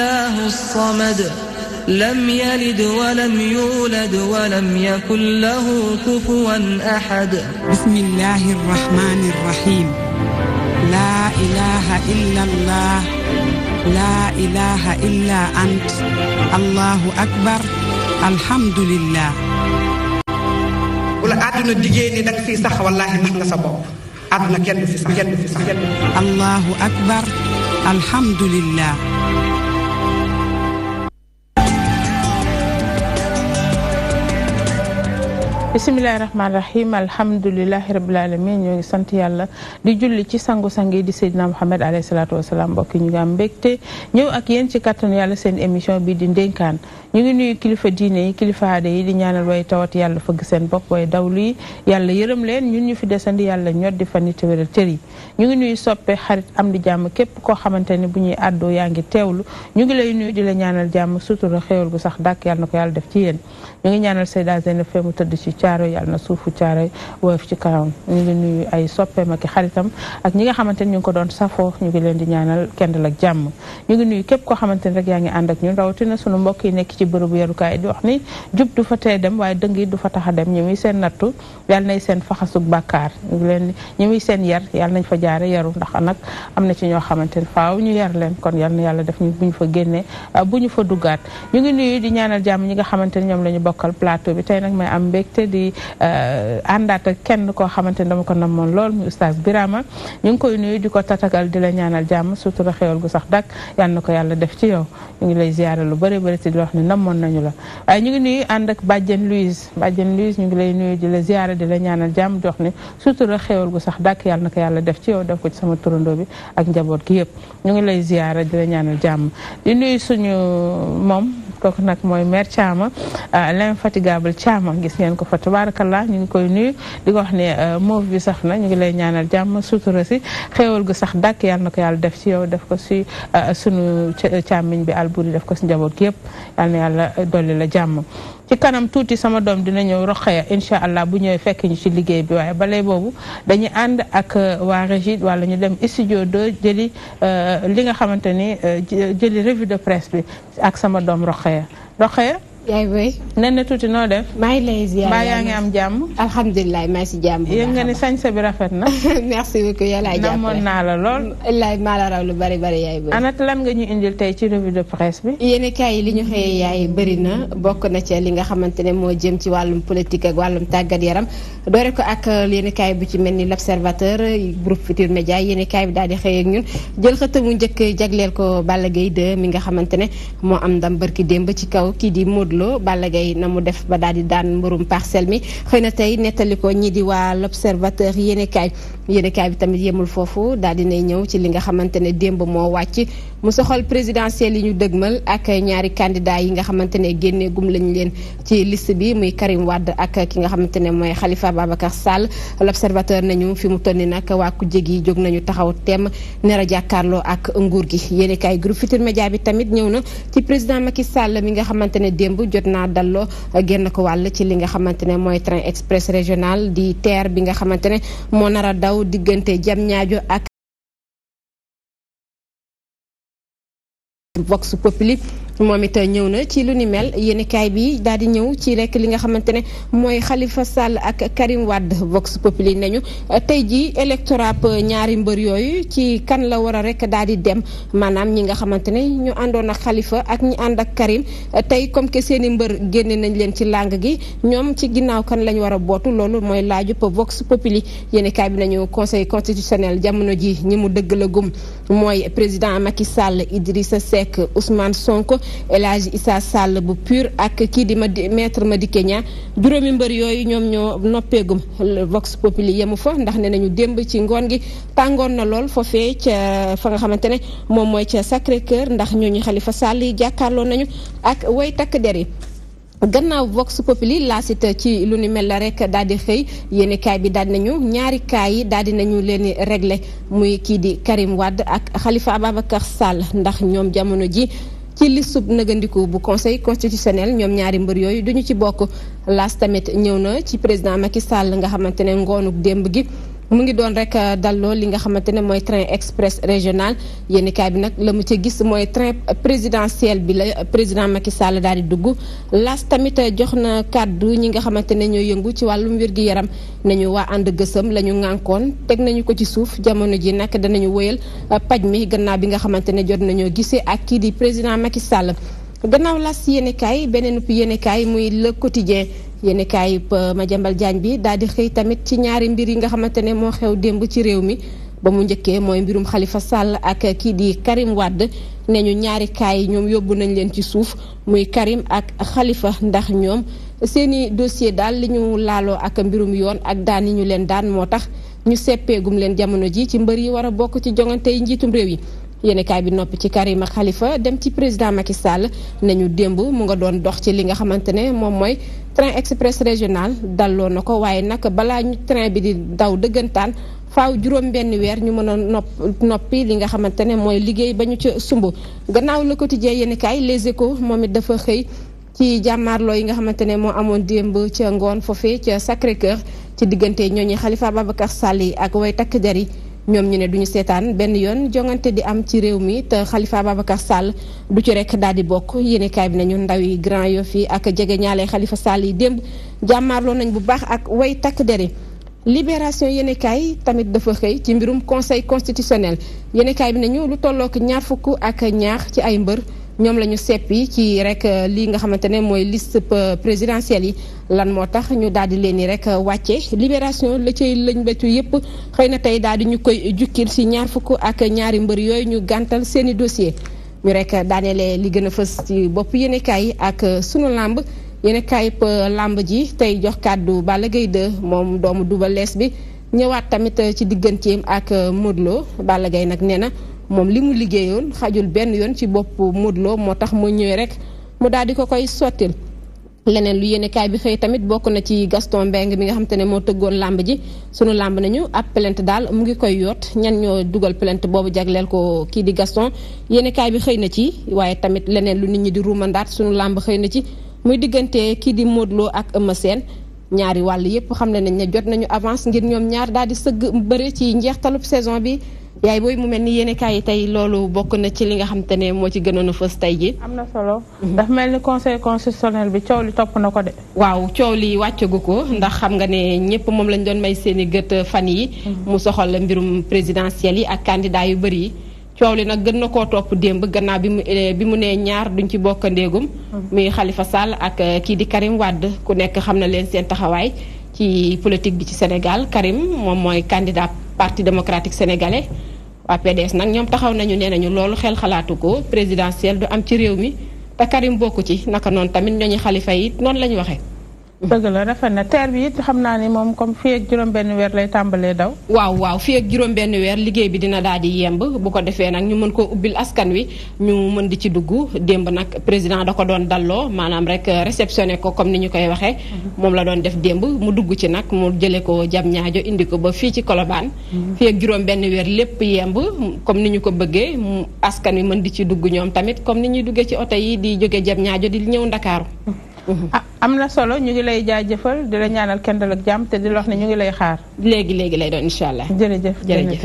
الله الصمد لم يلد ولم يولد ولم يكن له كفوا أحد بسم الله الرحمن الرحيم لا إله إلا الله لا إله إلا أنت الله أكبر الحمد لله أدنى ديجيني دك في صح والله ما أدنى كن في صح الله أكبر الحمد لله bisimilahi rahmaani rahim alhamdulilahi rabil alamin ñoo ngi sant yàlla di julli ci sangu-sangi di seydina Muhammad alayhi salaatu wasalaam mbokk ñu ngi am ñëw ak yéen ci kattanu yàlla seen émission bi di ndénkaan ñu ngi nuyu kilifa diine yi kilifa aada yi di ñaanal way tawat yàlla fëgg seen bopp way dawlu yi yàlla yërëm leen ñun ñu fi desandi yàlla ñoddi fan yi te wéral yi ñu ngi nuyu soppe xarit am di jàmm képp koo xamante ni bu ñuy àddoo yaa ngi teewlu ñu ngi lay nuyu di la ñaanal jàmm sutura xéewal gu sax dàkk yàlla na ko yàlla def ci yéen ñu ngi ñaanal Seyda Zeynab fee mu tëdd ci caaro yàlla na suufu caaro woyof ci karam ñu ngi nuyu ay soppeem ak ak ñi nga xamante ni ñu ko doon safoo ñu ngi di ñaanal kendal ak jàmm sunu mbokk yi ci bërëbu yarukaay di wax ni jub du fa tee dem waaye dëng du fa tax a dem ñi muy seen nattu yàlla nay seen faxasug bàkkaar ñu leen ñi muy seen yar yàlla nañ fa jaare yaru ndax nag am na ci ñoo xamante ne faaw ñu yar leen kon yàlla na yàlla def ñu bu ñu fa génnee ah, bu ñu fa duggaat ñu ngi nuyu di ñaanal jàmm ñi nga xamante ne ñoom la bokkal plateau bi tey nag may am mbégte di ah, àndaat ak kenn koo xamante ne dama ko namoon lool muy oustaz Birama ñu ngi koy nuyu di ko tatagal di la ñaanal jàmm sutura a gu sax dak yàlla na ko def ci yow namoon nañu la waaye ñu ngi nuyu ànd ak bàjjen Louise bàjjen ñu ngi lay nuyu di la ziyaara di la ñaanal jàmm jox ni sutura xéewal gu sax dàkk yàlla na ko def ci yow def ko ci sama turandoo bi ak njaboot gi yëpp ñu ngi lay ziyaara di la ñaanal jàmm di nuyu suñu moom kooku nag mooy maire Thiama euh, l'infatigable Thiama gis ngeen ko fa tabarakallah ñu ngi koy nuyu di wax ne euh, moof bi sax na ñu ngi lay ñaanal jàmm sutura si xéewal gu sax dàkk yàlla na ko yàlla def ci yow def ko si euh, sunu càmmiñ bi alburi def ko si njaboot gi yëpp yàlla na yàlla dolli la jàmm ci kanam tuuti sama doom dina ñëw roqee incha allah bu ñëwee fekk ñu ci liggéey bi waaye bale boobu dañuy ànd ak euh, waa Régis wala ñu dem studio do jëli euh, li nga xamante ni euh, jëli revue de presse bi ak sama doom roqee roqee yaay booy. nen na tuuti noo def. maa ngi lay ziar mbaa yaa ngi am jàmm. alhamdulilah maa ngi si jàmm. bu bi rafet na. merci beaucoup yàlla jàppale namoon naa la lool. wallaay maa la raw lu bari bari yaay booy. ana lan nga ñu indil tey ci revue de presse bi. yéen yi li ñu xëyee yaay bëri na bokk na ci li nga xamante ne moo jëm ci wàllum politique ak wàllum tàggat yaram doore ko ak euh, yéen kaay bu ci mel ni l' observateur groupe Futur Média yéen kaay bi daal di xëyee ak ñun jël xëtt mu njëkk jagleel ko Balla Gaye mi nga xamante ne moo am ndam barki démb ci kaw loo Balla Gaye na mu def ba daal di daan mbërum parcelle mi xëy na tey nettali ko ñii di waa l'observateur yéenekaay yéenekaay bi tamit yemul foofu daal di nay ñëw ci li nga xamante ne démb moo wàcc. mu soxal présidentielle yi ñu dëgmal ak ñaari candidat yi nga xamante ne génneegum lañ leen ci list bi muy Karim wàdd ak ki nga xamante ne mooy Khalifa Babacar Sall l'observateur nañu fi mu toll nii nag waa ku jégi jóg nañu taxaw temm ner a jàkkaarloo ak nguur gi yéeni kaay groupe Futurs Médias bi tamit ñëw na ci président Macky Sall bi nga xamante ne démb jot naa dalloo génn ko wàll ci li nga xamante ne mooy train express régional di TER bi nga xamante ne moo nar a daw diggante Diamniadio ak Vox Populi moom it ñëw na ci lu ni mel yéenekaay bi daal di ñëw ci rek li nga xamante ne mooy xalifa Sall ak Karim Wade Vox Populi nañu tey jii électorat ñaari mbër yooyu ci kan la war a rek daal di dem maanaam ñi nga xamante ne ñu àndoon ak xalifa ak ñi ànd ak Karim tey comme que seen i mbër génne nañ leen ci làng gi ñoom ci ginnaaw kan lañ war a bootu loolu mooy laajub Vox Populi yéenekaay bi nañu conseil constitutionnel jamono ji ñi mu dëgg la gum mooy président Macky Sall Idrissa Seck Ousmane Sonko. El Hadj Issa Sall bu pur ak kii di ma maître Madické Niang juróomi mbër yooyu ñoom ñoo noppeegum Vox Populi yemu fa ndax ne nañu démb ci ngoon gi tàngoon na lool foofee ca fa nga xamante ne moom mooy ca Sacré Cœur ndax ñooñu Khalifa Sall yi jàkkaarloo nañu ak way takk der yi gannaaw Vox Populi laasit ci lu ni mel la rekk daal di xëy yéeni kaay bi daal nañu ñaari kaay yi daal di nañu leen régler muy kii di Karim Wade ak Khalifa Ababacar Sall ndax ñoom jamono ji ci liste nëgëndiku bu conseil constitutionnel ñoom ñaari mbër yooyu duñu ci bokk laas tamit ñëw na ci président Macky Sall nga xamante ne ngoonuk démb gi mu ngi doon rek euh, dalloo li nga xamante ne mooy train express régional yéen kaay bi nag la mu ca gis mooy train présidentiel bi la euh, président Macky Sall daal di dugg las tamit euh, jox na kàddu ñi nga xamante ne ñoo yëngu ci wàllum wér-gi-yaram nañu waa ànd gësëm la ñu ŋànkoon teg nañu ko ci suuf jamono ji nag danañu woyal paj mi gannaaw bi nga xamante ne jot nañoo gisee ak kii di président Macky Sall gannaaw las yéen kaay beneen yéen kaay muy le quotidien yéen i ma euh, Madiambal jaañ bi daal di xëy tamit ci ñaari mbir yi nga xamante ne moo xew démb ci réew mi ba mu njëkkee mooy mbirum xalifa sàll ak kii di Karim Wade ne ñu ñaari kaay yi ñoom yóbbu nañ leen ci suuf muy Karim ak xalifa ndax ñoom seeni dossier daal li ñu laaloo ak mbirum yoon ak daan yi ñu leen daan moo tax ñu seppeegum leen jamono ji ci mbër yi war a bokk ci jongante yi njiitum réew yi yéenekaay bi noppi ci Karima xalifa dem ci président Macky Sall nañu démb mu nga doon dox ci li nga xamante ne moom mooy train express régional dalloo na ko waaye nag balaa ñu train bi di daw dëggantaan faaw juróom benn weer ñu mën a nopp noppi li nga xamante ne mooy liggéey ba ñu ca sumb gannaaw ko Le Quotidien yéenekaay Les Échos moom it dafa xëy ci jàmmaarloo yi nga xamante ne moo amoon démb ca ngoon foofee ca Sacré-Cœur ci diggante ñooñu Khalifa Babacar Sall yi ak takk der yi ñoom ñu ne duñu seetaan benn yoon jongante di am ci réew mi te xalifa Ababacar Sall du ci rekk daal di bokk yéenekaay bi nañu ndaw yi Grand Yoff ak jege ñaale xalifa Sall yi démb jàmmaarloo nañ bu baax ak way takk deri libération yéenekaay tamit dafa xëy ci mbirum conseil constitutionnel yéenekaay bi nañu lu tolloo tollook ñaar fukk ak ñaar ci ay mbër ñoom la ñu seppi ci rek euh, lii nga xamante ne mooy liste euh, présidentielle yi lan moo tax ñu daal di leen ni rek euh, wàcce libération la cay lañ yépp xëy na tey daal di ñu koy jukkil si ñaar fukk ak ñaari mbër yooyu ñu gàntal seeni dossier ñu rek daaneele li gën a fës ci bopp yéenekaay yi ak sunu làmb yéenekaay làmb ji tey jox kàddu Balla Gaye 2 moom doomu Double Less bi ñëwaat tamit ci digganteem ak Modou Lo gay nag nee na moom li mu liggéeyoon xajul benn yoon ci bopp Modou moo tax mu ñëwee rek mu daal di ko koy sottil leneen lu yéenekaay bi xëy tamit bokk na ci Gaston Mbengue mi nga xam ne moo tëggoon làmb ji sunu làmb nañu ab plainte daal mu ngi koy yoot ñan dugal plainte boobu jagleel ko kii di Gaston yéenekaay bi xëy na ci waaye tamit leneen lu nit ñi di ruumandaat sunu làmb xëy na ci muy diggante kii di Modou ak Eumeu Sène ñaari wàll yépp xam ne nañ ne jot nañu avance ngir ñoom ñaar daal di sëgg bëre ci njeextalub saison bi yaay booy mu mel ni yéen yi tey loolu bokk na ci li nga xam te ne moo ci gënoon a fës tey ji am na solo. Mhm. dafa mel ni conseil constitutionnel bi coow li topp na ko de. waaw coow li wàccagu ko ndax xam nga ne ñëpp moom lañ doon may seen i gët fan yi mhm. mu soxal mbirum présidentiel yi ak kandidaa yu bëri yi. coow li nag gën na koo topp démb gannaaw bi mu eh, bi mu nee ñaar duñ ci bokk ndéegum mhm. muy xalifa sàll ak eh, kii di Karim Wade ku nekk xam na leen seen taxawaay ci politique bi ci Sénégal Karim moom mooy candidat. parti démocratique sénégalais waa PDS nag ñoom taxaw nañu nee nañu loolu xel xalaatu ko présidentielle du am ci réew mi te Karim bokku ci naka noonu tamit ñooñu xalifa it noonu la ñu waxee. dëgg la rafet na TER bi it xam naa ne moom comme fii juróom-benn weer lay tàmbalee daw. waaw waaw fii juróom-benn weer liggéey bi dina daal di yemb bu ko defee nag ñu mën koo ubbil askan wi ñu mën di ci dugg démb nag président da ko doon dalloo maanaam rek euh, réceptionné ko comme ni ñu koy waxee. Mhm. moom la doon def démb mu dugg ci nag mu jëlee ko jam ñaajo indi ko ba fii ci kolobaan mhm. fii juróom-benn weer lépp yemb comme ni ñu ko bëggee askan wi mën di ci dugg ñoom tamit comme ni ñuy duggee ci oto yi di jóge jam ñaajo di ñëw Ndakaaru. Mhm. Ah, am na solo ñu ngi lay jaajëfal di la ñaanal kenn ak jàmm te di la wax ne ñu ngi lay xaar. léegi léegi lay doon incha allah. jërëjëf jërëjëf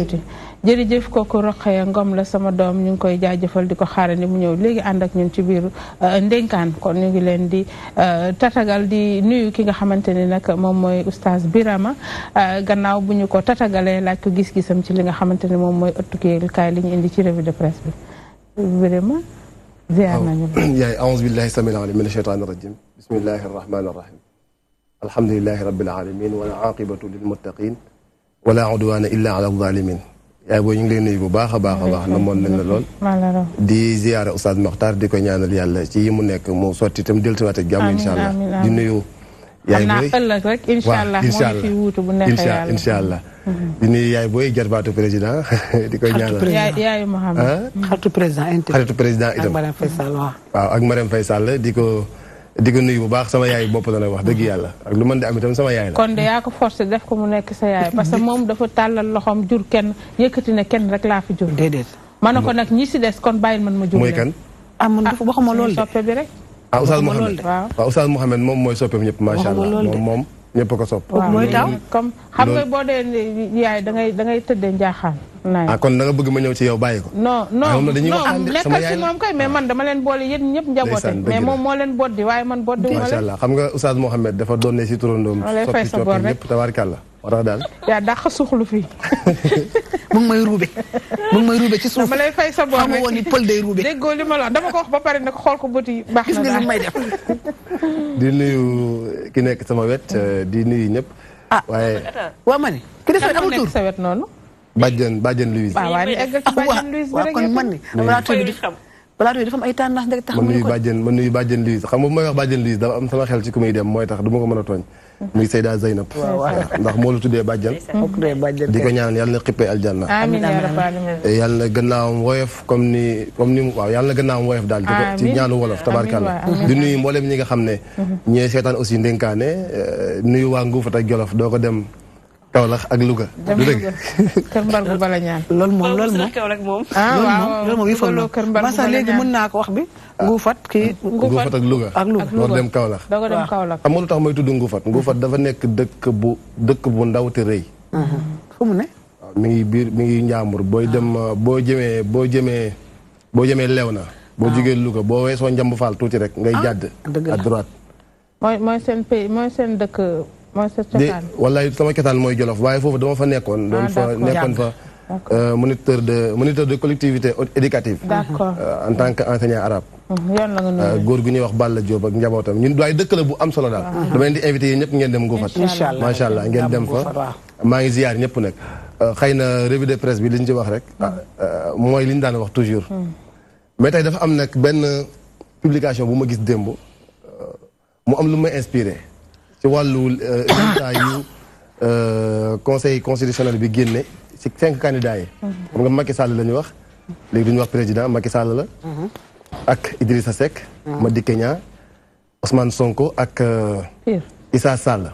jërëjëf kooku Roqaya ngoom la sama doom ñu ngi koy jëfal di ko xaarandi mu ñëw léegi ànd ak ñun ci biir euh, ndénkaan kon ñu ngi leen di euh, tatagal di nuyu ki nga xamante ni nag moom mooy oustaz Birama euh, gannaaw bu ñu ko tatagalee laaj ko gis-gisam ci li nga xamante ni moom mooy ëttukeelukaay li ñu indi ci revue de presse bi يعني أعوذ بالله السميع العليم من الشيطان الرجيم بسم الله الرحمن الرحيم الحمد لله رب العالمين ولا عاقبة للمتقين ولا عدوان إلا على الظالمين يا بو نغي لي نيو باخا باخا باخ نا مون لن لول دي زياره استاذ مختار ديكو نيانال يالا سي يمو نيك مو سوتي تام دلتواتي جام ان شاء الله دي نيو yaay booy xam naa ëllëg rek incha allah moo fi wuutu bu neexee yàlla incha allah. Mhm. di nuyu yaay booy jarbaatu président di koy yaayu yaayu Mouhamed. Ah? Mhm. xaritu président itam waaw. ak Marème Faye Sall di ko nuyu bu baax sama yaay bopp la nag wax dëgg yàlla ak lu man di am itam sama yaay la. kon de yaa ko def ko mu nekk sa yaay parce que moom dafa tàllal loxoom jur ken yëkkati ne rek laa fi jur. déedéet ma ne ko nag ñi des kon bàyyil man ma jur. mooy ah Oustaz Mouhamed waaw Oustaz Mouhamed moom mooy soppeeku ñëpp macha allah moom moom ñëpp ko sopp mooy taw comme xam nga boo dee yaay da ngay da ah, kon da bëgg ma ñëw ci yow bàyyi ko. non ah, non non nekkal ci moom kay mais man dama leen boole yéen ñëpp njaboote mais moom moo leen boddi waaye man boddi. macha allah xam nga Oustaz Mouhamed dafa doon ne si turandoom. soppi soppi ñëpp tabaarkàlla war a daal. yaa dàq suuxlu fii. mu may ruube. mu may ruube ci suuf. dama lay fay sa bopp rek xam ruube. déggoo li ma la dama ko ba pare nag xool ko bët baax na gis nga def. di nuyu ki nekk sama wet mm. euh, di nuyu ñëpp. ah waaye. waa ma ne. ki des amul tur sa wet noonu. Badiane Badiane Louise. waaw waaw egg ci ah, Badiane Louise kon man ni. balaa tur bi ay tànnaas rek tax. ma nuyu Badiane ma nuyu Badiane Louise xam nga bu may wax Badiane Louise dafa am sama xel ci ku muy dem mooy tax du ma ko mën a tooñ muy Seyda Zeynab ndax moo la tuddee bàjjan di ko ñaan yàlla na xippee aljanna eh, yàlla na gannaawam woyof comme ni comme ni waaw yàlla na gannaawam woyof daal ci ñaanu wolof tabarkàlla di nuyu mboolem ñi nga xam ne mhm. ñooy seetaan aussi ndénkaane eh, nuyu waa Nguufat ak Jolof doo ko dem Kaolack ak Louga. du dëgg kër Mbargu bala ñaan. loolu moom loolu moom Kaolack moom. ah waaw loolu moom yi fa moom léegi naa ko wax bi. Nguufat kii ah. Nguufat ak Louga. dem Kaolack. doo dem Kaolack am lu tax may tudd Nguufat Nguufat dafa nekk dëkk bu dëkk bu ndaw te rëy. Uh-huh. fu mu ne. mi ngi biir mi ngi Njàmbur booy dem ah. boo jëmee boo jëmee boo jëmee Léona. boo ah. jugee Louga boo weesoo Njamb Fall tuuti rek. ngay jàdd à droite. mooy seen pays mooy seen dëkk. mooy sa sama cosaan mooy jolof waaye foofu dama fa nekkoon. doon fa nekkoon fa. Euh, moniteur de moniteur de collectivité éducative. Euh, en tant que enseignant arabe. Mmh, yoon euh, góor gu ñuy wax Balla Diop ak njabootam ñu waaye dëkkale bu am solo daal. dama leen di invité yéen ñëpp ngeen dem Ngoufat. incha allah macha allah ngeen dem fa. maa ngi ziyaar ñëpp nag. xëy na revue de presse bi li ñu ci wax rek. Ah, mooy li ñu daan wax toujours. Mmh. mais tey dafa am nag benn publication bu ma gis démb. mu am lu may inspiré. ci wàllu euh, résultat euh, conseil constitutionnel bi génne ci cinq candidats mhm. xam nga Macky Sall la ñu wax. léegi du wax président Macky Sall la. Mhm. ak Idrissa Seck. Mhm. Madické Niang Ousmane Sonko ak. Euh, Issa Sall.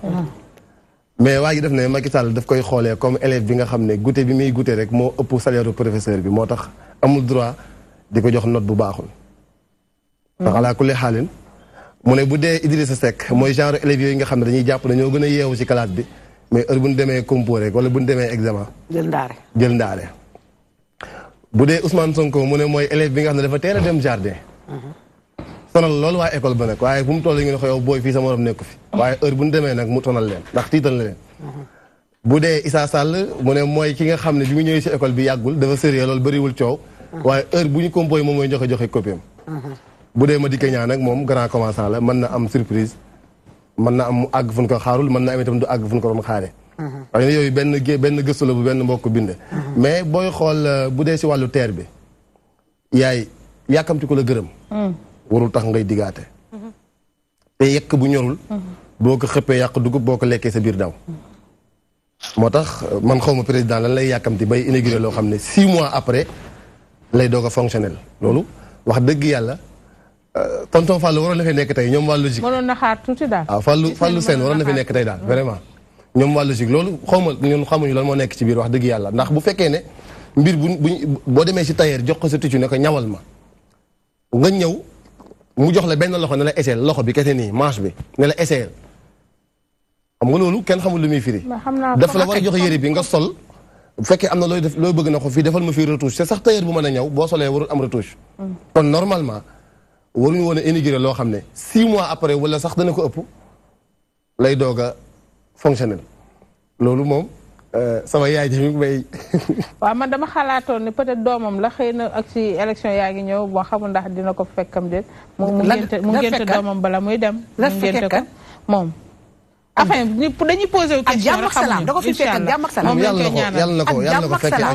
mais waa ji def ne Macky Sall daf koy xoolee comme élève bi nga xam ne goûter bi muy goûter rek moo ëpp salaire professeur bi moo tax amul droit di ko jox note bu baaxul. ndax alaa kulli xaalin. mu ne bu dee sa Seck mooy genre élèves yooyu nga xam ne dañuy jàpp ne ñoo gën a yeewu ci classe bi mais heure bu ñu demee compo rek wala bu ñu demee examen. jël ndaare jël bu dee Ousmane Sonko mu ne mooy élève bi nga xam ne dafa teel a dem jardin. sonal loolu waa école ba nekk waaye bu mu toll ñu ne ko yow booy fii sama morom nekku waaye heure bu demee nag mu tonal leen ndax tiital na leen. bu dee Issa Sall mu ne mooy ki nga xam ne bi mu ñëwee si école bi yàggul dafa sérieux lool bëriwul coow. waaye heure bu ñu compo moom mooy joxe joxe copie bu dee Madické Niang nag moom grand commençant la mën na am surprise man na am àgg fu ñu ko xaarul mën na am itam du àgg fu ko doon xaaree. Mhm. waaye yooyu benn benn gëstu la bu benn mbokk binde mhm. mais booy xool euh, bu dee si wàllu teer bi yaay yàkkamti ko la gërëm. Mm. warul tax ngay digaate. Mhm. te yekk bu ñorul. boo ko xëppee yàq dugub boo ko lekkee sa biir daw. moo tax euh, man xaw ma président la lay yàkkamti bay inauguré loo xam ne six mois après lay doog a fonctionnel loolu wax dëgg yàlla. tonton Fallou waroon na fi nekk tey ñoom waa logique. mënoon na xaar tuuti daal. waaw ah, Fallou Fallou waroon na fi nekk tey daal vraiment. ñoom waa logique loolu xaw ma ñun xamuñu lan moo nekk ci biir wax dëgg yàlla ndax bu fekkee ne mbir buñ buñ boo demee si tailleur jox ko sa tucu ne ko ñawal ma nga ñëw mu jox la benn loxo ne la essayé loxo bi kese nii manche bi ne la essayé xam nga loolu kenn xamul lu muy firi. dafa la war a jox yére bi nga sol. bu fekkee am na looy def looy bëgg na ko fii defal ma fii retouche te sax tailleur mën a ñëw boo solee warul am waruñu woon a inauguré loo xam ne six mois après wala sax dana ko ëpp lay doog a fonctionnel loolu moom euh, sama yaay ji mi ngi man dama xalaatoon ne peut-être doomam la xëy na ak ci élection yaa ngi ñëw boo xamul ndax dina ko fekkam déet. mu ngénte mu ngénte doomam bala muy dem. la fekkee moom. afin ñëpp dañuy posé wu question ak jàmm ak salaam da ko fi fekk ak jàmm ak na ko yàlla na ko fekkee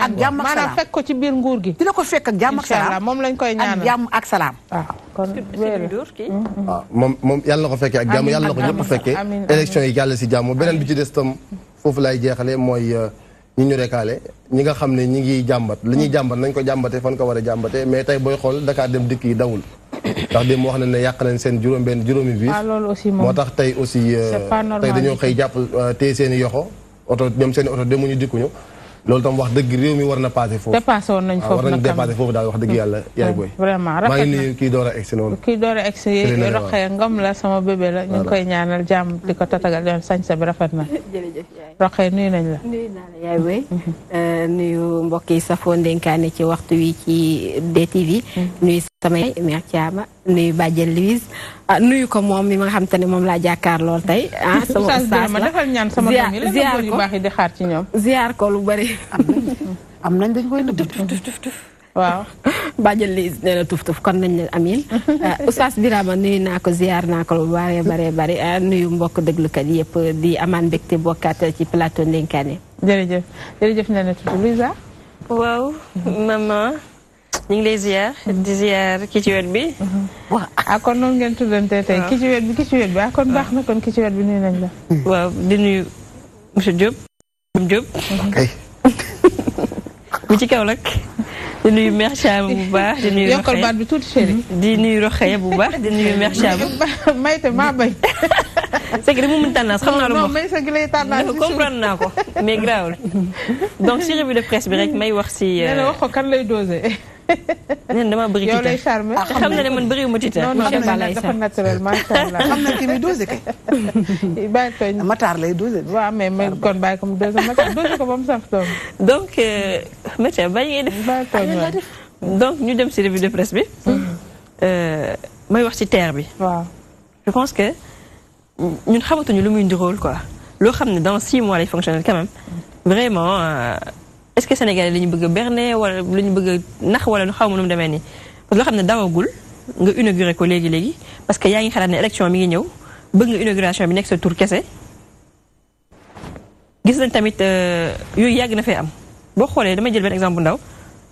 ak jàmm ak fekk ko ci biir nguur gi dina ko fekk ak jàmm ak salaam moom lañ koy ñaanal jàmm ak salaam waaw kon mm-hmm. ah, moom moom yàlla ko fekkee ak jàmm yàlla na ko ñëpp fekkee élection yi jàll si jàmm beneen bi ci des tam foofu lay jeexale mooy euh, ñi ñu rekaale ñi nga xam ne ñi ngi jàmbat li ñuy jàmbat nañ ko jàmbatee fan ko war a jàmbatee mais tey booy xool Dakar dem dikk yi dawul ndax démb wax nañ ne yàq nañ seen juróom benn juróomi biis ah, moo tax tey aussi euh, tey dañoo xëy jàpp euh, téye seen i yoxo oto ñoom seen i oto demuñu dikkuñu loolu tam wax dëgg réew mi war na passé foofu. dépassé woon nañ ah, foofu war nañ dépassé foofu daal wax dëgg na hmm. hmm. maa ngi nuyu kii door a egsi noonu. kii door a egsi Rokhaya Ngom la sama bébé la. ñu ngi koy ñaanal jàmm di tatagal yoon sañse bi na. jërëjëf yaay Rokhaya nuyu la. nuyu naa la yaay booy. Hmm. Euh, nuyu mbokk yi safoo ci waxtu wi ci DTV. nuyu sama yaay mère Thiama. nuyu bàjjen Louise ah, nuyu ko moom mi nga xam te ne moom laa jàkkaar lool tey ah sama ustaas la defal ñaan sama doom yi la yu baax yi di xaar ci ñoom ziar lu bëri am nañ dañ koy nëbb waaw bàjjen Louise nee na tuf tuf kon nañ leen amin ah, ustaas Birama nuyu naa ko ziar naa ko lu bare bare bari ah, nuyu mbokk déglukat yëpp di amaan mbégte bokkaat ci plateau Ndenkaane jërëjëf jërëjëf nee na tudd Louisa waaw ñu ngi lay ziar di ziar ki ci wet bi. Mm-hmm. waaw kon noonu ah, baax na kon ki ci wet bi nuyu nañ la. waaw di nuyu monsieur mm-hmm. ci kaw nag. nuyu mère Thiam baax di nuyu. yokkal baat mm-hmm. bu baax di nuyu mère Thiam. mayte maa bay. c'est que dama mën tànnaas xam naa lu ma wax non donc si revue de presse bi rek may wax si. nee euh, ko kan lay dosé. neen dama bëri tiita yow lay charmé xam na ne man bëriwuma tiita. non non dafa naturel ma sha allah. xam na ki muy dosé kay. bàyyi ko mataar lay dosé. wa mais mais kon bàyyi ko mu dosé mataar dosé ko ba mu doom. donc météo bàyyi ngeen def. bàyyi ko donc ñu dem ci revue de presse bi. Mhm. euh may wax ci terre bi. waaw je pense que ñun xamatuñu lu muy ndirool quoi. lo xam dans 6 mois lay fonctionner quand même vraiment. euh, est-ce que Sénégalais la ñu bëgg a berné wala la ñu bëgg a nax wala xaw ma nu mu demee nii parce que loo xam ne dawagul nga inauguré ko léegi léegi parce que yaa ngi xalaat ne élection mi ngi ñëw bëgg nga inauguration bi nekk sa tour kese. gis nañ tamit euh, yooyu yàgg na fee am boo xoolee damay jël benn exemple bu ndaw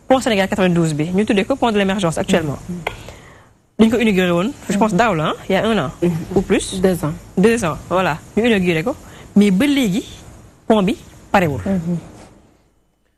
pont Sénégal 92 bi ñu tuddee ko pont de l'émergence actuellement. Mm-hmm. dañ ko inauguré woon je pense mm-hmm. daaw la ah y' a un an. Mm-hmm. ou plus deux ans deux ans voilà ñu inauguré ko mais ba léegi pont bi parewul.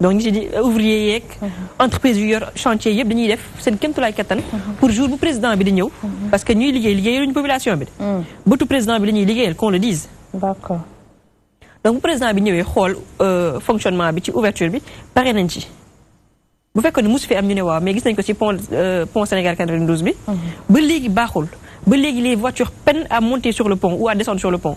donc j'ai dit euh, ouvrier yeeg. Mhm. entreprise chantier yëpp dañuy def seen kéemtulaay mhm. pour jour bu président bi di mhm. parce que ñuy a une population bi de. le président bi la ñuy qu'on le dise. d'accord donc le président bi ñëwee euh, fonctionnement bi ci ouverture bi par nañ ci. bu que nous mosu fi am mais gis nañ ko ci pont euh, pont Sénégal 92 bi. ba léegi baaxul ba les voitures peinent à monter sur le pont ou à descendre sur le pont.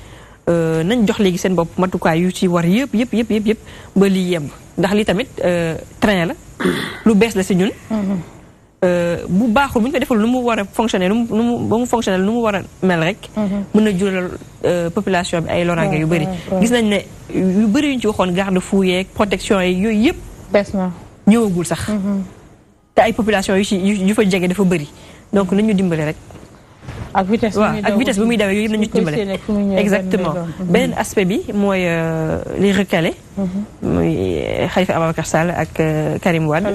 Euh, nañ jox léegi seen bopp matukaay yu ci war yëpp yëpp yëpp yëpp yëpp ba lii yemb ndax lii tamit euh, train la lu bees la si ñun mm-hmm. euh, bu baaxul bu ñu ko defal lu mu war a fonctionner lu mu lu mu war a mel rek mm-hmm. mën na jural population bi ay loraange yu bëri gis nañ ne yu bëri yu ñu ci waxoon garde fou yeeg protection yi yooyu yëpp bees na ñëwagul sax mm-hmm. te ay population yu ci yu fa jege dafa bëri donc nañu dimbali rek ak vitesse bu muy daw ak vitesse bu muy yooyu nañu dimbale exactement beneen aspect bi mooy euh, les recalés. Mhm. muy euh, Khalifa Ababacar Sall ak euh, Karim Wade.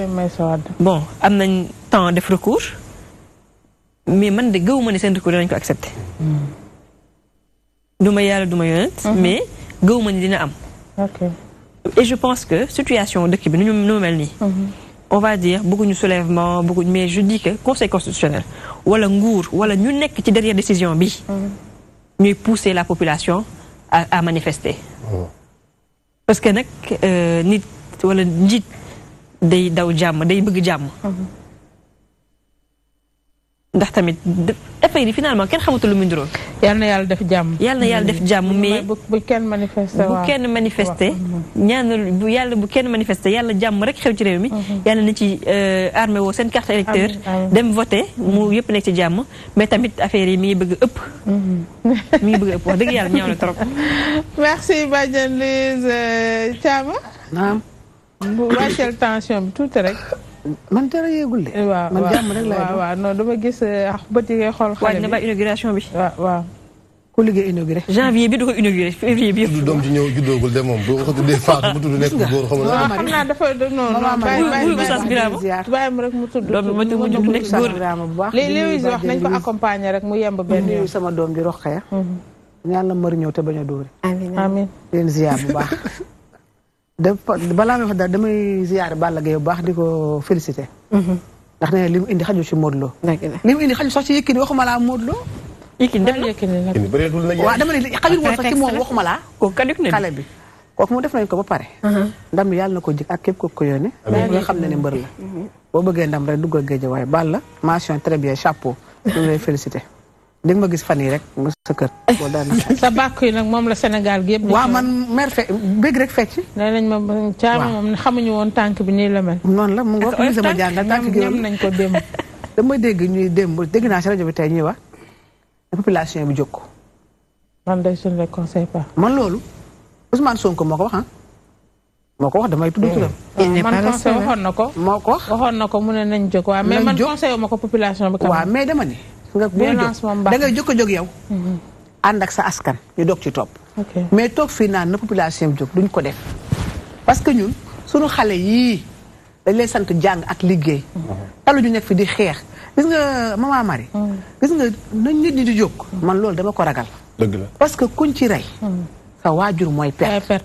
bon am nañ temps def recours. mais man de gëwuma ne seen recours dinañ ko accepté. Mhm. du ma yàlla duma ma yonent mhm. mais gëwuma ni dina am. et je pense que situation dëkk bi nu ñu nu mel nii on va dire beaucoup de soulèvements, mais je dis que conseil constitutionnel ou ou wala ñu nekk ci dernière décision bi. mieux mhm. pousser la population à manifester. Mhm. parce que nous euh, nit wala daw des ndax tamit effet yi finalement kenn xamatul lu muy nduróol. yàlla na yàlla def jàmm. yàlla na yàlla def jàmm mais bu kenn manifesté bu kenn manifesté ñaanal bu yàlla bu kenn manifesté yàlla jàmm rek xew ci réew mi. yàlla na ci armé woo seen carte électeur dem voter mu yëpp nekk ci jàmm mais tamit affaire yi mi ngi bëgg ëpp. mi ngi bëgg ëpp wax dëgg yàlla ñaaw na trop. merci Badiane Louise Thiam. naam. bu wàcceel tension bi tuuti rek. man dara yeegul de. waaw man jàmm rek laay waaw waaw non dama gis eh, ah, bët yi ngay xool. xale bi ba inauguration bi. waaw ku liggéey inauguré. janvier bi du ko inauguré février bi yëpp. de moom boo ko tuddee Fatou mu tudd nekk góor xam nga. waaw xam naa dafa non non. bàyyi mu tudd. doom bi ma tudd mu judd nekk góor li wax nañ ko accompagner rek mu yemb benn sama doom bi Roqeya. ñaan mhm. la mari ñëw te bañ a dóore. amiin amiin leen ziar bu baax. dafa balaa may da daal damay ziyaare Balla Gaye bu baax di ko félicité. Mhm. ndax nee na li mu indi xaju ci Modou Lo. li mu indi xaju sax ci Yékini waxuma laa Modou Lo. Yékini def na Yékini xale bi kooku mu def nañ ko ba pare. Uh-huh. ndam yàlla na ko jik ak képp ko ko yónnee. amiin xam ne ne mbër la. boo bëggee ndam rek dugg a géej waaye Balla mention très bien chapeau. ñu ngi félicité. di ma gis fan yi rek nga sa kër. boo daan sa bàkk yi nag moom la Sénégal gi yëpp. waaw man mer fe bëgg rek fecc. nee nañ ma caama moom xamuñu woon tànk bi nii la mel. la mu ngoog sama jàngal tànk gi ñoom nañ ko démb. dama dégg ñuy naa si rajo bi tey ñuy wax population bi jóg. man de je ne le conseille pas. man loolu Ousmane Sonko moo ko wax ah. moo ko wax damay tudd turam. Eh. man conseil waxoon na ko. moo ko wax na ko mu ne nañ jóg waaw mais man conseil ma ko population bi. waaw mais nga boo jóg da ngay jóg yow. Mm-hmm. ànd ak sa askan ñu doog ci topp. mais toog fii naan na population bi jóg duñ ko def parce que ñun suñu xale yii dañ lay sant jàng ak liggéey. Mm-hmm. talu ñu nekk fi di xeex gis nga maman mm. gis nga nañ nit ñi di jóg. Mm. man loolu dama ko ragal. dëgg parce que kuñ ci rey. Mm. sa waajur mooy perte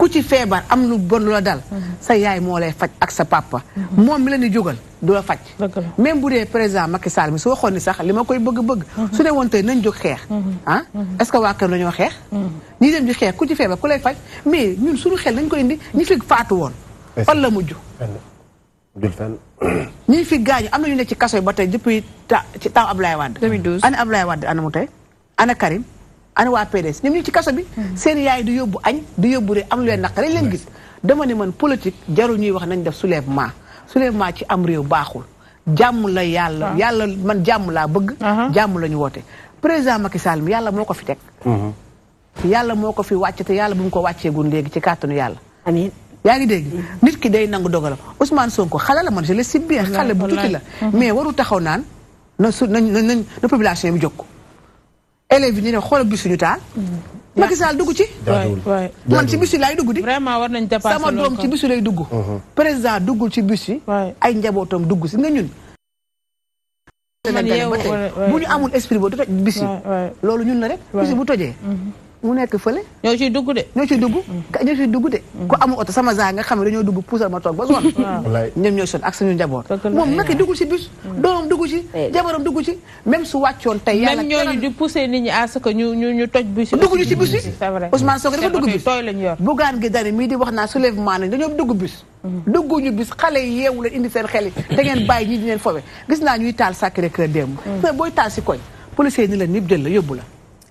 ku ci feebar am lu bon lu la dal mm-hmm. sa yaay moo lay faj ak sa papa mm-hmm. moom mi la ni jógal du la faj même bu dee président Macky saal mi su waxoon ni sax li ma koy bëgg-bëgg mm-hmm. su ne woon tey nañ jóg xeex ah est que waa kër la ñoo xeex ñi dem di xeex ku ci feebar ku lay faj mais ñun suñu xel dañ koy indi ñu fi faatu woon fan la mujj ñi fi gaañu am na ñu ne ci kaso ba tey depuis ci taw Ablaye Wade ana Ablaye Wade ana mu tey ana Karim ana waa PDS ñoom ñu ci kaso bi. Hmm. seen yaay du yóbbu añ du yóbbu rek am lu leen naqare leen gis. dama ne man politique jarul ñuy wax nañ def soulèvement soulèvement ci am réew baaxul. jàmm la yàlla. Ah. yàlla man jàmm laa bëgg. Uh-huh. jàmm la ñu woote. président Macky Sall mi yàlla moo ko fi teg. Uh-huh. yàlla moo ko fi wàcc te yàlla bu mu wàccee wàcceegul léegi ci kàttanu yàlla. amiin yaa ngi dégg. Mm-hmm. nit ki day nangu dogalam Ousmane Sonko xale la man je le sais bien. xale bu tuuti la mm-hmm. mais waru taxaw naan na su nañ nañ na population bi jokk élèves yi ñu ne xoolal bus ñu taal. Mm. Macky Sall dugg ci. man ci bus yi laay dugg di. vraiment war nañ dépasser sama doom ci bus lay dugg. Mhm. président duggul ci bus yi. ay njabootam dugg si nga ñun. man bu ñu amul esprit boobu du toj bis loolu ñun na rek bis bu tojee. Mhm. mu nekk fële. ñoo ciy dugg de. ñoo ciy dugg ñoo ciy dugg de. ku amul oto sama zaa nga xam ne dañoo dugg puusal ma toog ba zone. wallaay ñoom ñooy sonn ak suñu njaboot. moom naka duggul ci bus. Mm. doomam dugg ci. Eh. jabaram dugg ci même su wàccoon tey. yàlla même ñooñu di poussé nit ñi à ce que ñu ñu ñu toj bus. dugg ñu ci bus yi c'est vrai Ousmane Sonko dafa dugg bu Bougane gi Dany mii di wax naa soulèvement nañ dañoo dugg bus. Mm-hmm. dugguñu bis xale yi yeewu leen indi seen xel yi te ngeen bàyyi ñii di leen fowe gis naa ñuy taal Sacré-Cœur démb mm. booy taal si koñ policier ni la ñëpp jël la yóbbu la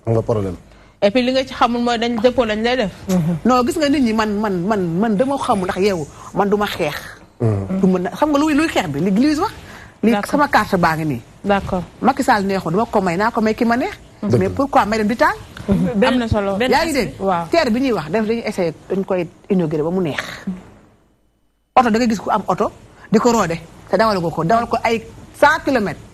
am nga problème eppi li nga ci xamul mooy dañ dépôt lañ lay def. Mm-hmm. non gis nga nit ñi man man man man dama xamul ndax yeewu man du ma xeex. Mm-hmm. du xam nga luy luy xeex bi li Gilles wax. li sama carte baa ngi nii. d'accord Macky Sall neexul dama ko may naa ko may ki ma neex. mais pourquoi may dem di taal. Mm-hmm. am na solo yaa ngi dégg. waaw terre bi ñuy wax def dañuy essayé dañ koy inauguré ba mu neex. oto da nga gis ku am oto di ko roode te dawal ko ko dawal ko ay 100 kilomètres.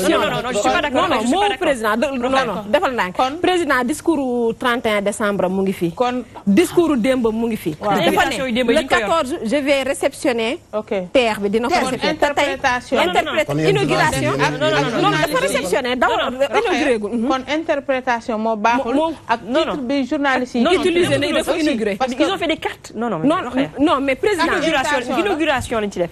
non non non je suis pas d'accord non non moom président non non defal naa président discours 31 décembre mu fi. kon discours Demba mu fi. le 14 je vais réceptionner. ok terre bi dina non, ah, non. Non, non, non. Non, non dafa réceptionner daw inauguré gu. kon interprétation mon baaxul. ak titre bi journaliste yi. utilisé nañu dafa inauguré parce qu'ils ils ont fait des cartes. non non non mais président inauguration inauguration lañ ci def.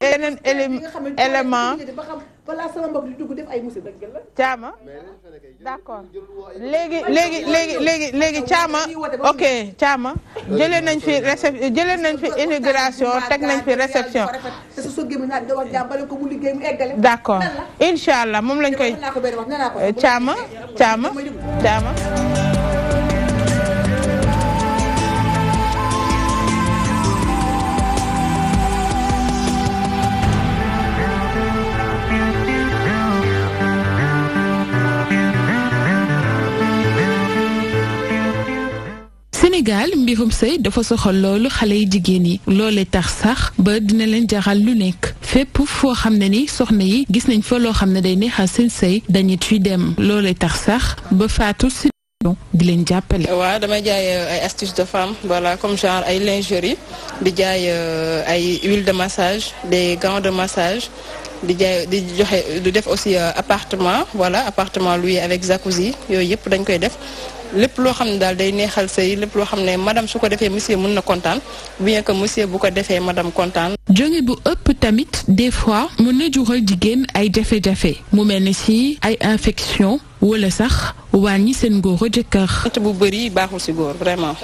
yeneen d'accord ok réception d'accord Sénégal mbirum sëy dafa soxal loolu xalé yi jigéen yi loolee tax sax ba dina len jaxal lu nekk fépp fo xamné ni soxna yi gis nañ fa lo xamné day neexal seen sëy dañu ciy dem lolé tax sax ba faatu si di leen jàppale. waaw dama jaay euh, ay astuces de femme voilà comme genre ay lingerie di jaay euh, ay huile de massage des gants de massage. di jaay di joxe di def aussi euh, appartement voilà appartement loué avec jacuzzi yooyu yëpp dañ koy def lépp loo xam ne daal day neexal sëy lépp loo xam ne madame su ko defee monsieur mun na kontaan bien que monsieur bu ko defee madame kontaan. jonge bu ëpp tamit des fois mun na jural jigéen ay jafe-jafe mu mel ni si ay infection wala sax wàññi seen góor a jëkkër. bu bëri baaxul si góor vraiment.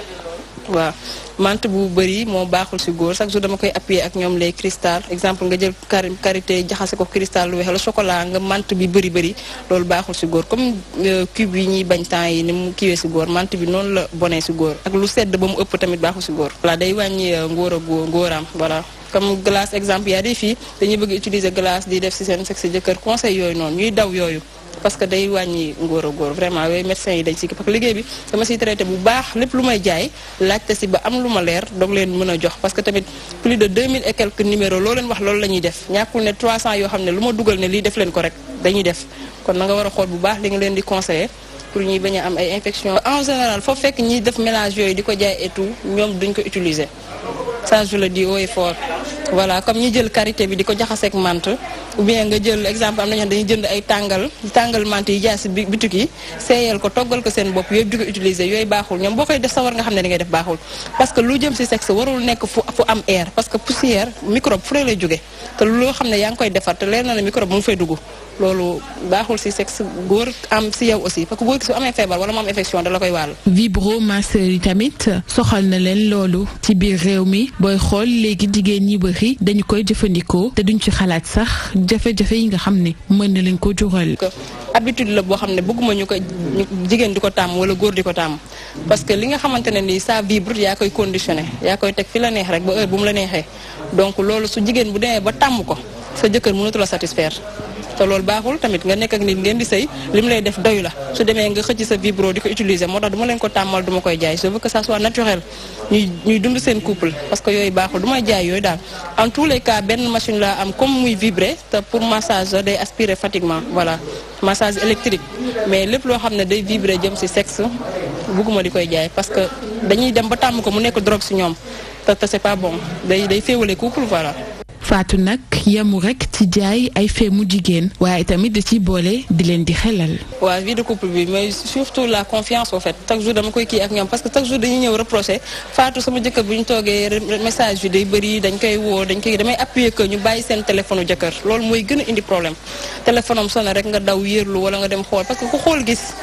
waaw mante bu bëri moo baaxul si góor chaque jour dama koy appuyer ak ñoom les cristal exemple nga jël kari karité jaxase ko cristal lu weex la nga mante bi bëri bëri loolu baaxul si góor comme euh, cube yi ñuy bañ temps yi ni mu kiiwee si góor mante bi noonu la bonee si góor ak lu sedd ba mu ëpp tamit baaxul si góor voilà day wàññi euh, ngóor a ngóoraam voilà comme glace exemple yaa di fii dañuy bëgg utiliser glace di def si seen sexe jëkkër conseil yooyu noonu ñuy daw yooyu parce que day wàññi ngóor a góor vraiment yooyu médecins yi dañ si parce que liggéey bi dama siy traité bu baax lépp lu may jaay laajte si ba am lu ma leer doog leen mën a jox parce que tamit plus de 2000 et quelques numéro loo leen wax loolu la ñuy def ñàkkul ne 300 yoo xam ne lu ma dugal ne lii def leen ko rek dañuy def kon na nga war a xool bu baax li nga leen di conseiller pour ñuy bañ a am ay infection en général foofu fekk ñiy def mélange yooyu di ko jaay et tout ñoom ko utiliser ça je le dis haut et voilà comme ñu jël karité bi di ko jaxaseeg mante ou bien nga jël exemple am nañu dañuy jënd ay tàngal tàngal mante yi jaay si bitik yi seeyal ko toggal ko seen bopp yooyu di ko utiliser yooyu baaxul ñoom boo def sa nga xam da ngay def baaxul parce que lu jëm si sexe warul nekk fu fu am air parce que poussière microbe fu lay jóge te loo xam ne yaa ngi koy defar te leer na ne microbe mu fay dugg loolu baaxul si sexe góor am si yow aussi parce que góor gi su amee wala mu am infection da la koy wàll. vibromasseur yi tamit soxal na leen loolu ci biir réew mi booy xool léegi jigéen ñi bëri dañu koy jëfandikoo te duñ ci xalaat sax jafe-jafe yi nga xam ne mën na leen ko jural. habitude la boo xam ne bëgguma ñu ko jigéen di ko tàmm wala góor di ko tàmm parce que li nga xamante ne nii ça vibre yaa koy conditionné yaa koy teg fi la neex rek ba heure bu la neexee donc loolu su jigéen bu demee ba tàmm ko. sa jëkkër mënatu la satisfaire te loolu baaxul tamit nga nekk ak nit ngeen di sëy li mu lay def doy la su demee nga xëcc sa vibro di ko utiliser moo tax du ma leen ko tàmmal du ma koy jaay je veux que ça soit naturel ñuy parce que yooyu baaxul du may jaay yooyu daal en tous les cas benn machine laa am comme muy vibrer te pour massage day aspirer fatiguement voilà massage électrique mais lépp loo xam ne day vibrer jëm si sexe bugguma di koy jaay parce que dañuy dem ba tàmm ko mu nekk drogue si ñoom te te c'est pas bon day day féewale couple faatu nag yemu rek ci jaay ay feemu jigéen waaye tamit da ci boole di leen di xelal. waa vie de couple bi mais surtout la confiance au fait chaque jour dama koy kii ak ñoom parce que chaque jour dañuy ñëw reproché faatu sama jëkkër bu ñu toogee message yi day bëri dañ koy woo dañ koy damay appuyer que ñu bàyyi seen téléphone jëkkër loolu mooy gën a indi problème téléphone am sonné rek nga daw yërlu wala nga dem xool parce que ku xool gis.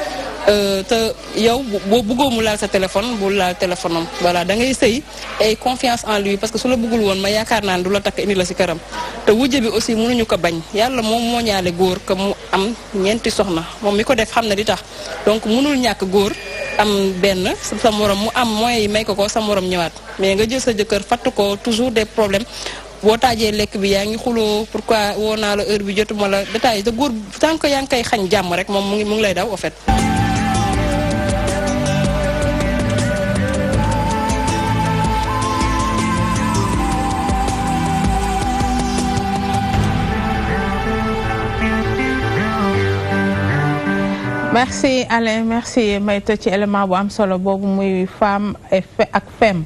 Euh, te yow boo bëggoo mu laal sa téléphone bu laal téléphone am voilà da ngay sëy ay confiance en lui parce que su la bëggul woon ma yaakaar naa ne du la takk indi la si këram te wujje bi aussi mënuñu ko bañ yàlla moom moo ñaale góor que am ñeenti soxna moom mi ko def xam na di tax donc mënul ñàkk góor am benn sa morom mu am moyens yi may ko ko sa morom ñëwaat mais nga jël sa jëkkër fatt ko toujours des problèmes boo taajee lekk bi yaa ngi xuloo pourquoi woo naa la heure bi jotuma la détail te góor tant que yaa ngi koy xañ jàmm rek moom mu ngi mu ngi lay daw en fait. merci Alain merci Mayta ci élément bu am solo boobu muy femme et femme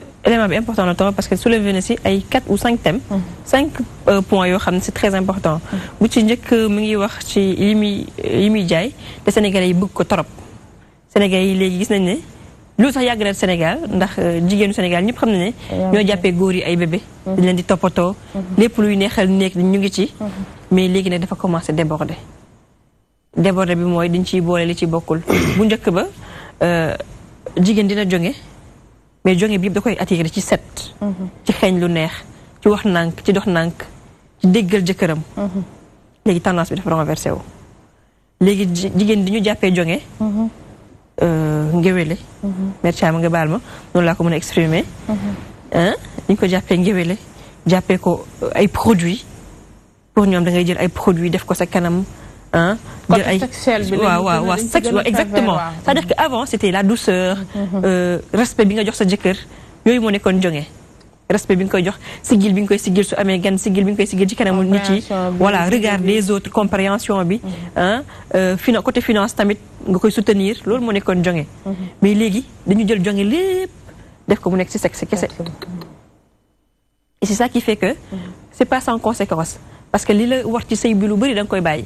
élément bi important na parce que soulevé na si ay quatre ou cinq thèmes. Hum. cinq euh, points yoo xam c'est très important. Hum. bu ci ñëk euh, mi ngi wax ci yi muy yi muy Sénégalais yi bëgg ko trop. Sénégalais yi légui gis nañ né lu sax yàgg na Sénégal ndax euh, jigéenu Sénégal ñëpp xam na ne. ñoo jappé góor yi ay bébé. Hum. dañ leen di topoto lépp luy neexal nekk ñu ngi ci. mais légui nag dafa commencé débordé débordé bi mooy dañ ciy boole li ci bokkul bu njëkk ba jigéen dina jóge mais jonge bi da koy attiré ci set. Mhm. ci xeeñ lu neex ci wax nank ci dox nank ci déggal jëkkëram. Mhm. léegi tendance bi dafa renversé wu. léegi jigéen di ñu jàppee jonge. Mhm. Euh, ngéwéle. mercaam nga baal ma noonu laa ko mën a exprimer. Hein? ñu ko jàppee ngéwéle jàppee ko euh, ay produits pour ñoom da ngay jël ay produits def ko sa kanam. Hein, de, ay, waaw sexe exactement c'est-à-dire que avant c'était la douceur mm-hmm. euh, respect bi nga jox sa jëkkër yooyu moo nekkoon jonge respect bi nga koy jox sigil bi nga koy sigil su amé gan sigil bi nga koy sigil ci kanamu nit yi voilà regard des autres compréhension bi mm-hmm. hein euh, fina côté finance tamit nga koy soutenir loolu moo nekkoon jonge mm-hmm. mais légui dañu jël jonge lépp def ko mu nekk ci sexe kese et c'est ça qui fait que c'est pas sans conséquence parce que li la war ci sey bi lu bari dang koy bàyyi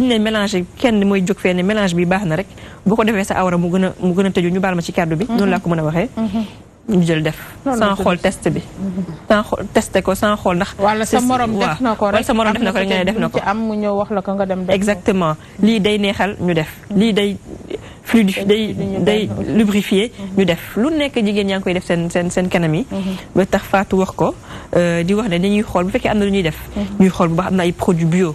ñu ne mélange kenn mooy jóg fee ne mélange bi baax na rek boo ko defee sa awra mu gën a mu gën a tëju ñu baal ma ci kàddu bi noonu laa ko mën a waxee mm-hmm. Mm-hmm. ñu jël def mm-hmm. sans xool test bi sans xool ko sans xool ndax wala sa morom def na ko rek nga ne def na ko am mu ñëw wax la ko nga dem def exactement lii day neexal ñu def lii day fluidifié day day lubrifié ñu def lu nekk jigéen yaa ngi koy def seen seen seen kanam yi ba tax faatu wax ko euh, di wax ne ñuy xool bu fekkee am na lu ñuy def ñuy xool bu baax am na ay produits bio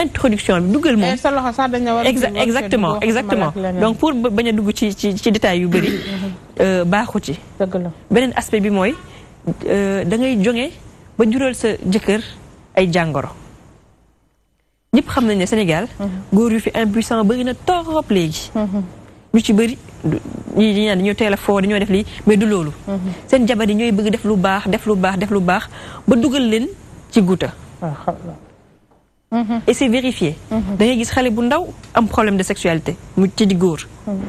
introduction bi duggal moom eh, exactement exactement donc pour bañ a dugg ci ci ci détails yu bëri mm-hmm. euh, baaxu ci beneen aspect bi mooy euh, da ngay jóge ba jural sa jëkkër ay jàngoro ñëpp xam nañ ne Sénégal mm-hmm. góor yu fi impuissant bëri na torop léegi mm-hmm. ñu ci bëri ñi ñi naan dañoo teel a foo dañoo def lii mais du loolu seen jabar yi ñooy bëgg def lu baax def lu baax def lu baax ba dugal leen ci guuta Mm-hmm. et c'est vérifié. Mm-hmm. da ngay gis xale bu ndaw am problème de sexualité mu ci di góor. Mm-hmm.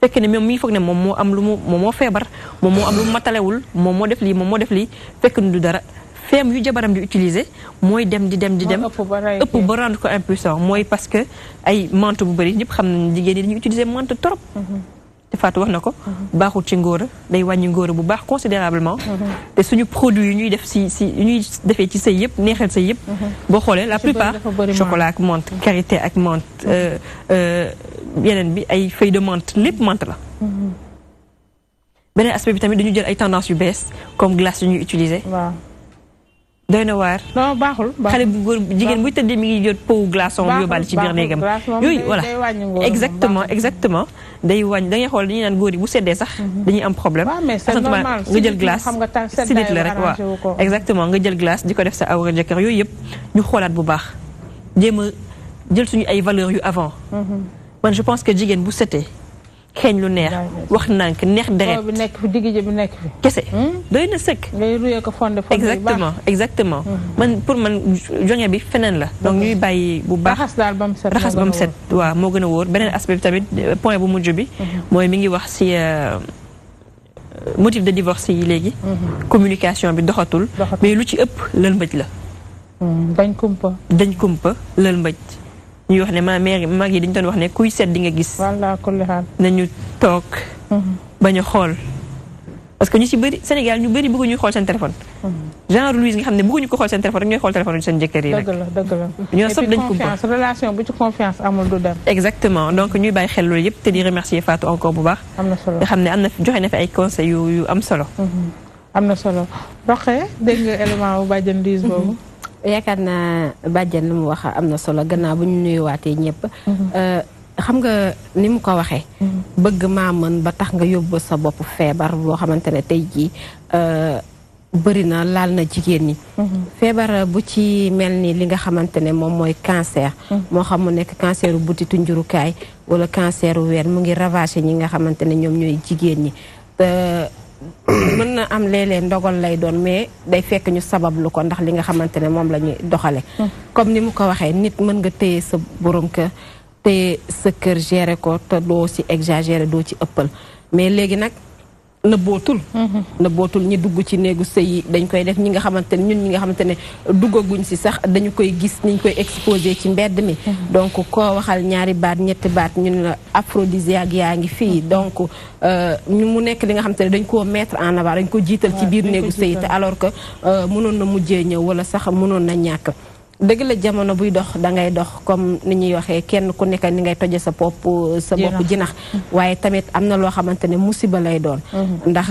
fekk ne moom mii foog ne moom moo am lu mu moom moo feebar moom moo am lu mu matalewul moom moo def lii moom moo def lii fekk na du dara feem yu jabaram di utiliser mooy dem di dem di dem. ëpp ba rendre ko impuissant mooy parce que ay mante bu bëri ñëpp xam nañ jigéen ñi dañuy utiliser mante trop. -hmm. Fatou wax na ko baaxul ci ngóora day wàññi ngóora bu baax considérablement te suñu produit ñuy def si si ñuy defee ci sëy yépp neexal sëy yépp bo xolé la plupart chocolat ak menthe karité ak menthe euh, euh, yenen bi ay feuille de menthe lépp menthe la mhm. beneen aspect bi tamit dañu jël ay tendance yu bees comme glace yu ñuy utiliser doy na waar. non baaxul xale bu góor jigéen buy tëddee mi ngi jot powu glaçon bi yóbbaale ci biir néegam yooyu voilà exactement exactement day wàññi da ngay xool dañuy naan góor yi bu seddee sax mhm. dañuy am problème asantuma nga jël glace sidit la rek waaw exactement nga jël glace di ko def sa awra jëkkër yooyu yëpp ñu xoolaat bu baax jéem a jël suñu ay valeur yu avant mhm. man je pense que jigéen bu setee xeeñ lu neex wax nànk neex deret bi nekk fi digg bi nekk fi kese hmm? doy na sëkk ngay ruyee ko fonde fonde exactement exactement hmm. man pour man jonge bi feneen la donc ñuy bàyyi bu baax raxas daal ba mu set raxas ba mu set waaw moo gën a wóor beneen aspect bi tamit point bu mujj bi hmm. mooy mi ngi wax si euh, motif de divorce yi léegi communication bi doxatul mais lu ci ëpp lël mbëj la dañ kumpa dañ kumpa lël mbëj ñuy wax ne ma mère mag yi dañu doon wax ne kuy seet di nga gis. wallaahi kulli xaal nañu toog. Mhm. bañ a xool. parce que ñu si bëri Sénégal ñu bëri bëgguñu xool seen téléphone. Mhm. genre Louise nga xam ne bëgguñu ko xool seen téléphone rek ñooy xool téléphone seen jëkkër yi rek. dëgg la dëgg la ñoo sëb dañ ko bëgg relation bu ci confiance amul du dem. exactement donc ñuy bàyyi xel loolu yëpp te di remercier Fatou encore bu baax. am na solo nga xam ne am na joxe na fi ay conseils yu yu am solo. Mhm. am na solo Roqe dégg nga élément bu bàjjen Louise boobu yaakaar naa bàjjan lu mu wax am na solo gannaaw bu ñu nuyuwaatee ñëpp. Mhm. Euh, xam nga ni mu ko waxee. Mhm. bëgg maa mën ba tax nga yóbbu sa bopp feebar boo xamante ne tey jii euh, bëri na laal na jigéen ñi. Mhm. feebar bu ci mel ni li nga xamante ne moom mooy cancer. moo xam mu nekk canceru butitu njurukaay wala canceru ween mu ngi ravager ñi nga xamante ne ñoom ñooy jigéen ñi. Euh, mën na am léeg-léeg ndogal lay doon mais day fekk ñu sabablu ko ndax li nga xamante ne moom la ñuy doxale hmm. comme ni mu ko waxee nit mën nga téye sa borom kër téye sa kër gere ko te doo ci exagérer doo ci ëppal mais léegi nag nëbbootul mhm. nëbbootul ñi dugg ci néegu sëy yi dañ koy def ñi nga xamante ne ñun ñi nga xamante ne duggaguñ si sax dañu koy gis niñ koy exposé ci mbedd mi mhm. donc koo waxal ñaari baat ñetti baat ñun la ak yaa ngi fii mhm. donc euh, ñu mu nekk li nga xamante ne dañ koo mettre en avant dañ ko jiital ci biir néegu sëy te alors que euh, mënoon na mujjee ñëw wala sax mënoon na ñàkk dëgg la jamono buy dox da ngay dox comme ni ñuy waxee kenn ku nekk ni ngay toje sa bopp sa jinax mm-hmm. waaye tamit am na loo xamante ne musiba lay doon mm-hmm. ndax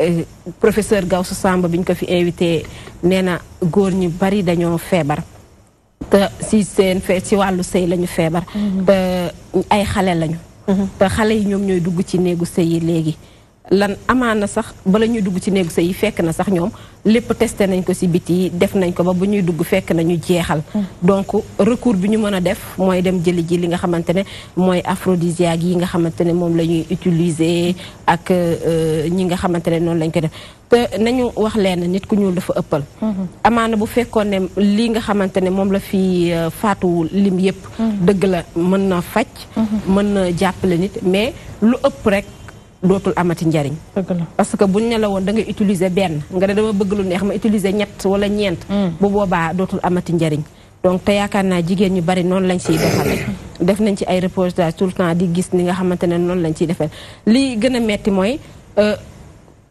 eh, professeur Gawsu Samba bi ñu ko fi invité nee na góor ñu bari dañoo feebar te si seen fee si wàllu sëy lañu feebar mm-hmm. te ay xale lañu te xale yi ñoom ñooy dugg ci néegu sëy yi léegi lan amaana sax bala ñuy dugg ci néegu sax yi fekk na sax ñoom lépp testé nañ ko ci biti def nañ ko ba bu ñuy dugg fekk nañu jeexal mm. donc recours bi ñu mën a def mooy dem jëli ji li nga xamante ne mooy aphrodisiaque yi nga xamante ne moom la ñuy utiliser ak euh, ñi nga xamante ne noonu lañ ko def te nañu wax leen nit ku ñuul dafa ëppal mm-hmm. amaana bu fekkoon ne li nga xamante ne moom la fi euh, faatu lim yépp mm-hmm. dëgg la mën na faj mm-hmm. mën na jàppale nit mais lu ëpp rek dootul amati njariñ parce que bu buñ ne la woon da nga utiliser benn nga ne dama bëgg lu neex ma utiliser ñett wala ñeent mm. bu boobaa dootul amati njariñ donc te yaakaar naa jigéen ñu bari noonu lañ siy doxale def nañ ci ay reportage tout le temps di gis ni nga xamante ne noonu lañ ciy defee li gën a metti mooy euh,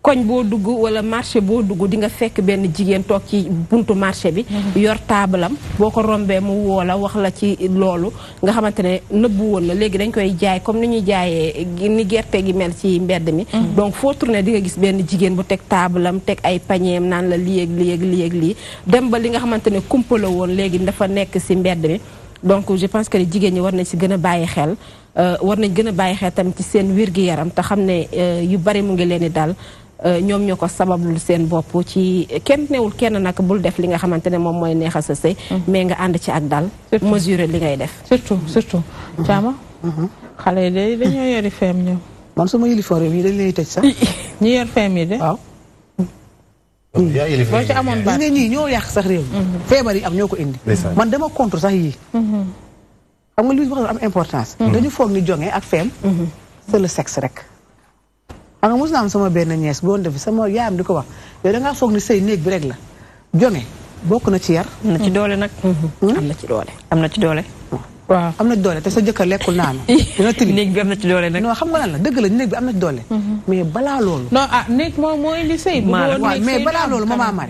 koñ boo dugg wala marché boo dugg di nga fekk benn jigéen toog ci buntu marché bi mhm. yor taabalam boo ko rombee mu woo la wax la ci loolu nga xamante ne nëbbu woon la léegi dañ koy jaay comme ni ñuy jaayee ni gerte gi mel ci mbedd mi mhm. donc foo tourné di nga gis benn jigéen bu teg taabalam teg ay pañeem naan la lii ak lii ak lii ak lii dem ba li nga xamante ne kumpa woon léegi dafa nekk si mbedd mi donc je pense que jigéen ñi war nañ si gën a bàyyi xel euh, war nañ gën a bàyyi xel tam ci seen wér-gi-yaram te xam ne euh, yu bari mu ngi leen di dal Euh, ñoom ñoo ko sabablul seen bopp ci kenn newul kenn nag bul def li nga xamante ne moom mooy neexal sa sëy mm-hmm. mais nga ànd ci ak dal mesurer li ngay def surtout surtout caama mm-hmm. mm-hmm. xale yi day dañoo yori feem suma uniforme yi dañ lay tëj sax ñi yor feem yi de ci amoon baax nga ñii ñoo yàq sax réew mi feebar yi am ñoo ko indi man dama contre sax yii xam nga li wax am importance dañu foog ni jonge ak feem c'est le sexe rek xam nga mos naa am sama benn ñees boo doon def sama yaayam di ko wax yow da ngaa foog ni sëy néeg bi rek la jonge bokk na ci yar. am na ci doole nag. Hmm? Hmm? am na ci doole na ci doole. waaw am na doole te sa jëkkër lekkul naanu. dina tili néeg bi am na ci doole nag. non xam nga lan la dëgg la néeg bi am na ci doole. Hmm. mais balaa loolu. non ah néeg moom mooy mais balaa loolu ma maa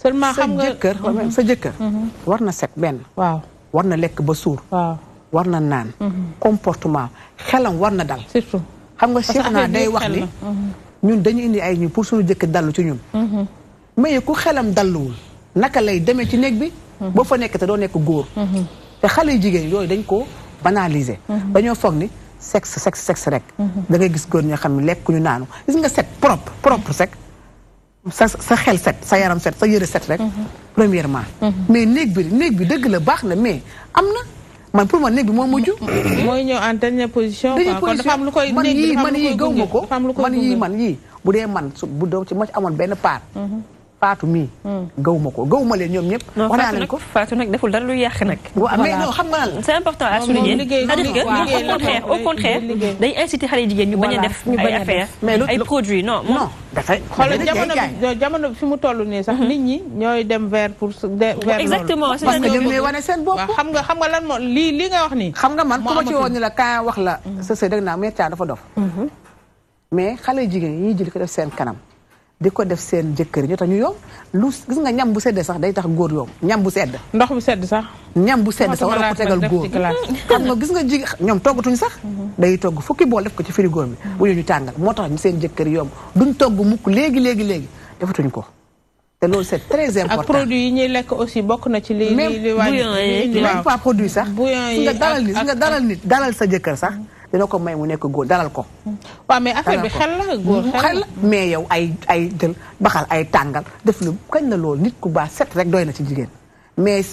seulement xam nga sa jëkkër sa jëkkër. war na set benn. waaw war na lekk ba suur. waaw war na naan. comportement xelam war na dal. surtout. xam nga Cheikh naa day wax ni ñun dañu indi ay ñu pour suñu jëkk dallu ci ñun mm-hmm. mais ku xelam dalluwul naka lay demee ci néeg bi mm-hmm. boo fa nekk te doo nekk góor mm-hmm. te xale yu jigéen yooyu dañ ko banaliser dañoo foog ni sexe sexe sexe rek da ngay gis góor ñoo xam ne lekk ñu naanu gis nga set propre propre sec sa sa xel set sa yaram set sa yëre set rek premièrement mais néeg bi néeg bi dëgg la baax na mais am na man pour man néeg bi moo mujj. mooy ñëw position. kon dafa am lu man yii man yii gaw ma ko man yii man yii bu dee man su bu doon ci ma ci amoon benn part. Mhm. Fatou mii. Hmm. gaw ma ko gaw ma leen ñoom ñëpp. wax naa leen ko Fatou nag deful dara lu yàq nag. voilà mais non xam nga c'est important à souligner. a a def mais ay produits non. non dafay xoolal jamono jamono fi mu toll nii sax wax nii. ma ci woon ni la kan wax la. Mhm. sa sëy dëgg naa médecin dafa dof mhm. mais xale jigéen yi jël ko def seen kanam di ko def seen jëkkër ñu tax ñu yomb lu gis nga ñam bu sedd sax day tax góor yomb ñam bu sedd. ndox bu sedd sax. ñam bu sedd sax wala ko tegal góor xam nga gis nga ji ñoom toggatuñ sax. day togg fukki bool def ko ci frigo bi. Mm-hmm. bu ñu tàngal moo tax ñu seen jëkkër yomb duñ togg mukk léegi léegi léegi defatuñ ko. te loolu c'est très important ak produit yi ñuy lekk aussi bokk na ci. li li li waa même pas produit sax. bouillon yi nga dalal nit nga dalal nit dalal sa jëkkër sax. Mm-hmm. dina ko may mu nekk góor dalal ko. Mm. waa mais affaire bi xel la góor mm, xel la mais yow ay ay jël baxal ay tàngal def lu kañ na loolu nit ku baax set rek doy na ci jigéen mais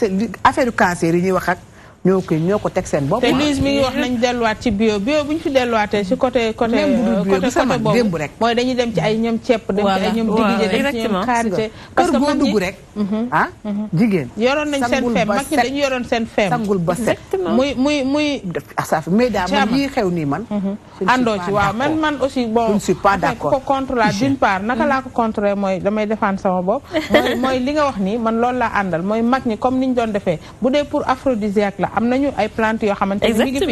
affaire cancer yi ñuy wax ak. ñoo koy ñoo ko teg seen bopp. te Lise mi ngi wax nañ delluwaat ci bio bio bu fi delluwaatee si côté. côté côté boobu rek. mooy dañuy dem ci ay ñoom ceeb. dem ci ay ñoom digg dem ci ñoom xaarite. Mhm. Ah, mhm. muy muy muy. asaf mais daa xew nii man. Mhm. àndoo ci waaw man man aussi bon. contre la d'une part naka laa ko contrer mooy damay défendre sama bopp. mooy li nga wax nii man loolu laa àndal mooy mag ñi comme niñ doon defee bu dee pour aphrodisiaque la am nañu ay plante yoo xamante ni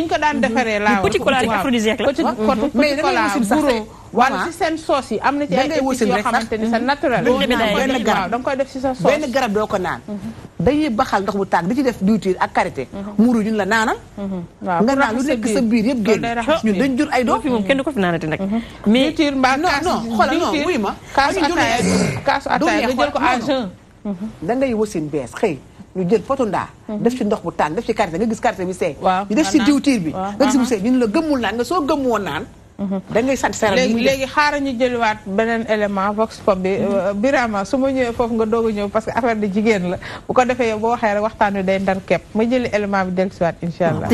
ñu ko daan defaree laa petit cola rek aphrodisiaque la ci seen soos yi am na ci ay épices yoo xamante ni sa naturel benn garab da nga koy def ci sa soos benn garab doo ko naan dañuy baxal ndox bu tàgg def diwtiir mhm. la naanal mhm. nga naan lu nekk sa biir yëpp génn ñun dañ jur ay doom fi moom kenn ko fi naanati nag mhm. mais diwtiir mbaa kaasu ataaya kaasu ataaya ko à Mm-hmm. da ngay wasin bees xëy ñu jël potu ndaa mm-hmm. def ci ndox bu tànn def ci karité nga gis karité bi seey ñu def ci ne la gëmmul naan nga soo gëmmoo naan mm-hmm. da ngay sant seral léegi léegi xaaral ñu jëliwaat beneen élément vox pop bi euh, Birama su ma ñëwee foofu nga doog a ñëw parce que affaire jigéen la bu ko defee yow boo waxee rek waxtaan wi day ndar kepp ma jëli élément bi dellusiwaat incha allah.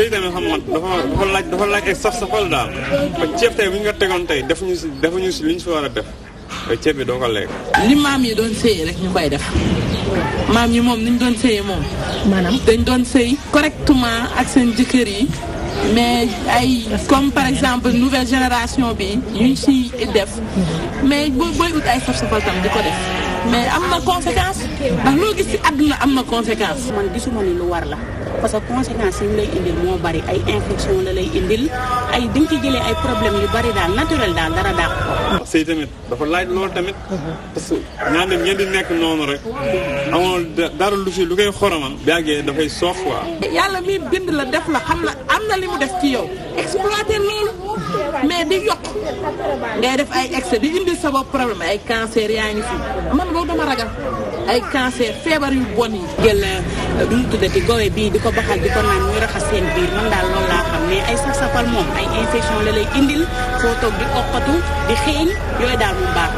sëy tamit xam nga dafa laaj dafa laaj ak saf safal daal ba ceeb tey bu ñu ko tegoon tey defuñu si defuñu si li ñu si war a def ceeb bi doo ko lekk. li maam yi doon sëy rek ñu koy def maam yi moom ni doon sëyee moom. maanaam dañ doon sëy correctement ak seen jëkkër yi. mais ay comme par exemple nouvelle génération bi ñu si def mais booy booy ut ay saf safal tam di ko def. mais am na conséquence ndax loo gis ci àdduna am na conséquence man gisuma ni lu war la parce que conséquence yi ñu indil moo bari ay infection la lay indil ay di nga ci jëlee ay problème yu bari daal naturel daal dara dàq ko ah, sëy tamit dafa laaj loolu tamit parce que ñaan dem di nekk noonu rek amoon dara lu ci lu koy xoromal biàggee dafay soof waa yàlla mi bind la def la xam la am na li mu def ci yow exploité loolu mais di yokk ngay def ay excès di indil yaa ngi man boobu dama ragal ay cancer feebar yu bon yi. jël du euh, ñu tuddati gowe bii di ko baxal di ko naan muy raxas seen biir man daal loolu laa xam mais ay saf-safal ay infection la lay indil foo toog di okkatu di xeeñ yooyu daal mu baax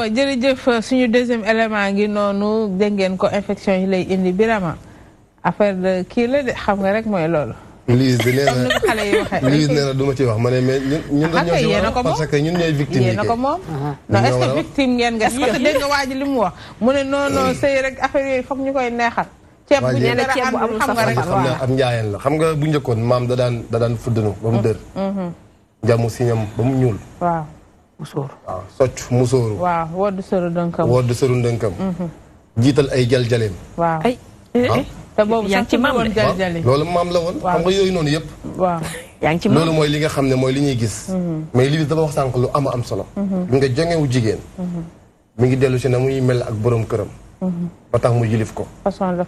awa jërëjëf suñu deuxième élément ngi noonu dégg ngeen ko infection yi lay indi birama affaire de kii la de xam nga rek mooy loolu. Lise di leen comme ni du ma ci wax ma ne mais ñun ñun dañoo ah, ci wax parce que ñun ñooy victime yéen a ko est que victime ngeen nga parce que dégg nga waa ji li mu wax mu ne non non sëy rek affaire yooyu foog ñu koy neexal. ceeb bu ñu dara am xam nga la xam nga bu njëkkoon maam da daan da daan fuddanu ba mu dër. njamu mm-hmm. mm-hmm. siñam ba mu ñuul. musóor waaw socc musóoru waaw wodd sëru ndënkam wodd sëru ndënkam mhm. jiital ay waaw ay eh, ah? eh. te boobu sax ci maam woon jaljale loolu maam la woon xam nga yooyu noonu yëpp loolu mooy li nga xam ne mooy li ñuy gis mhm. mais li dafa wax sànq lu ama am solo mu mhm. nga jongewu jigéen mi ngi dellu si na muy mel ak borom këram ba tax mu yilif ko façon de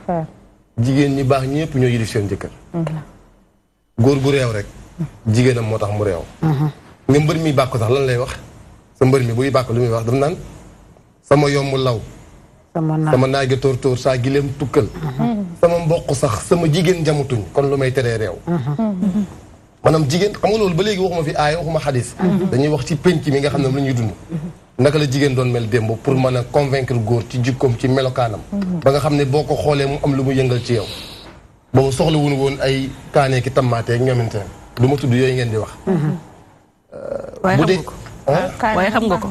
jigéen ñi baax ñëpp ñoo yilif seen jëkkër góor gu réew rek jigéenam moo tax mu réew nga mbër mi bàkku sax lan lay wax sa mbër mi buy bàkk lu muy wax daf naan sama yomb law sama naage tóor tóor saa gileem tukkal mhm. sama mboq sax sama jigéen jamutuñ kon lu may teree réew mhm. maanaam jigéen xam nga loolu ba léegi waxuma fi aaya waxuma xadis mhm. dañuy wax ci penc mi nga xam ne lu ñuy dund naka la jigéen doon mel démb pour mën a convaincre góor ci jikkoom ci melokaanam ba nga xam ne boo ko xoolee mu am lu mu yëngal ci yow boobu soxla wuñu woon ay kaanee ki tammaatee ak ñoomante du ma tudd yooyu ngeen di wax euh, Euh, waaye xam nga ko.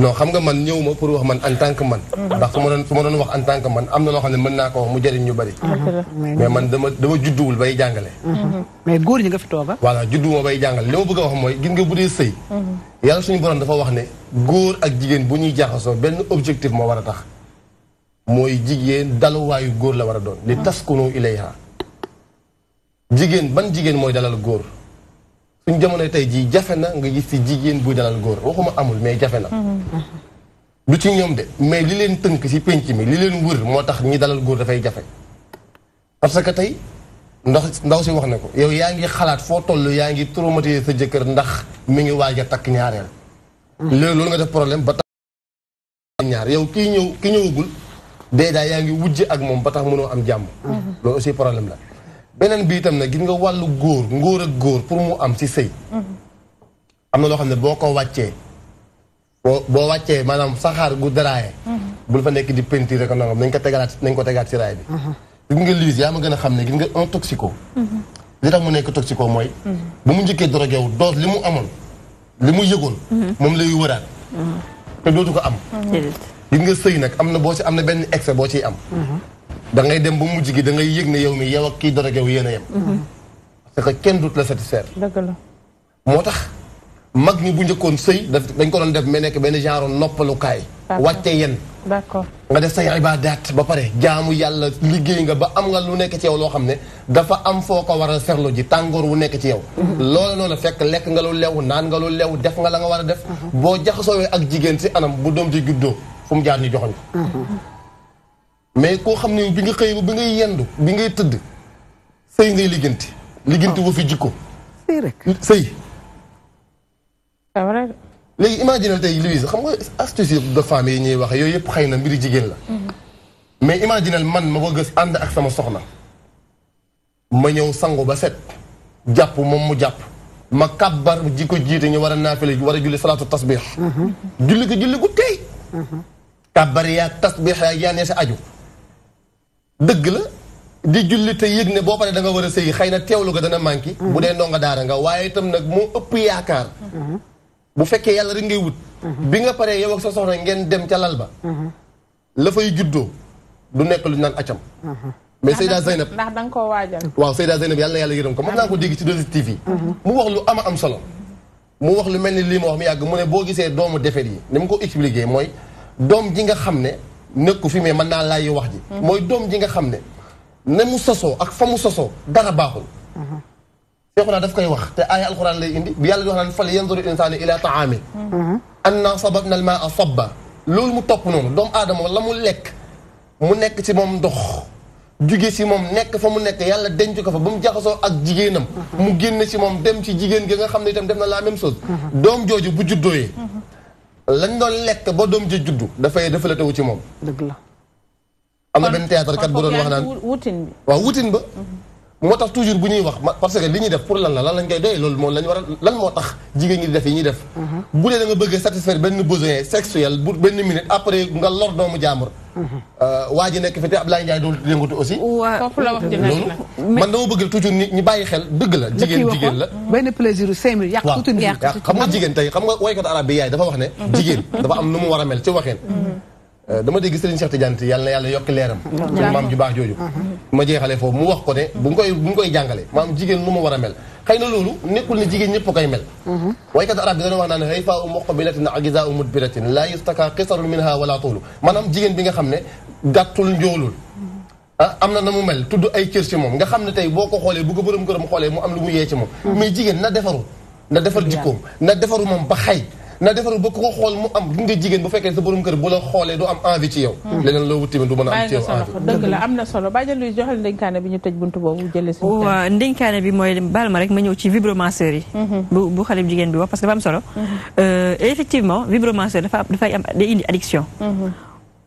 non xam nga man ñëw ma pour wax man en tànk man. Mm-hmm. ndax su ma doon su ma doon wax en tant man am na loo xam ne mën naa ko wax mu jëriñ ñu bari. Mm-hmm. Mm-hmm. mais man dama dama judduwul bay jàngale. mais góor ñi nga fi tooga. voilà judduwuma bay jàngale li ma bëgg a wax mooy gis nga bu dee sëy. yàlla suñu borom dafa wax ne góor ak jigéen bu ñuy jaxasoo benn objectif moo war a tax mooy jigéen daluwaayu góor la war a doon. li tas taskunoo ilayha jigéen ban jigéen mooy dalal góor. suñ jamono tey jii jafe na nga gis ci jigéen buy dalal góor waxuma amul mais jafe na. Mm-hmm. du ci ñoom de mais li leen tënk ci penc mi li leen wër moo tax ñi dalal góor dafay jafe. parce que tey ndax ndaw si wax na ko yow yaa ngi xalaat foo toll yaa ngi traumatisé sa jëkkër ndax mi ngi waaj a takk ñaareel. Mm-hmm. léegi loolu nga def problème ba tax ñaar yow kii ñëw ki ñëwagul déjà yaa ngi wujj ak moom ba tax mënoo am jàmm. Mm-hmm. loolu aussi problème la. beneen bi itam na gis nga wàllu góor ngóor ak góor pour mu am ci sëy mm-hmm. am na loo xam ne boo ko wàccee boo boo wàccee maanaam saxaar gu daraaye mm-hmm. bul fa nekk di peinture rek nangam nañ ko tegalaat nañ ko tegaat si raay bi mm-hmm. gis nga Louise yaa ma gën a xam ne gis nga un toxico li tax mu nekk toxico mooy bu mu njëkkee drogué wu doos li mu amoon li mu yëgoon moom lay wëraat te dootu ko am gis nga sëy nag am na boo si am na benn excès boo ciy am da ngay dem ba mujj gi da ngay yëg ne yow mi yow ak kii doro yow yéen a yem. Mhm. parce que kenn dut la satisfaire. dëgg la moo tax mag ñi bu njëkkoon sëy dañ ko doon def mais nekk benn genre noppalukaay. wàcce yenn. d'accord nga def say ibaadaat ba pare jaamu yàlla liggéey nga ba am nga lu nekk ci yow loo xam ne dafa am foo ko war a serlo ji tàngoor wu nekk ci yow. Mhm. loolu noonu fekk lekk nga lu lew naan nga lu lew def nga la nga war a def. Mhm. boo jaxasoowee ak jigéen si anam bu doom ji juddoo fu mu jaar ñu joxoñ ko. mais ko xam bi nga xëy bi ngay yendu bi ngay teud sey ngay ligenti ligenti wo fi jikko sey rek sëy legi imagine tay Louise xam nga astuce de femme yi ñuy wax yooyu yëpp na mbiri jigen la mhm. mais imagine man ma bëgg a ak sama soxna ma ñew sangu ba set japp mom mu japp ma kabbar ji ko ñu wara a wara julli salatu tasbih mhm. julli ko julli gu tey mhm. kabbar ya tasbih ya yaanee sa aju dëgg la di julli te yëg ne boo paree da nga war a yi xëy na teewlu ko dana manqué. Mm-hmm. bu dee ndongo daara nga waaye itam nag moo ëpp yaakaar. Mm-hmm. bu fekkee yàlla rek ngay wut. Mm-hmm. bi nga paree yow ak sa soxna ngeen dem ca lal ba. la fay juddoo du nekk lu naan acam. mais Seyda Zeynab da nga koo waajal. waaw Seyda Zeynab yàlla na yàlla yërëm ko mën naa ko dégg ci 2STV mu wax lu ama am solo. mu wax lu mel ni lii moo wax yàgg mu ne boo gisee doomu defet yi ni mu ko expliqué mooy doom nga xam ne. nekku fi mais mën naa laaj wax ji. mooy doom ji nga xam ne ne mu sosoo ak fa mu sosoo dara baaxul. Seexuna daf koy wax te aaya alxuraan lay indi bi yàlla di wax naan fal yanzuru insaanu ila taami anna sababna al maa sabba loolu mu topp noonu doomu aadama la mu lekk mu nekk ci moom ndox jóge ci moom nekk fa mu nekk yàlla denc ko fa ba mu jaxasoo ak jigéenam mu génn ci moom dem ci jigéen gi nga xam ne itam def na la même chose doom jooju bu juddooyee lañ doon lekk ba doom ji juddu dafay dafa la tewu ci moom. dëgg la. am na benn théâtre kat bu doon wax naan wutin bi waaw wutin ba. Mhm. moo tax toujours bu ñuy wax parce que li ñuy def pour lan la lan a lan moo tax jigéen ñi di def yi ñuy def mhm. bu dee da nga bëgg satisfaire benn besoin sexuel bu benn minute après nga lor doomu jaamur mhm. euh, waa nekk fi te Ablaye Ndiaye doolu yëngatu aussi foofu la man dama bëgg toujours ni ñu xel dëgg la jigéen jigéen la benn plaisir cinq minutes yàq tuuti yàq xam nga jigéen tey xam nga woykat arab bi yaay dafa wax ne mhm. jigéen dafa am nu mu war a mel ci waxeen Euh, dama dégg Serigne Cheikh jant yàlla na yàlla yokk leeram maam ju baax jooju mhm. ma jeexale foofu mu wax ko ne bu ngi koy bu ngi koy jàngale maam jigéen nu ma war a mel xëy na loolu nekkul ne jigéen ñëpp koy mel mhm. waykat arab bi dana wax naan hay fa u muqbilatin agisa u mudbiratin laa yustaka qisarun minha wala toolu maanaam jigéen bi nga xam ne gàttul njoolul ah am na na mu mel tudd ay cër ci moom nga xam ne tey boo ko xoolee bu ko borom këram xoolee mu am lu mu yee ci moom mhm. mais jigéen na defaru na defar jikkoom na defaru moom ba xay na defaru ba ko xool mu am nga jigéen bu fekkee sa borom kër bu la xoolee du am envie ci yow hmm. leneen loo wut tamit du mën a am ci yow dëgg la am na solo bàjjan luy joxal ndénkaane bi ñu tëj buntu boobu jëlee suñu waaw ndénkaane bi mooy baal rek ma ñëw ci vibromasseur yi hmm. bu bu jigéen bi wax parce que dafa am solo hmm. euh, effectivement vibromasseur dafa dafay indi addiction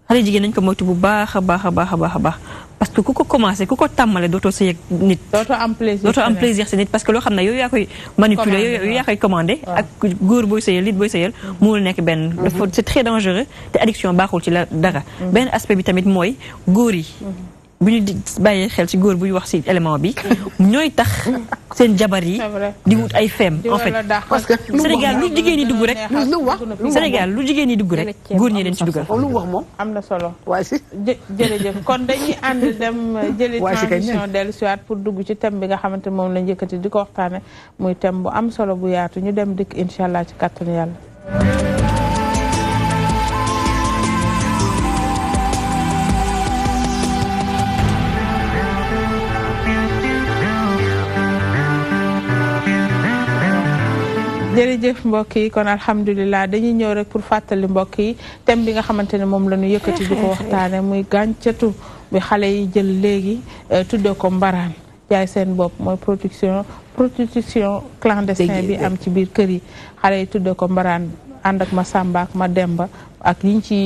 xale jigéen nañ ko moytu bu baax a baax a baax a baax a baax parce que ku ko commencé ku ko tàmmale dootoo sa yëg nit. dootoo am plaisir dootoo am plaisir si nit parce que loo xam ne yow yaa koy. manipuler yow yaa koy commandé. ak góor booy sëyal nit booy sëyal. Mm-hmm. mënul nekk benn. Mm-hmm. dafa c'est très dangereux te addiction baaxul ci la dara. Mm-hmm. benn aspect bi tamit mooy góor yi. bu ñu bàyyee xel ci góor buy wax ci élément bi ñooy tax seen jabar yi di wut ay fem en fait parce que Sénégal lu jigéen ñi dugg rek lu wax Sénégal lu jigéen ñi dugg rek góor ñi leen ci dugal lu wax moom am na solo waay si jërëjëf kon dañuy ànd dem uh, jëli transition dellu siwaat pour dugg ci thème bi nga xamante moom la yëkkati di ko waxtaane muy thème bu am solo bu yaatu ñu dem dikk incha allah ci kàttanu yàlla jërëjëf mbokk yi kon Alhamdulillah, dañuy ñëw rek pour fàttali mbokk yi thème bi nga xamante ne moom la ñu yëkkati di ko waxtaane muy gàncatu bi xale yi jël léegi euh, tuddee ko mbaraan jaay seen bopp mooy production prostitution clandestin bi am ci biir kër yi xale yi tuddee ko mbaraan ànd ak ma Samba ak ma Demba ak yiñ ci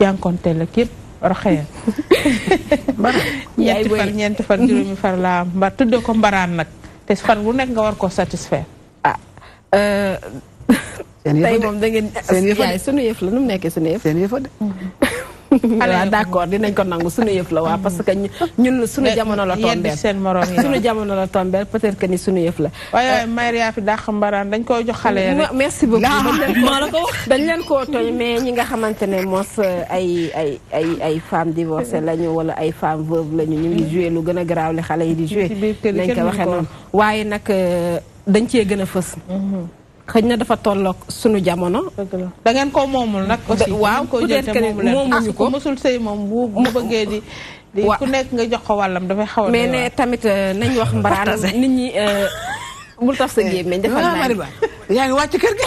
jànkonteel ak yëpp roxee ñeenti far ñeenti far juróomi far laa ko mbaraan nag te bu nekk nga war koo satisfaire Euh, seen yëfa da ngeen. seen yëfa yaay sunu yëf la nu mu nekkee sunu yëf. seen yëfa waaw dinañ ko nangu sunu yëf la waa parce que ñun sunu eh, jamono la tombeel seen morom jamono la tombeel peut-être que ni sunu yëf la. waaye euh, Mayra yaa fi dàq mbaraan dañ koo jox xale yi merci beaucoup maa la ko wax dañ leen koo tooñ mais ñi nga xamante ne mos euh, ay ay ay ay femmes divorcées mm-hmm. lañu wala ay femmes veuves lañu ñu ngi mm-hmm. joué lu gën a garaaw le xale yi di joué. nañ ko waxee noonu waaye nag. dañ cee gën a fës. Mhm. xëy na dafa tolloog sunu jamono. da ngeen ko moomul nag. aussi waaw ko jël te moomuñu ah, ko mosul sëy moom bu mu bëggee di. ku nekk nga jox ko wàllam dafay xaw a. mais ne tamit euh, nañ wax mbaraan nit ñi. Euh, bul tax sa eh. gémmiñ defal ah, naa yaa ngi wàcc kër gi.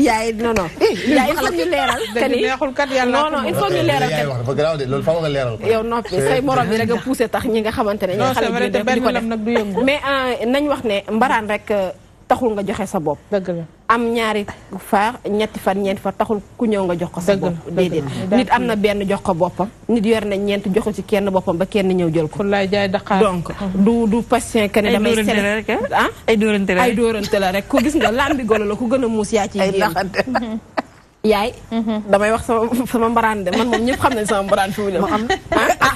yaay non non. Eh, yaay il faut ñu leeral. que ni neexul kat yàlla non non il faut ñu leeral que wax dafa garaaw de loolu faaw nga leeral ko. yow noppi say morom bi rek a poussé tax ñi nga xamante ne. ñoo bi def mais euh, nañ wax ne mbaraan rek euh, taxul nga joxe sa bopp. dëgg am ñaari faar ñetti fan ñeenti fa taxul ku ñëw nga jox ko sa bopp déedéet nit am na benn jox ko boppam nit yor na ñeent jox ko ci kenn boppam ba kenn ñëw jol ko donc du du patient que ne damay sel eh? ah ay rek ku gis nga lambi golo la ko gën a muus yaa ci yaay damay wax sama sama mbaraan de man moom ñëpp xam nañ sama mbaraan fi mu ne am ah, ah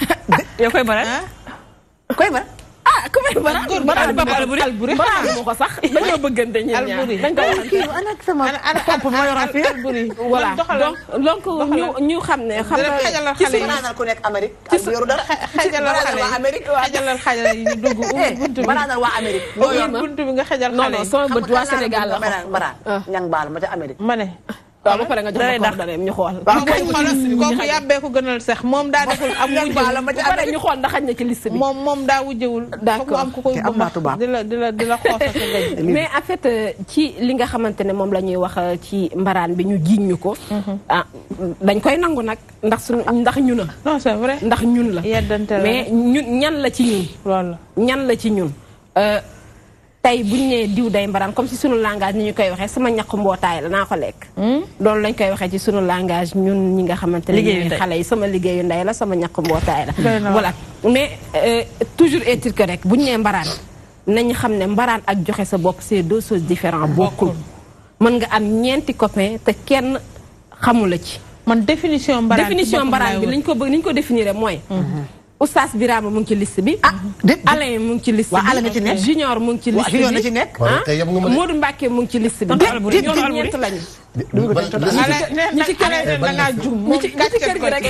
yow koy mbaraan ah. ah ku mel bara bara ba alburi alburi moo ko sax dañoo bëggante ñun ñaar dañ ko ana ak sama ma yoroon fii alburi voilà donc ñu xam ne xam nga ci suñu naanal ku nekk Amérique yoru dara xajalal xale yi Amérique xajalal xale yi ñu dugg eh, ubbi buntu bi banaanal waa Amérique buntu bi nga xajal xale yi non non sama bët waa Sénégal la bara ah. ma ca ma ne waaw ba pare nga jox ko kooku dareem ñu xool. yàbbee ko gënal sax moom daa deful am wujjewul bu pare ñu xool ndax xaj na ci liste bi. moom moom daa wujjewul. d'accord am ko koy di la di la di la xoosati mais en fait euh, ci li nga xamante ne moom la ñuy wax euh, ci mbaraan bi ñu jiiñ ñu ko. Mm-hmm. ah dañ koy nangu nag ndax suñu ndax ñun la. non ndax ñun la. mais ñun ñan la ci ñun. ñan la ci ñun. Euh, tey bu ñu nee diw day mbaraan comme si sunu langage ni ñu koy waxee sama ñaq mbootaay la naa ko lekk. Hmm? loolu lañ koy waxee ci suñu langage ñun ñi nga xamante ne xale yi sama liggéeyu ndey la sama ñaq mbootaay la. voilà mais euh, toujours est-il que rek bu ñu nee mbaraan nañu xam ne mbaraan ak joxe sa bopp c'est deux choses différentes bokkul mën nga am ñeenti copain te kenn xamula ci. man définition mbaraan définition mbaraan bi liñ ko bëgg liñ ko définir mooy. Hmm. Oustaz Birama mu ci liste bi. ah Alain mu ci liste bi. Junior mu ci liste bi. waaw Junior na ci nekk. waaw tey yëpp nga a mu ci liste bi. déet ñoom ñeent ci kër gi da ngaa jum. ñi ci kër gi rek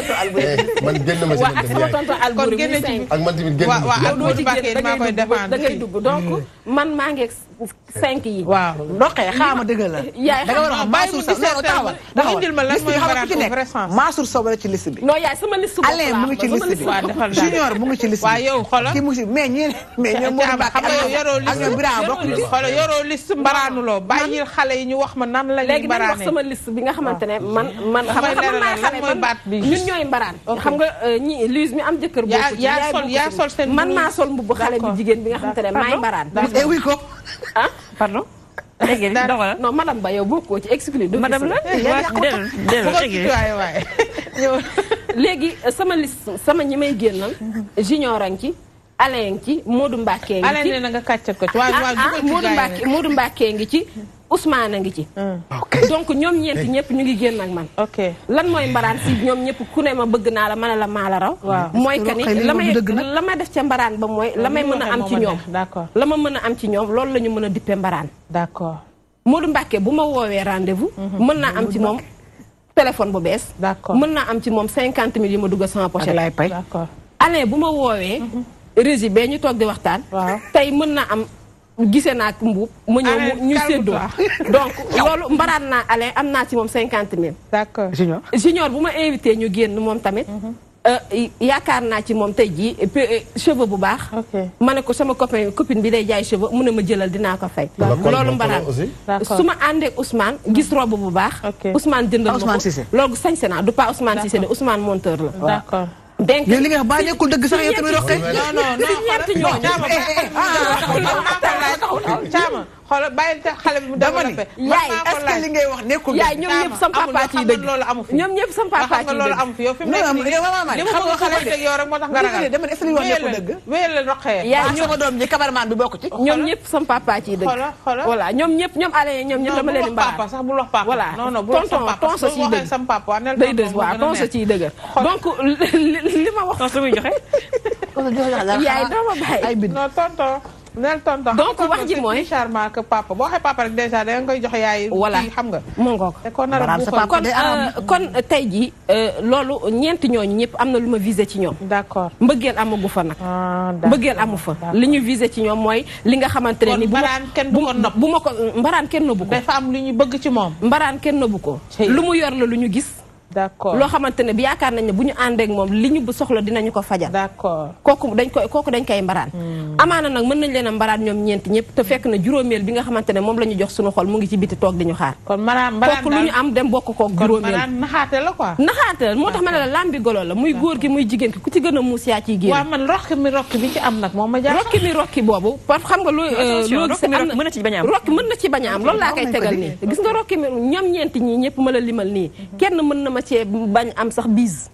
man génn ma si man dem yaay. kon génne génn ma maa koy défendre da dugg donc man maa ngi. cinq yi. waaw doqee xaama dëgg la. yaay xam nga bàyyi mu ma lan mooy baraat foofu récence Mansour Sow rek ci liste bi. non yaay sama liste boobu mu ngi ci liste Junior mu ngi ci liste bi. waaw yow xoolal mu ngi ci mais ñi mais ñoom xale yi ñu wax ma nan la ñuy mbaraanee. léegi wax sama liste bi nga xamante ne ah. man man xam nga man maay xale man ñun ñooy mbaraan. xam nga euh, ñi Lise mi am jëkkër boobu. yaa sol yaa sol seen man maa bi jigéen bi nga ne maay mbaraan. ah pardon. no non madame Ba yow bokkoo ci expliqué. du madame la waaw léegi sama liste sama ñi may génnal. Mhm. junior a Alain ngi ci Modou Mbacke ngi ci Alain na nga ko ci waaw ah, waaw ah, Modou Mbacke ngi ci Ousmane a ngi ci. Hmm. donc ñoom ñeent ñëpp ñu ngi génn ak man. ok lan mooy mbaraan si ñoom ñëpp ku ne ma bëgg naa la mën a la maa la raw. waaw mooy que ni la may la may def ca mbaraan ba mooy. la may mën a am ci ñoom d'accord la ma mën a am ci ñoom loolu la ñu mën a dippe mbaraan. d'accord Modou Mbacke bu ma woowee rendez-vous. Mhm. mën naa am ci moom téléphone bu bees. d'accord mën naa am ci moom cinquante mille ma dugg sama poche. Alain bu ma woowee mhm. rési bee ñu toog di waxtaan. tey mën na am gise naa ak mbuub mu ñëw ñu séddoo donc loolu mbaraan naa Alain am naa ci moom cinquante mille. d'accord junior. junior bu ma invité ñu génn moom tamit. Mhm. Euh, yaakaar naa ci moom tey jii euh, cheveux bu baax. ma ne ko sama copain copine bi day jaay cheveux mun na ma jëlal dinaa ko fay. loolu mbaraan su ma àndee Ousmane gis robe bu baax. Ousmane jëndal ma ko loolu sañse naa du pas Ousmane Cissé de Ousmane monteur la. dénk mais li nga xam baa nekkul dëgg sax yow tamit roqe. non non non xoolal bàyyi te xale bi dama ni yaay est li ngay wax nekkul yaay ñoom ñëpp sam ci dëgg loolu amu li wax nekkul dëgg wéyal la roqee yaay ñoom ñëpp sam ci dëgg voilà ñoom ñëpp ñoom ale ñoom ñëpp dama day dëgg waaw tonso ci yaay dama bàyyi ay bind neel tonton donc wax ji mooy charmant que papa boo waxee papa rek déjà da nga koy jox yaay. voilà xam nga mu kon nar a euh, kon kon euh, tey jii. Euh, loolu ñeenti ñooñu ñëpp am na lu ma visé ci ñoom. d'accord mbëggeel amagu fa nag. Ah, mbëggeel amu fa. li ñu visé ci ñoom mooy li nga xamante ne ni. bu ma bu ma ko mbaraan kenn nëbbu ko. dafa am lu ñu bëgg ci moom. mbaraan kenn nëbbu ko. lu mu yor la lu ñu gis. d'accord loo xamante ne bi yaakaar nañ ne bu ñu ànd moom li ñu bu soxla dinañu ko fajal kooku dañ koy mbaraan hmm. amaana nag mën nañ leen a mbaraan ñoom ñeenti ñëpp te fekk na juróomeel bi nga xamante ne moom la ñu la quoi naxaate la moo tax ma la gi muy jigéen ki ku ci gën a muus yaa ciy génn waaw man rokki mi na ci bañ a am rokki a am loolu laa koy tegal nii gis nga rokki mi ñoom ñeenti limal nii mm-hmm. kenn mën na ma cee bañ am sax bise.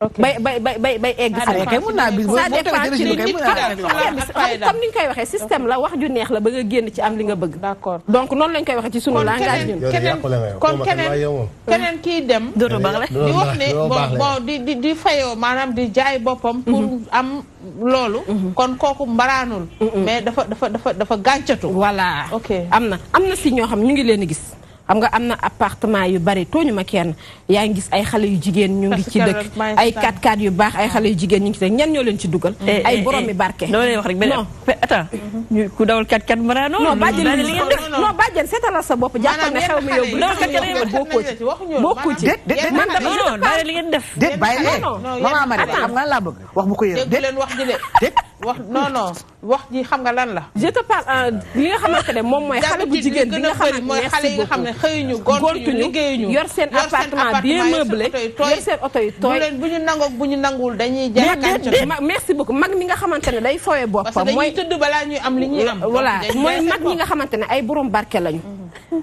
ok bay bay bay bay egg. Ah, sax kay mun naa bis boo comme ni ñu koy waxee système la wax ju neex la ba nga génn ci am li nga bëgg. d'accord donc noonu lañ koy waxee ci sunu langage ñun. kon keneen keneen kii dem. dootul baax di wax ne bon di di di fayoo maanaam di jaay boppam. pour mm-hmm. am loolu. Mm-hmm. kon kooku mbaraanul. Mm-hmm. mais dafa dafa dafa dafa gàncatu. voilà ok am na am na si ñoo xam ñu ngi leen a gis. xam nga am na appartement yu bari tooñu ma kenn yaa ngi gis ay xale yu jigéen ñu ngi ci dëkk ay 4 x yu baax ay xale yu jigéen ñu ngi ci dëkk ñan ñoo leen ci dugal eh, eh, ay eh. borom mi barke dama lay wax rek benn attends ku dawal 4x4 mara non bàjjen non bàjjen seetalal sa bopp jàppal ne li ngeen def déet xam nga laa bëgg wax bu ko yëg déet wax non non wax ji xam nga lan la. je te parle euh, li nga xamante ne moom mooy. xale bu jigéen bi nga xamante mooy xale yi nga xam ne xëyuñu gontuñu liggéeyuñu yor seen appartement bien meublé yor seen oto yi tooy. bu leen bu ñu dañuy jaay kàncax merci beaucoup mag mi nga xamante ne day fooyee boppam. mooy parce tëdd balaa ñuy am li ñuy am. voilà mooy mag ñi nga xamante ne ay borom barke lañu.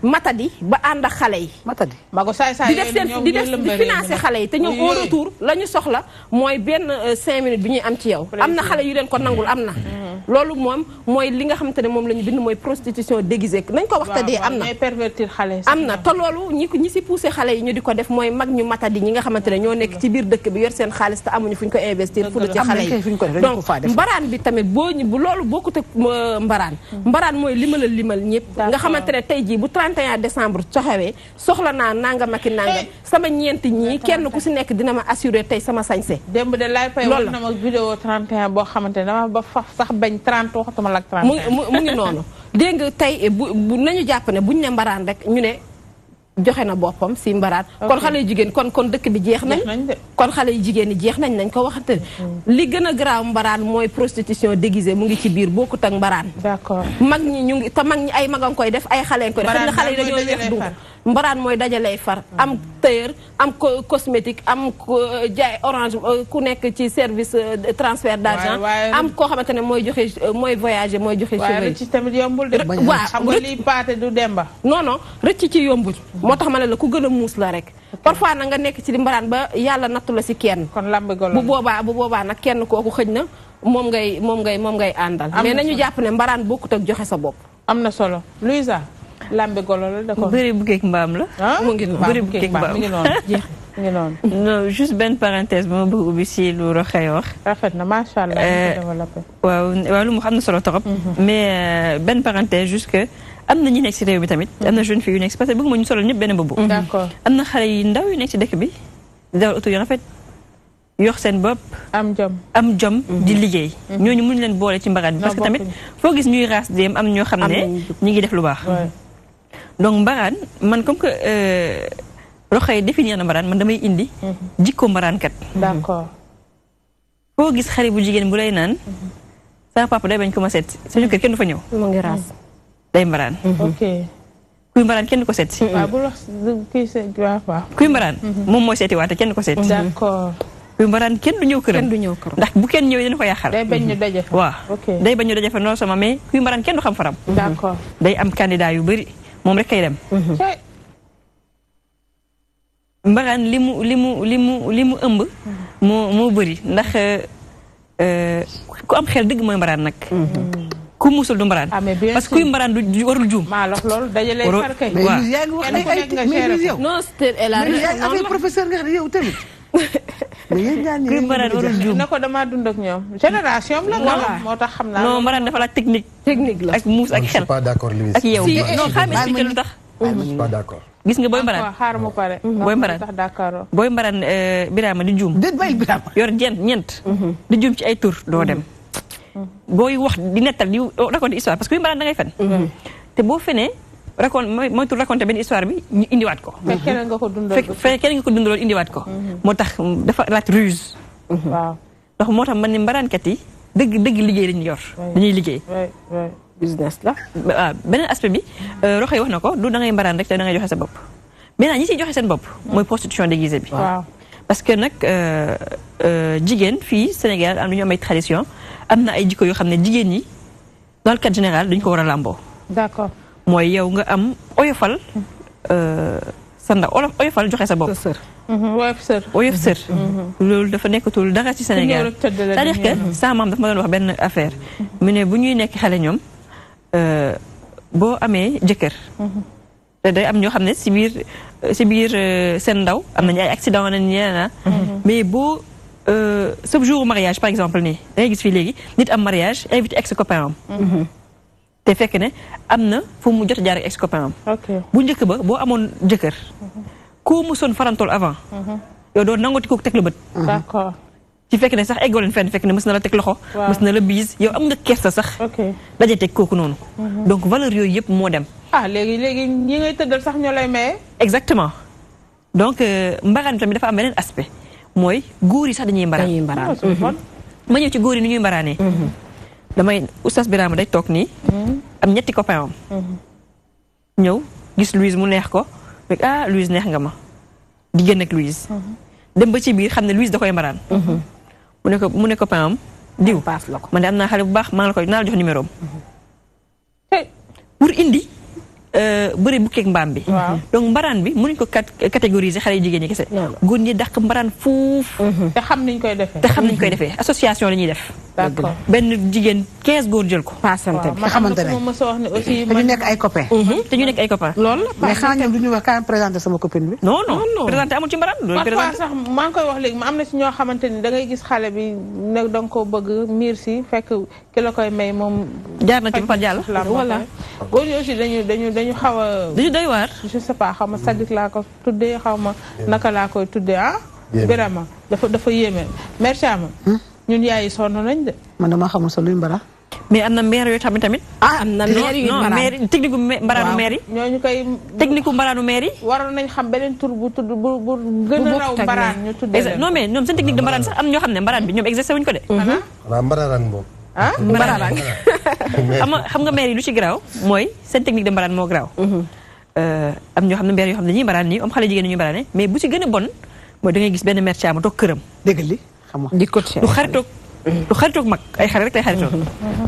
matadi ba and ak xalé yi. matadi maa ko say di def di def di financer xalé yi te ñu au retour la soxla moy ben 5 euh, minutes bi ñuy am ci yow. amna xalé yu leen ko nangul amna mm-hmm. lolu mom moy li nga xamantene mom lañu bind moy prostitution déguisée nañ ko wax ta amna pervertir xalé amna na te loolu ñi ñi ci pousser xalé yi ñu di def moy mag ñu matadi ñi nga xamantene ño nek ci biir dëkk bi yor seen xaalis ta amuñu fuñ ko investir fu ci xalé yi donc mbaran bi tamit bo ñu bu lolu bokku te euh, mbaran mm-hmm. mbaran moy limal ñepp nga xamantene tay ji jii bu 31 décembre coxewee soxla naa nangam ak nangam eh. sama ñeenti ñii kenn ku si nekk dina ma assuré tey sama sañse démb de laay fay wal na ma vidéo boo xamante ne dama ba faf sax bañ 30 waxtuma lak 30 mu ngi noonu dégg nga tey bu nañu jàpp ne ñu ne mbaraan rek ñu ne joxe na boppam si mbaraat kon xale yu jigéen kon kon dëkk bi jeex nañ kon xale yu jigéen yi jeex nañ nañ ko waxante mm. li gën a garaaw mbaraan mooy prostitution déguisée mu ngi ci biir bokkut ak mbaraan d'accord mag ñi ñu ngi te mag ñi ay magan koy def ay xale koy def xale yi dañoo weex du mbaraan mooy dajalay far am tailleur am cosmétique am jaay orange euh, ku nekk ci service euh, transfert d'argent am koo xamante ne mooy joxe euh, mooy voyager mooy joxe cheveux ci tamit yombul de waaw xam nga lii paate du demba non non rëcc ci yombul moo tax ma ne la ku gën a muus la rek parfois na nga nekk ci li mbaraan ba yàlla nattu la si kenn bu boobaa bu boobaa nag kenn kooku xëj na moom ngay moom ngay moom ngay àndal mais nañu jàpp ne mbaraan bokkut ak joxe sa bopp am na solo lambe golo la d'accord bëri bu keeg mbaam la. Ah? mo ngi bëri bu keeg mbaam mu ngi non ngi non non juste ben parenthèse mo ma bëgg ubbi si lu Roxaya wax. rafet na macha allah euh, waaw waaw lu mu xamna solo torop mhm. mais ben parenthèse juste que. am na ñi nekk si réew mi tamit am na jeune fille yu nekk si parce que bëgguma ñu solo ñëpp benn bëbbu. Mhm. d'accord am na xale yu ndaw yu nekk si dëkk bi di dawal oto yu rafet yox seen bopp. am jom am jom. Mhm. di liggéey. ñooñu mënuñ leen boole ci mbaraat bi. parce que tamit foo gis ñuy raas dem am ñoo xam ne. ñu ngi def lu baax. donc mbaraan man comme que euh, Rokhaya définir na mbaraan man damay indi. Mhm. jikko kat d'accord. ko mhm. gis xari bu jigen bu lay nan mhm. sa papa day bañ ko ma set suñu kër kenn du fa ñew mo ngi ras day mbaraan. ok kuy mbaraan kenn du ko set waaw bu wax kuy seet waaw waaw. kuy mbaraan. mom mo seti waate kenn du ko set d'accord. kuy mbaran kenn du ñëw këram. kenn du ñëw këram ndax bu kenn ñëwee dina ko yàqal. day bañ ñu daje fa. waaw day bañ ñu daje fa non seulement mais kuy mbaraan kenn du xam faram. d'accord day am candidat yu bari moom rek kay dem. mbaraan li mu li mu li mu li mu ëmb. moo moo bëri ndax euh, euh, ku am xel dëgg mooy mbaraan nag. ku musul du mbaraan. Ah, parce que kuy mbaraan du warul juum. maa lox loolu dajale farkay. waaw mais yaa ngi wax non c' est la professeur nga xam ne yow tamit. mais yéen ñaan yéen ñi na ko damaa dund ak ñoom génération moo tax xam naa non Marane dafa la technique. technique la ak muus ak ah, xel yow non eh, xam eh, expliqué eh, lu tax. Ah, pas d'accord gis nga booy mbaran xaaral ma booy mbaran booy mbaran euh, Birama di juum. déet bay Birama yor ñeent ñeent. Mm-hmm. di juum ci ay tur doo dem. Mm-hmm. booy wax di nettal di oh, raconter histoire parce que booy mbaran da ngay mm-hmm. te boo fenee. racon moytul raconté benn histoire bi ñu indiwaat ko. fekk keneen nga ko dundaloon fekk keneen nga ko dundaloon indiwaat ko. Mhm. moo tax dafa laaj ruse. Mhm. waaw ndax moo tax man ni mbaraankat yi dëgg dëgg liggéey lañu yor. dañuy liggéey. business la. waaw ah, beneen aspect bi euh, roxey wax na ko du da ngay mbaraan rek te da ngay joxe sa bopp. maintenant ñi ciy joxe seen bopp. Mm. mooy prostitution déguisée bi. waaw parce que nag euh, euh, jigéen fii Sénégal am na ñu am ay tradition am na ay jikko yoo xam ne jigéen ñi dans le cadre général dañ ko war a làmboo. d'accord. mooy yow nga am oyofal euh, sa ndaw olof oyofal joxe sa bopp. Mhm. woyof sër woyof sër mhm. loolu dafa nekkatul dara ci Sénégal c'est-à-dire que dafa ma wax benn affaire mhm. mu ne bu ñuy nekk xale ñoom euh, boo amee jëkkër te day am ñoo xam ne si biir si biir euh, seen ndaw am nañu ay accident na ñeena mais boo sa jour mariage par exemple ni dangay si fii léegi nit am mariage invité ex copain am te fekk ne am na fu mu jot jaar ex copain am. bu njëkk ba boo amoon jëkkër. ku mu son farantool avant. yow doo nangooti kooku teg la bët. Mhm. d'accord ci fekk ne sax eggoo leen fenn fekk ne mës na la teg loxo. mës la biis yow am nga kersa sax. daje teg kooku noonu. Mhm. donc valeur yooyu yëpp moo dem. ah léegi léegi ñi ngay tëddal sax ñoo lay maye. exactement donc euh, mbaraan tamit dafa am beneen aspect mooy góor yi sax dañuy mbaraan. dañuy mbaraan mhm. ma ñëw ci góor ñuy mbaraanee. damay oustaz Birama day toog nii. Mm-hmm. am ñetti copain mm-hmm. ñëw gis Louise mu neex ko mais ah Louise neex nga ma di génn ak Louise. Mm-hmm. dem ba ci biir xam ne Louise da koy mbaraan. mu ne ko mu ne copain am diw. paas la ko man de am naa xale bu baax maa la koy naa jox numéro pour indi. Euh, bëri bukkeeg mbaam bi donc mbaraan bi mënuñ ko catégoriser xale yu jigéen ñi kese góor ñi dàq mbaraan fuuf mhm. te xam niñ koy defee te xam niñ koy defee association la ñuy def d'accord benn jigéen 15 jël ko paasante ma wax mhm. te ñu nekk ay copain te ñu nekk ay copain loolu la mais xanaa ñoom du ñu wax kaa présenté sama copine bi non non présenté amul ci mbaraan loolu maa koy wax léegi ma am na si ñoo xamante ni da ngay gis xale bi nag da ko bëgg miir fekk ki la koy may moom jaar na ci ba jàll voilà dañu xaw a. dañu doy waar. je sais pas xaw ma sadik laa ko tuddee xaw ma naka laa koy tuddee ah. vraiment dafa dafa yéeme mère Thiam. Hmm? ñun yaay yi sonn nañ de. man dama xamul sa luy mbara. mais am na maire yoo tamit tamit. ah am na maire yu mbaraan non maire technique gu mbaraanu maire yi. ñooñu koy. technique gu mbaraanu nañ xam beneen tur bu tudd bu bu gën a raw mbaraan ñu tuddee ne mbaraan bi ñoom exercé wuñ ko de. Mm-hmm. mbaraan boobu. ah mbaraan xam nga xam nga maire yi lu ci garaaw mooy seen technique de mbaraan moo garaaw mhm. euh, am ñoo xam ne maire yoo xam ne dañuy mbaraan nii am xale jigéen ñuy mbaraane mais bu ci gën a bon mooy da ngay gis benn maire caama toog këram dëgg li xam nga du xaritoog mhm. du xaritoog mag ay xarit rek lay xaritoog mhm.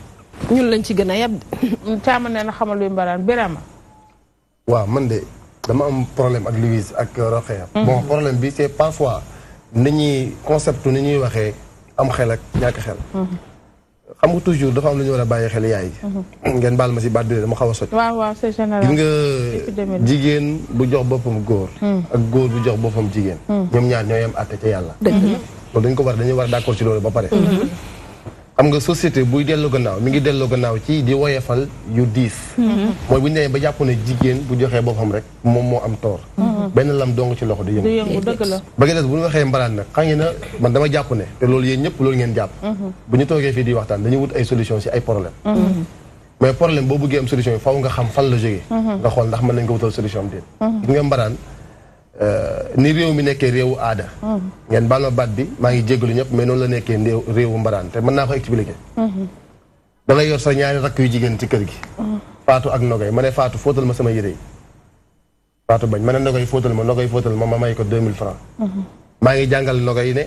ñun lañ ci gën a yab. Thiam nee na xamal luy mbaraan Birama. waaw man de dama am problème ak Louise ak Rokhaya. Mhm. bon problème bi c'est parfois ni ñuy concept ni ñuy waxee am xel ak ñàkk xel. Mhm. xam nga toujours dafa am lu war a bàyyi xel yaay. Mhm. ngeen baal ma si baat bi dama xaw a soj. waaw jigéen bu jox boppam góor. ak góor bu jox boppam jigéen. ñoom ñaar ñoo yem àtte ca yàlla. dëgg la loolu dañ ko war dañu war a d'accord ci loolu ba pare. xam nga société buy delloo gannaaw mi ngi delloo gannaaw ci di woyefal yu diis. Mm-hmm. mooy bu ñu ba jàpp ne jigéen bu joxee boppam rek moom moo am toor. Mm-hmm. benn lam dong ci loxo di yëngu. dëgg la ba ngeen des bu ñu waxee mbaraan nag xam ngeen ne man dama jàpp ne te loolu yéen ñëpp loolu ngeen jàpp. Mm-hmm. bu ñu toogee fii di waxtaan dañuy wut ay solution si ay problème mais problème boo bëggee am solution yi faaw nga xam fan la jógee. nga xool ndax mën nañ ko wutal solution am déet. gis nga mbaraan. Euh, ni réew mi nekkee réewu aada. ngeen baal ma baat bi maa ngi jégalu ñëpp mais noonu la nekkee réewu mbaraan te man naa ko expliquer. da ngay yor sa ñaari rakk yu jigéen ci kër gi. Faatu ak Nogay ma ne Faatu fóotal ma sama yére yi. Faatu bañ ma ne Nogay fóotal ma Nogay fóotal ma ma may ko 2000 francs. maa ngi jàngal Nogay ne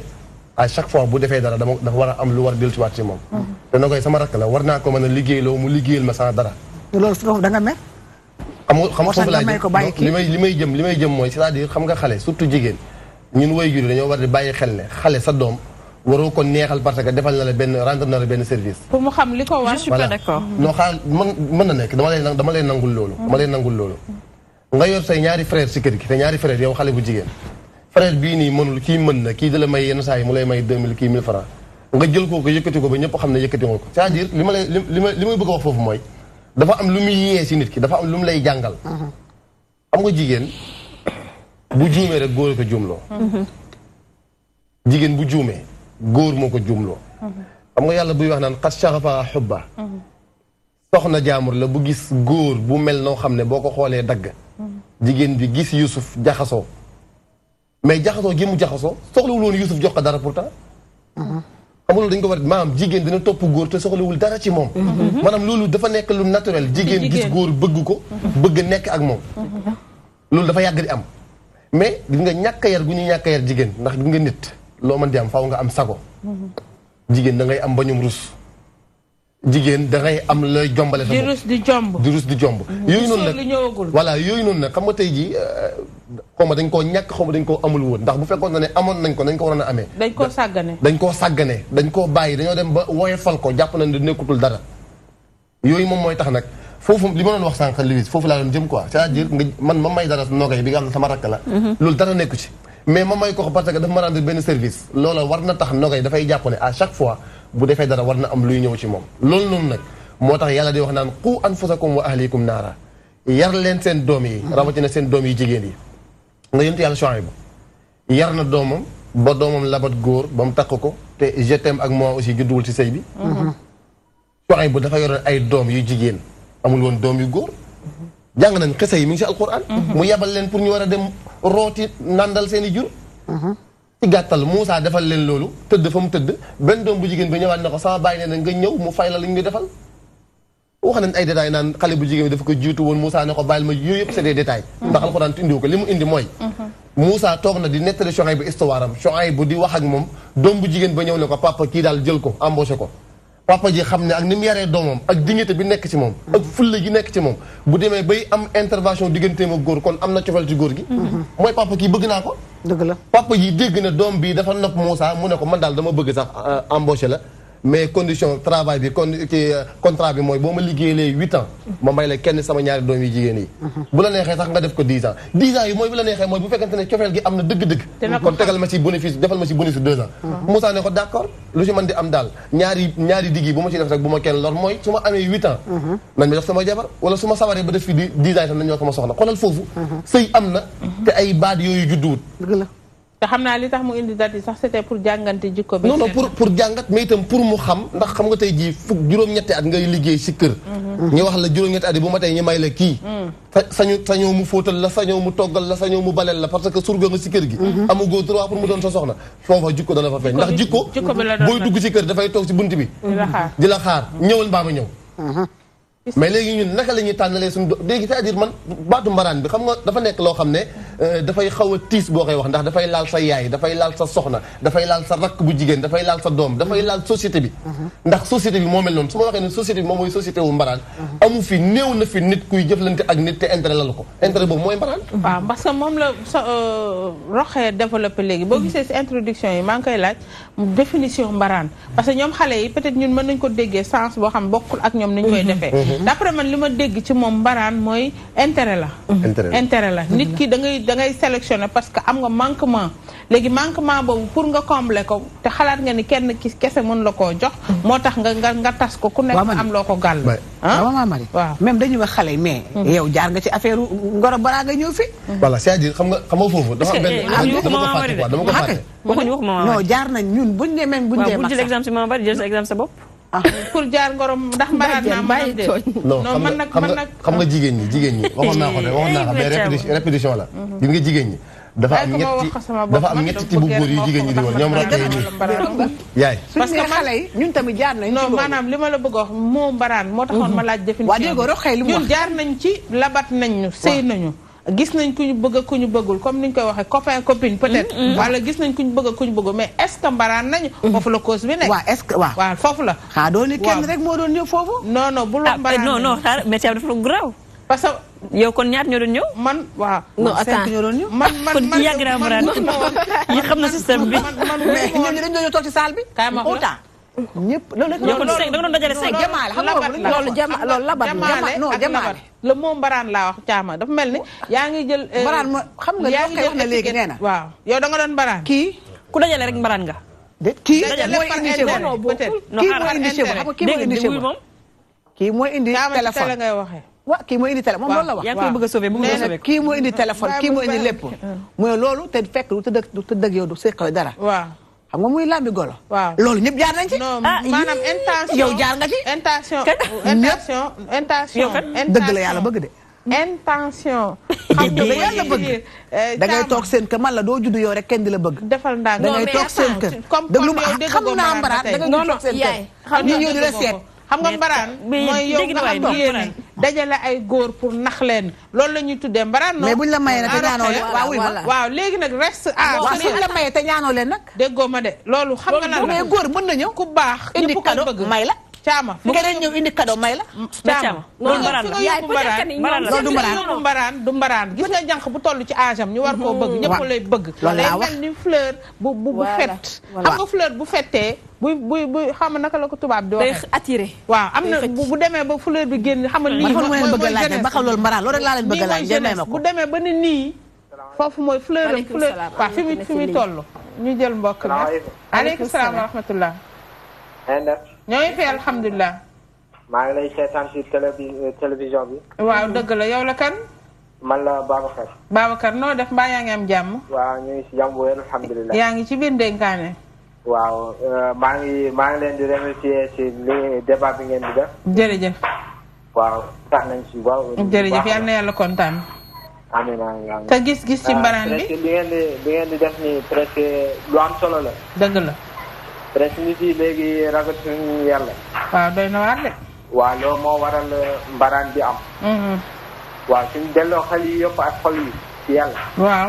à chaque fois bu defee dara dama dafa war a am lu war a dellusiwaat ci moom. te Nogay sama rakk la war naa ko mën a mu liggéeyal ma sans da nga xam nga xam nga foofu li may li may jëm li may jëm mooy c'est-à-dire xam nga xale surtout jigéen ñun woy juri dañoo war di bàyyi xel ne xale sa doom waroo ko neexal parce que defal na la benn rendre na la benn service. pour mu xam li ko war je suis pas nekk dama lay dama lay nangul loolu. dama lay nangul loolu. nga yor say ñaari frère si kër gi te ñaari frère yow xale bu jigéen frère bii nii mënul kii mën na kii da la may yenn saa yi mu lay may 2000 kii 1000 francs nga jël kooku yëkkati ko ba ñëpp xam ne yëkkati nga ko c'est-à-dire li ma lay li ma bëgg a wax foofu mooy dafa am lu muy yee si nit ki dafa am lu mu lay jàngal. Mhm. am nga jigéen bu juumee rek góor ko juumloo. Mhm. jigéen bu juumee góor moo ko juumloo. Mhm. xam nga yàlla buy wax naan xas caxafa xubba soxna jaamur la bu gis góor bu mel noo xam ne boo ko xoolee dagg. jigéen bi gis Youssouf jaxasoo mais jaxasoo gi mu jaxasoo soxlawul woon Youssouf jox ko dara pourtant. xam nga loolu dañ ko war a maanaam jigéen dina topp góor te soxlawul dara ci moom. maanaam loolu dafa nekk lu naturel. jigéen gis góor bëgg ko. bëgg nekk ak moom. loolu dafa yàgg di am. mais gis nga ñàkk yar gu ñuy ñàkk yar jigéen ndax gis nga nit loo mën di am faaw nga am sago. jigéen da ngay am bañum rus. jigéen da ngay am looy jombale. sa bopp di rus di jomb mm-hmm. di noonu euh, woon ndax bu fekkoon ne amoon nañ ko nañ ko waroon a amee. dañ koo sàggane dañ koo sàggane dañ koo bàyyi dañoo dem ba woyofal ko jàpp nañ ne nekkutul dara yooyu moom mooy tax nag. li ma doon wax sànq Louise foofu laa doon jëm quoi c'est-à-dire nga man ma may dara nogay bi nga xam ne sama rakk la mm-hmm. nekku ci mais ma may ko parce que dafa ma rendre benn service loola war na tax nogay dafay jàpp ne à chaque fois bu defee dara war na am luy ñëw ci moom loolu noonu nag moo tax yàlla di wax naan qu anfusakum wa ahlikum naara yar leen seen doom yi rawatina seen doom yi jigéen yi nga yonent yàlla Shuayb bu yar na doomam ba doomam labat góor ba mu takk ko te je ak moi aussi judduwul ci sëy bi Shuayb bu dafa yoroon ay doom yu jigéen amul woon doom yu góor jàng nañ xisa yi mi ngi si alquran mu yabal leen pour ñu war a dem rooti nandal seeni i jur ci gàttal Moussa defal leen loolu tëdd fa mu tëdd benn doom bu jigéen bi ñëwaat na ko sama bàyyi nee na nga ñëw mu fay la li ñu defal wax nañ ay détails naan xale bu jigéen bi dafa ko jiitu woon Moussa ne ko bàyyil yooyu yëpp c'est des détails ndax alxuraan indiwu ko li mu indi mooy Moussa toog na di nettali Chouaïb bu histoire am Chouaïb bu di wax ak moom doom bu jigéen ba ñëw ne ko papa kii daal jël ko embauché ko papa ji xam ne ak ni mu yaree doomam ak dignité bi nekk ci moom. ak fulla gi nekk ci moom. bu demee bay am intervention digganteem ak góor kon am na cofeel ci góor gi. mooy papa kii bëgg naa ko. dëgg la papa ji dégg na doom bi dafa nopp Moussa mu ne ko man daal dama bëgg sax euh, embauché la. mais condition travail bi kon ci contrat bi mooy boo ma liggéeyee huit ans ma may la kenn sama ñaari doom yu jigéen yi bu la neexee sax nga def ko dix ans dix ans yi mooy bu la neexee mooy bu fekkente ne cofeel gi am na dëgg-dëgg kon tegal ma ci bénéfice defal ma ci bénéfice deux ans mm-hmm. Moussa ne ko d'accord lu ci mën di am daal ñaari ñaari digg yi bu ma ci def rek bu ma kenn lor mooy su ma amee huit ans mm-hmm. nañ ma jox sama jabar wala su ma sawaree ba def fi di dix ans yi tam nañ ñoo te xam naa li tax mu indi date yi sax c'était pour jàngante jikko bi. non non pour jàngat mais itam pour mu xam ndax xam nga tey jii fukk juróom-ñetti at ngay liggéey si kër. Mm-hmm. ñu wax la juróom-ñetti at yi bu ma mm. mu la sañoo mu toggal la sañoo mu balel la parce que surga nga si kër gi. Mm-hmm. amagoo droit pour mu doon sa soxna foofa jikko dana fa feeñ. ndax jikko booy dugg si kër dafay toog si bunt bi. Mm-hmm. di la xaar di la xaar ñëwal mbaa ma ñëw. mais léegi ñun naka la ñuy suñu léegi cest à man baatu mbaraan bi xam nga dafa nekk loo xam ne Euh, dafay xaw a tiis boo koy wax ndax dafay laal sa yaay dafay laal sa soxna dafay laal sa rakk bu jigéen dafay laal sa doom dafay laal société bi mhm. ndax société bi moo mel su ma waxee ne société bi moom mooy mhm. mbaraan waaw parce que moom la euh, roxee développé léegi boo mhm. gisee si introduction yi maa ngi koy laaj définition mbaraan parce que ñoom xale yi peut-être ñun mën nañ ko déggee sens boo xam bokkul ak ñoom ni ñu koy defee d'après man li ma dégg ci moom mbaraan mooy intérêt la intérêt la nit ki da ngay sélectionné parce que am nga manquement léegi manquement boobu pour nga combler ko te xalaat nga ni kenn ki kese mën la koo jox. moo tax nga nga nga tas ko ku nekk am loo ko gàll. ah, ah waaw même dañuy wax xale mais. Mm-hmm. yow jaar nga ci affaire ngoro bara nga ñëw fi. Mm-hmm. voilà cest à xam nga xam foofu. dafa am eh, ko fàtte quoi dama ko fàtte. waxuñu jaar nañ ñun buñ ne même buñ dee. waaw buñ jël exemple si bopp. ah pour jaar ngorom ndax mbaraan naa mën a tooñ non man nag man xam nga jigéen ñi jigéen ñi waxoon naa ko de waxoon naa ko mais répétition la mhm. gis nga jigéen ñi dafa am ñetti dafa am ñetti ci bu góor yi jigéen ñi di woon ñoom rakk yi nii yaay parce que yi ñun tamit jaar nañ non maanaam li ma la bëgg a wax moo mbaraan moo taxoon mhm. ma laaj définition waa jaar nañ ci labat nañ ñu sëy nañu gis nañ ku ñu bëgg ku ñu bëggul comme ni ñu koy waxee copain copine peut-être. Mm, mm. gis nañ ku ñu bëgg ku ñu bëggul mais est mbaraan nañu. Mm. foofu la cause bi foofu la. ah doo kenn rek moo doon ñëw foofu. non non bu la ah, mbaraan non dafa que. yow kon ñaar ñoo man waaw. non attends ñoo doon ñëw. man man kon na système bi. man man mais loolu la. loolu loolu loolu loolu loolu loolu loolu loolu le mot mbaraan laa wax caama dafa mel ni. yaa ngi jël euh, mbaraan ma nga li wax na léegi nee na. waaw yow da nga doon mbaraan. kii ku dajale rek mbaraan nga. kii mooy indi chèvre kii mooy indi chèvre kii mooy indi chèvre. kii mooy indi téléphone mooy loolu la a sauver bëgg a sauver kii mooy indi téléphone kii mooy indi fekk lu te dëgg yow du séqal dara. xam nga muy làmbi golo. waaw loolu ñëpp jaar nañ ci. ah maanaam intention yow jaar nga ci. intention oh, intention intention. dëgg la yàlla bëgg de. intention. xam nga da eh, da ngay toog seen kër man la doo juddu yow rek kenn di la bëgg. defal ndànk da ngay toog seen kër. comme comme yow dégg nga ko mën a xam naa mbaraat da ngay la seet. xam nga mbaraan mooy yow nga xam yéene dajale ay góor pour nax leen loolu la ñuy tuddee mbaraan non mais buñ la mayee nag te ñaanoo leen a waaw léegi nag reste suñ la mayee te ñaanoo leen nag déggoo ma de loolu xam nga lan la mais góor mën na ñëw ku baax indi kado may la caama bu keneen ñëw la. caama loolu mbaraan la yaay loolu du mbaraan du mbaraan du mbaraan gis nga jànq bu toll ci âge ñu war koo mm. bëgg ñëpp lay bëgg. loolu laa wax bu bu bu fett. xam nga fleur naka la ko tubaab di waxee. day waaw am na bu demee ba fleur bi génn xam nga nii. mooy mooy jeunesse ba xam loolu mbaraan loolu rek laa leen bëgg a bu demee ba ni nii. foofu mooy fleur am fleur waaw fi mu fi ñu jël mbokk mi. aleykum salaam wa rahmatullah ñoo ngi fi alhamdulilah. maa ngi lay seetaan ci télé euh, télévision bi. waaw dëgg la yow la kan. man la Babacar. Babacar noo def mbaa yaa ngi am jàmm. waaw ñu ngi si jàmm wér alhamdulilah. yaa ngi ci biir dénkaane. waaw euh, maa ngi maa ngi leen di remercier si li débat bi ngeen di def. jërëjëf. waaw tax nañ si waaw. jërëjëf yal na yàlla kontaan. amiin amiin te gis-gis ci euh, mbaraan bi. li ngeen di li ngeen di def nii presque lu am solo la. dëgg la. transmis ah, eh, mm-hmm. yi léegi ragatuñu yàlla. waaw doy na waar de. waaw loolu moo waral mbaraan bi am. waaw suñ delloo xel yi yëpp ak xol yi ci yàlla. waaw.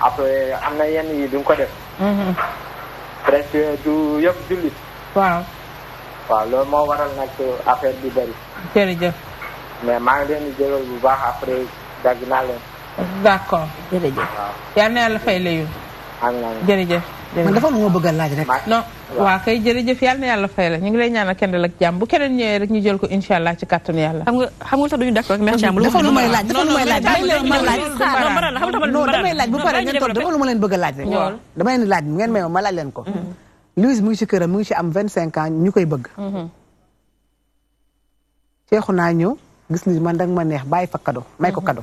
après am na yenn yi duñ ko def. presque mm-hmm. eh, du yëpp jullit. waaw. waaw loolu moo waral nag eh, affaire bi bëri. jërëjëf. mais maa ngi leen di jëlal bu baax après dagg naa leen. d' accord jërëjëf. waaw yal na yàlla fay la yu. am na jërëjëf. man dafa am moo bëgg a laaj rek. non waaw kay jërëjëf yàlla na yàlla fay la ñu ngi lay ñaanal kendal ak jàmm bu keneen ñëwee rek ñu jël ko incha allah ci kàttanu yàlla. xam nga xam nga sax duñu d'accord ak Cheikh dafa lu may laaj dafa lu may laaj damay leen ma laaj. non damay laaj bu ngeen toog ma leen bëgg laaj rek. damay leen laaj ngeen may ma laaj leen ko. Louise mu ngi si këram mu ngi si am 25 ans ñu koy bëgg. Cheikhu naa ñëw gis ni man danga ma neex bàyyi fa kado may ko kado.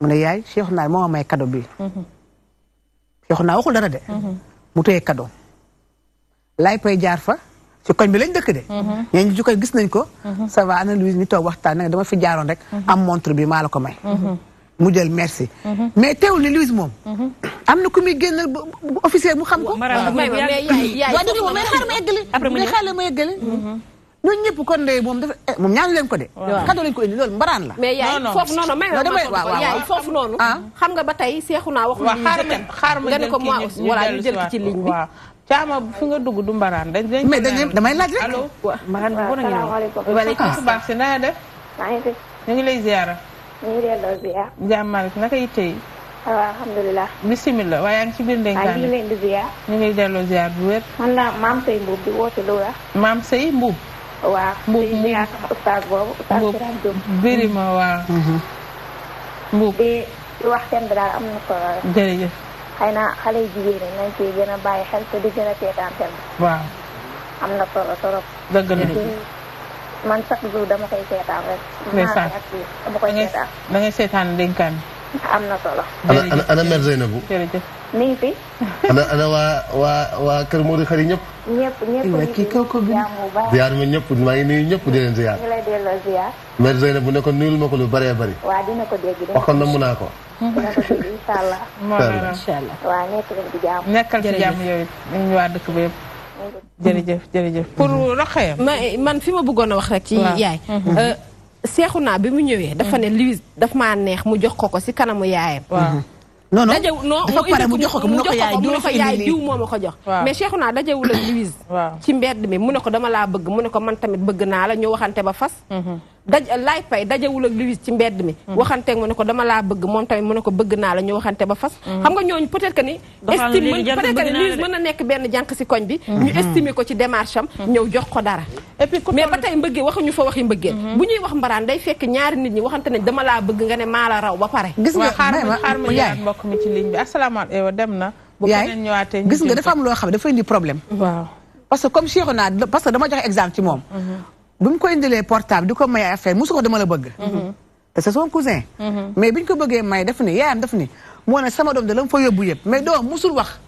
mu ne yaay Cheikhu naa moo ma may kado bii jox naa waxul dara de. Mhm. mu téye kadoom. laay pay jaar fa ci koñ bi lañ dëkk de. ñooñu ci koñ gis nañ ko. Mhm. ça va ana Louise ñu toog waxtaan nag dama fi jaaroon rek. Mhm. am montre bi maa la ko may. mu jël merci. mais teewul ni Louise moom. am na ku muy génnal ba officier mu xam ko. waaw yaay yaay mais xaaral ma ma yeggali. ñooñu ñëpp kon de moom dafa eh, moom ñaanu leen ko de. waaw kaddu lañ ko indi loolu mbaraan la. mais yaay foofu noonu may ma ma yaay foofu noonu. Ah? xam nga ba tey seexu naa wax. waaw xaar ma xaar ma jël ko mu voilà ñu jël ko ci ligne bi. caama fi nga dugg du mbaraan dañ dañ mais dañuy damay laaj rek. allo mbaraan bi war a ñëw waaw su baax si naa def. ñu ngi lay ziara. ñu ngi lay ziara. jàmmal naka yitte yi. Ah, waaw alhamdulilah. bisimilah waaye yaa ngi ci biir ndénkaan bi ñu ngi leen di ziar. ñu ngi delloo ziar bu wér. man la maam Sey Mbuub di woote Loura. maam Sey Mbuub. waaw mbuub mbuub yaa sax oustaz boobu. oustaz Birame Diop Birima waaw. mbuub di waxtaan bi daal am na solo rek. jërëjëf. xëy na xale yu jigéen ñi nañ ciy gën a bàyyi xel te di gën a seetaan seen waaw am na solo trop. dëgg la man chaque jour dama koy seetaan rek. ndeysaan dama koy seetaan da ngay am na solo. ana ana mère Zeynabou. jërëjëf mi ana waa waa waa kër Modou Khari ñëpp. ñëpp ñëpp ñu ngi ma ñëpp maa ngi nuyu ñëpp di leen ziar. ñu lay delloo ziar. mère Zeynabou ne ko nuyul ma ko lu bëree bëri. waaw dina ko dégg. wax ko namm dina ko dégg incha allah. nekk leen di jàmm. nekkal ci jàmm yow it ñu mm-hmm. man fi ma bëggoon wax rek. ci yaay. Mm-hmm. Euh, seexu naa bi mu ñëwee dafa ne mm-hmm. Louise daf maa neex mu jox ko ko si kanamu yaayam non non dafa pare mu jox ko mu ne ko ma ko jox naa dajewul ak Louise ci mbedd mi mu ne ko dama laa bëgg mu ne ko man tamit bëgg naa la ñu waxante ba fas mhm. daj laay pay dajewul ak Louise ci mi mhm. waxante mu ne ko dama laa bëgg moom mu ne ko bëgg naa la ñu waxante ba fas mhm. xam nga ñooñu peut-être que ni nekk benn jànq si koñ ko ci démarche am ñëw jox ko dara mais ba tey mbëggee waxuñu fa waxi mbëggee bu ñuy wax mbaraan day fekk ñaari nit ñi waxante nañ dama laa bëgg nga ne maa la raw ba pare mbokk mi ci ligne bi asalaamaaleykum dem na. bu gis nga dafa am loo xam ne dafa indi problème. waaw parce que comme Cheikh naa parce que dama joxe exemple ci moom. Mhm. bu mu ko indilee portable di ko may affaire musu ko dama a bëgg. Mhm. Mhm. mais biñ ko bëggee may daf ni yaayam daf moo ne sama doom de la mu fa yóbbu yëpp mais doom musul wax.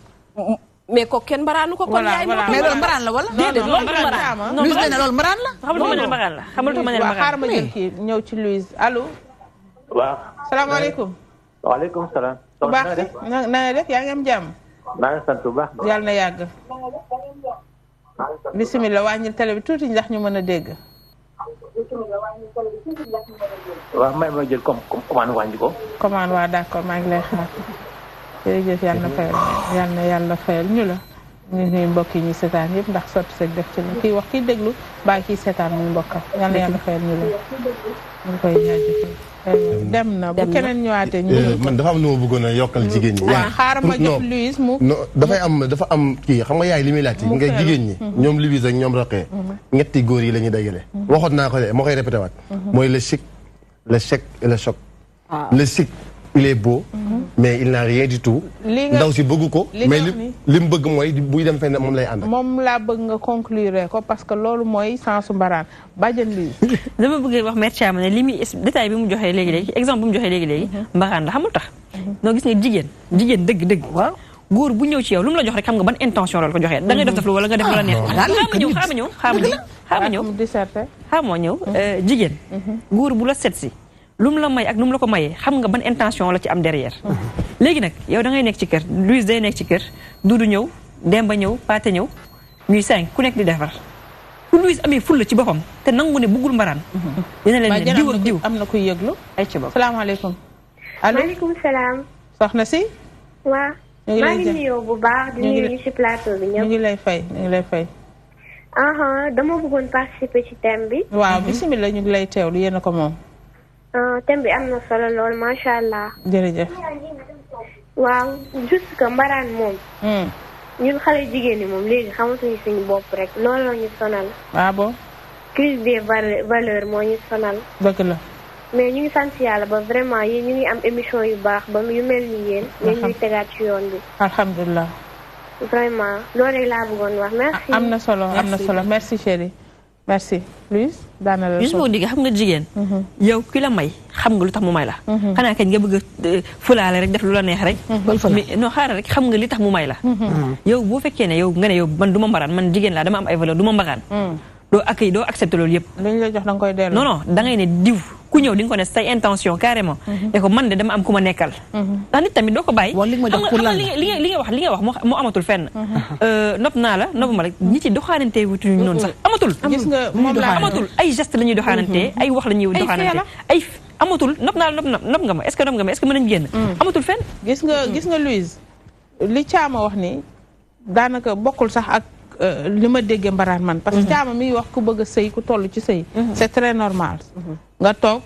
mais ko kenn mbaraanu ko. kon yaay moo ko mais loolu mbaraan la wala. déedéet loolu la non Louise nee na loolu mbaraan la. xamal ma ne mbaraan la xamal ma ne mbaraan la xaaral ma jël kii ñëw ci Louise allo. waaw salaamaaleykum. waaleykum salaam. bu baax na nga def yaa ngi am jàmm. maa yàlla na yàgg. bisimilah wàññil télé bi tuuti ndax ñu mën a dégg. waaw may ma jël comme commande wàññi ko. commande waaw maa ngi lay xaar. jërëjëf yàlla na fayal yàlla na yàlla fayal ñu la. ñu mbokk yi ñu setaan yëpp ndax sot seg def ci lu kii wax kii déglu baa kii seetaan muy mbokkam yàlla na yàlla fayal ñu la Euh, dem na bu keneen ñëwaatee ñu. Eh, man dafa am lu ma bëggoon a yokkal mm. jigéen ñi. waaw xaaral ma jox Louise mu. dafay am dafa am kii xam nga yaay li muy laajte. nga jigéen ñi mm-hmm. ñoom Louise ak ñoom Roqee. Mm-hmm. ñetti góor yi la ñuy dajale. Mm-hmm. waxoon naa ko de ma koy répété mooy le chic le chèque et le choc. Ah. le chic. il est beau. mais il n'a rien du tout. ndaw si bëgg ko. mais li li mu bëgg mooy buy dem fenn moom lay ànd. moom laa bëgg nga conclure ko parce que loolu mooy sensu ba bàjjen lii. ma bëgg wax Mère Thiam li muy détail bi mu joxee léegi léegi exemple bi mu joxee léegi léegi. Mhm. mbaraan la xamul tax. Mhm. noo gis nga jigéen jigéen dëgg dëgg. waaw góor bu ñëw ci yow lu mu la jox rek xam nga ban intention loolu ko joxee. Mhm. da ngay def daf la wala nga def lu la neex. Ah. xaama ñëw xaama ñëw xaama ñëw euh, jigéen góor bu la set si lum la may ak nu la ko mayee xam nga ban intention la ci am derrière. léegi nag yow da ngay nekk ci kër Louise day nekk ci kër Dudu ñëw Demba ñëw Paate ñëw ñuy sañ ku nekk di defar ku Louise amee fulla ci boppam te nangu ne buggul mbaraan. dina leen ne diw ak diw am na kuy yëglu ay ci bopp salaamaaleykum. allo maaleykum salaam. soxna si. waaw. ñu ngi lay maa ngi nuyoo bu baax di nuyu ci plateau bi ñëpp. ñu ngi lay fay ñu ngi lay fay. dama bëggoon participer ci thème bi. waaw bisimilah ñu ngi lay teewlu yéen a ko moom. Ah, thème bi am na solo lool macha allah. jërëjëf. waaw juste que mbaraan moom. Hmm. ñun xale jigéen ñi moom léegi xamatuñu suñu bopp rek looloo ñu sonal. waaw ah, bon. crise des valeurs moo ñu sonal. dëgg la. mais ñu ngi sant yàlla ba vraiment yéen ñu ngi am émission yu baax ba yu mel ni yéen. ngeen ñuy tegaat ci yoon bi. alhamdulilah. vraiment loolu rek laa bëggoon wax merci. Ah, am na solo am na solo merci chérie. merci Louise daanaka la. Louise boo déggee xam nga jigéen. Mhm. yow ki la may xam nga lu tax mu may la. Mhm. xanaa kañ nga bëgg a euh, fulaale rek def lu la neex rek. Mhm. mais non rek xam nga tax mu may yow boo fekkee yow nga yow man du ma mbaraan man jigéen laa dama am du ma mbaraan. doo accueil doo accepté loolu yëpp. li ñu la jox da nga koy delloo non non da ngay ne diw ku ñëw di nga say intention carrément. Mhm. ne ko man de dama am ku nekkal. Mhm. ndax naa la nopp ma rek ñi ci doxaanantee wutuñu noonu sax amatul. gis nga moom la mhm. amatul ay naa la nopp nga ma est ce que nopp nga ma est ce que mën nañu génn. amatul fenn. gis nga Louise li Thiam wax ni daanaka bokkul sax Euh, li ma déggee mbaraan man parce que mhm. caama miy wax ku bëgg a sëy ku toll ci sëy mhm. c'est très normal mhm. nga toog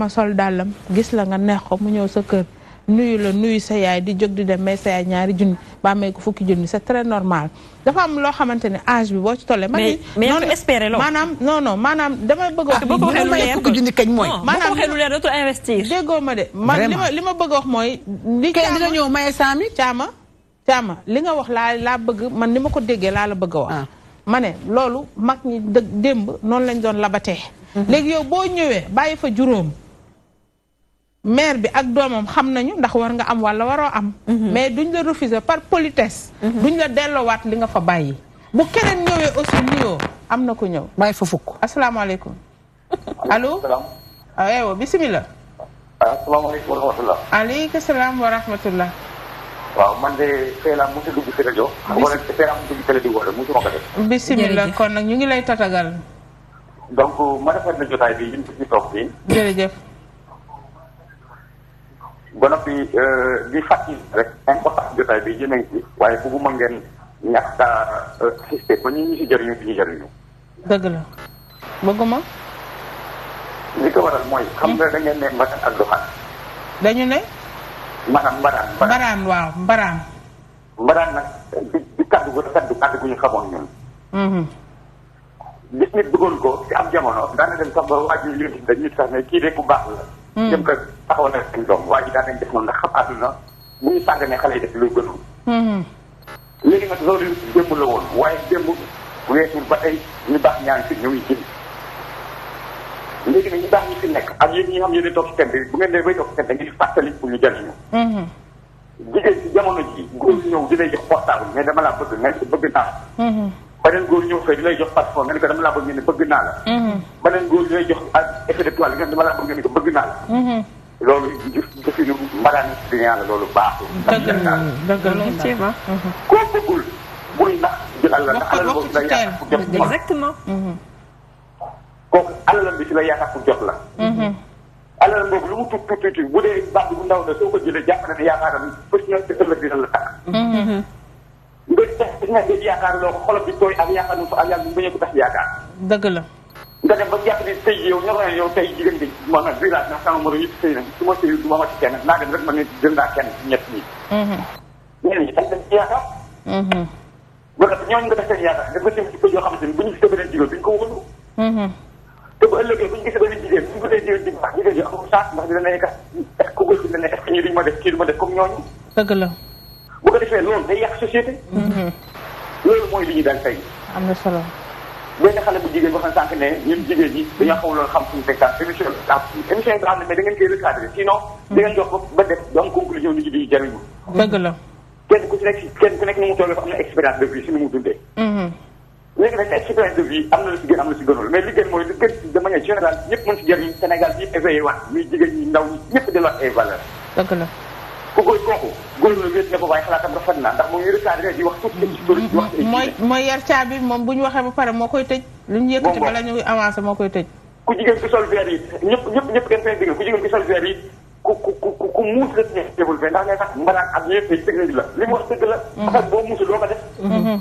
a sol dàllam gis la nga neex ko mu ñëw sa kër nuyu la nuyu sa yaay di jog di dem may sa yaay ñaari junni baa may ko fukki junni c'est très normal dafa am loo xamante ni âge bi boo ci tollee. mais mais yaa ngi espérer loolu maanaam non non bëgg a wax. kañ mooy. maanaam boo ko waxee lu li ma bëgg wax mooy. li caama kenn dina ñëw maye saami caama. caama li nga wax laa laa bëgg man ni ma ko déggee laa la bëgg a wax ah. ma ne loolu mag ñi dëgg démb noonu lañ doon labatee mhm. léegi yow boo ñëwee bàyyi fa juróom maire bi ak doomam xam nañu ndax war nga am walla waroo am mhm. mais duñ la refuser par politesse mhm. duñ la delloowaat li nga fa bàyyi bu keneen ñëwee aussi nuyoo am na ko ñëw bàyyi fa fukk asalaamaaleykum allo ah, ewo bisimilah ah, asalaamaaleykum wa aleykum salaam wa waaw man de Fela mu si dugg ci rajo. wala Fela mu dugg télé di woote ko kon nag ñu ngi lay tatagal. donc ma rafet na jotaay bi ñun ñu toog fii. jërëjëf. Euh, di fàttali rek importance bi waaye bugguma ngeen ñàkk a assisté euh, ba ñu ñu si jëriñu di ñu jëriñu. dëgg la bëgguma. li ko waral mooy. xam nga da ngeen ne mbaa ak doxal. dañu ne. maanaam mbaraan. mbaraan waaw mbaraan. mbaraan nag di di kàddu gu kàddu gu ñu xamoon ñun. gis mhm. nit bëggoon ko ci am jamono daana dem sax ba waa ji yëngu baax la. jëm mhm. ko taxaw ndax xam àdduna bu ñu sàgg xale yi def luy gënul. Mhm. léegi nag loolu démb la woon waaye démb weesul ba tey ñu baax ñaan si ñu ngi léegi nag ñu baax ñu fi nekk ak yéen ñi nga xam yéen a toog si tente bi bu ngeen dee bay toog si tente ngeen di fàttali pour ñu jëriñu. Mhm. jigéen ci jamono ji góor ñëw di lay jox portable mais dama laa bëgg nga bëgg naa la. Mhm. beneen góor ñëw fay di lay jox passeport nga ne ko dama laa bëgg nga ne bëgg naa la. Mhm. beneen góor di lay jox effet de toile nga ne dama laa bëgg nga ne ko bëgg naa la. loolu jëf jëfinu mbaraan client la loolu baaxul. dëgg la dëgg la effectivement. koo bëggul bul ndax jëlal la ndax alal boobu la yàq. exactement. kooku alalam bi ci la yaakaar pour jot la. Mhm. alalam boobu lu mu tuut tuut tuuti bu dee bàtt bu ndaw la soo ko jëlee jàpp na ne yaakaaram bés ñëw ci ëllëg dina la takk. nga mhm. tax nga def yaakaar loo ko xolam bi tooy ak yaakaar nu fa ak yàlla mu bañ ko tax yaakaar. dëgg la. nga dem ba jàpp ne tey yow yow tey jigéen bi maanaam village na sama yëpp sëy na su ma sëy du ma wàcc kenn naa dem rek ma ne ñett ñi. Mhm. ñeneen ñi yaakaar. def seen yaakaar ci yoo ñu jigéen ko wóolu. te bu ëllëgee bu ñu gisee benn jigéen bu ñu ko dee jigéen ji baax jigéen ji amul lu ndax dina nekk est ma def kii du ma def comme ñooñu. dëgg la. bu ko defee loolu day yàq société. Mm-hmm. loolu mooy li ñu daan tey. am na solo. benn xale bu jigéen boo xam ne ne ñun jigéen ñi dañoo xamul woon xam suñu fekkaan émission bi ah émission bi am da ngeen koy recadré sinon. Mm-hmm. da ngeen jox ko ba def ba am conclusion nit ñi di jariñu. la. kenn ku ci nekk kenn ku nekk ni mu am na expérience depuis si ni mu dundee. Mm-hmm. léegi nag expérience de vie am na lu si gën am na si gënul mais li gën mooy li gën si de manière générale ñëpp mën si jëriñ Sénégal valeur dëgg la ku koy kooku góor la wéet ne na ndax mu ngi recadré di moom bu ñu waxee ba pare moo koy tëj lu ñu yëkkati bala ñu avancé moo koy tëj ku jigéen ki sol verre yi ñëpp ñëpp ñëpp kenn fay dégg ku jigéen ki sol yi ku ku ku muus la ci ñe développé ndax ngay sax mbaraan ak ñëpp tëj dëgg la li mu wax dëgg la parce mm-hmm. loo ko def mm-hmm.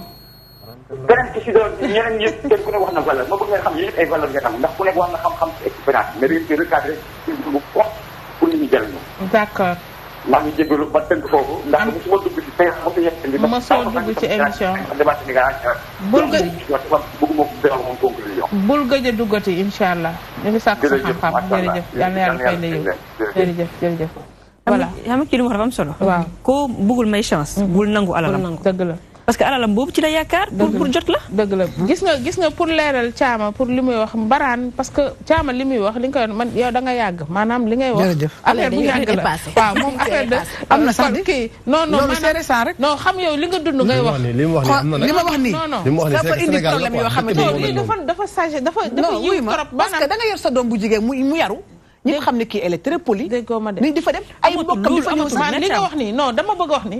beneen ki si doon ñeneen ñëpp kenn ku ne wax na valeur ma bëgg ngeen xam ne ñëpp ay valeur ngeen am ndax ku nekk wax na xam-xam si expérience mais da ngeen koy recadré ci bu fort pour nit ñi jëriñu. d' accord. maa ngi jégalu ba tënk foofu. ndax su ma dugg ci tey mos a yegg ci. mosoo dugg ci émission bi ndax damaa bëgg bëgguma ko moom conclusion. bul gëj a duggati incha allah. ñu ngi sàkk sa xam-xam jërëjëf yal na yàlla fay na yow jërëjëf jërëjëf voilà xam nga ci li mu wax dafa am solo. waaw koo bëggul may chance. Mhm. bul nangu alalam dëgg la parce que alalam bobu ci la yakar pour pour jot la deug la gis nga gis nga pour leral chama pour limuy wax mbaraan parce que chama limuy wax li nga koy man yow da nga yag manam li ngay wax. affaire bu yag la wa mom affaire de. am sax di non non maanaam rek. non xam yow li nga dund ngay wax. li mu wax nii li ma wax nii. non non dafa indi problème yo xam ni li dafa dafa sage dafa dafa yiw trop parce que da nga yor sa dom bu jigéen mu mu yaru. ñëpp xam ki elle est très polie. ni di fa dem ay mbokkam di fa ñëw li nga wax ni non dama bëgg wax ni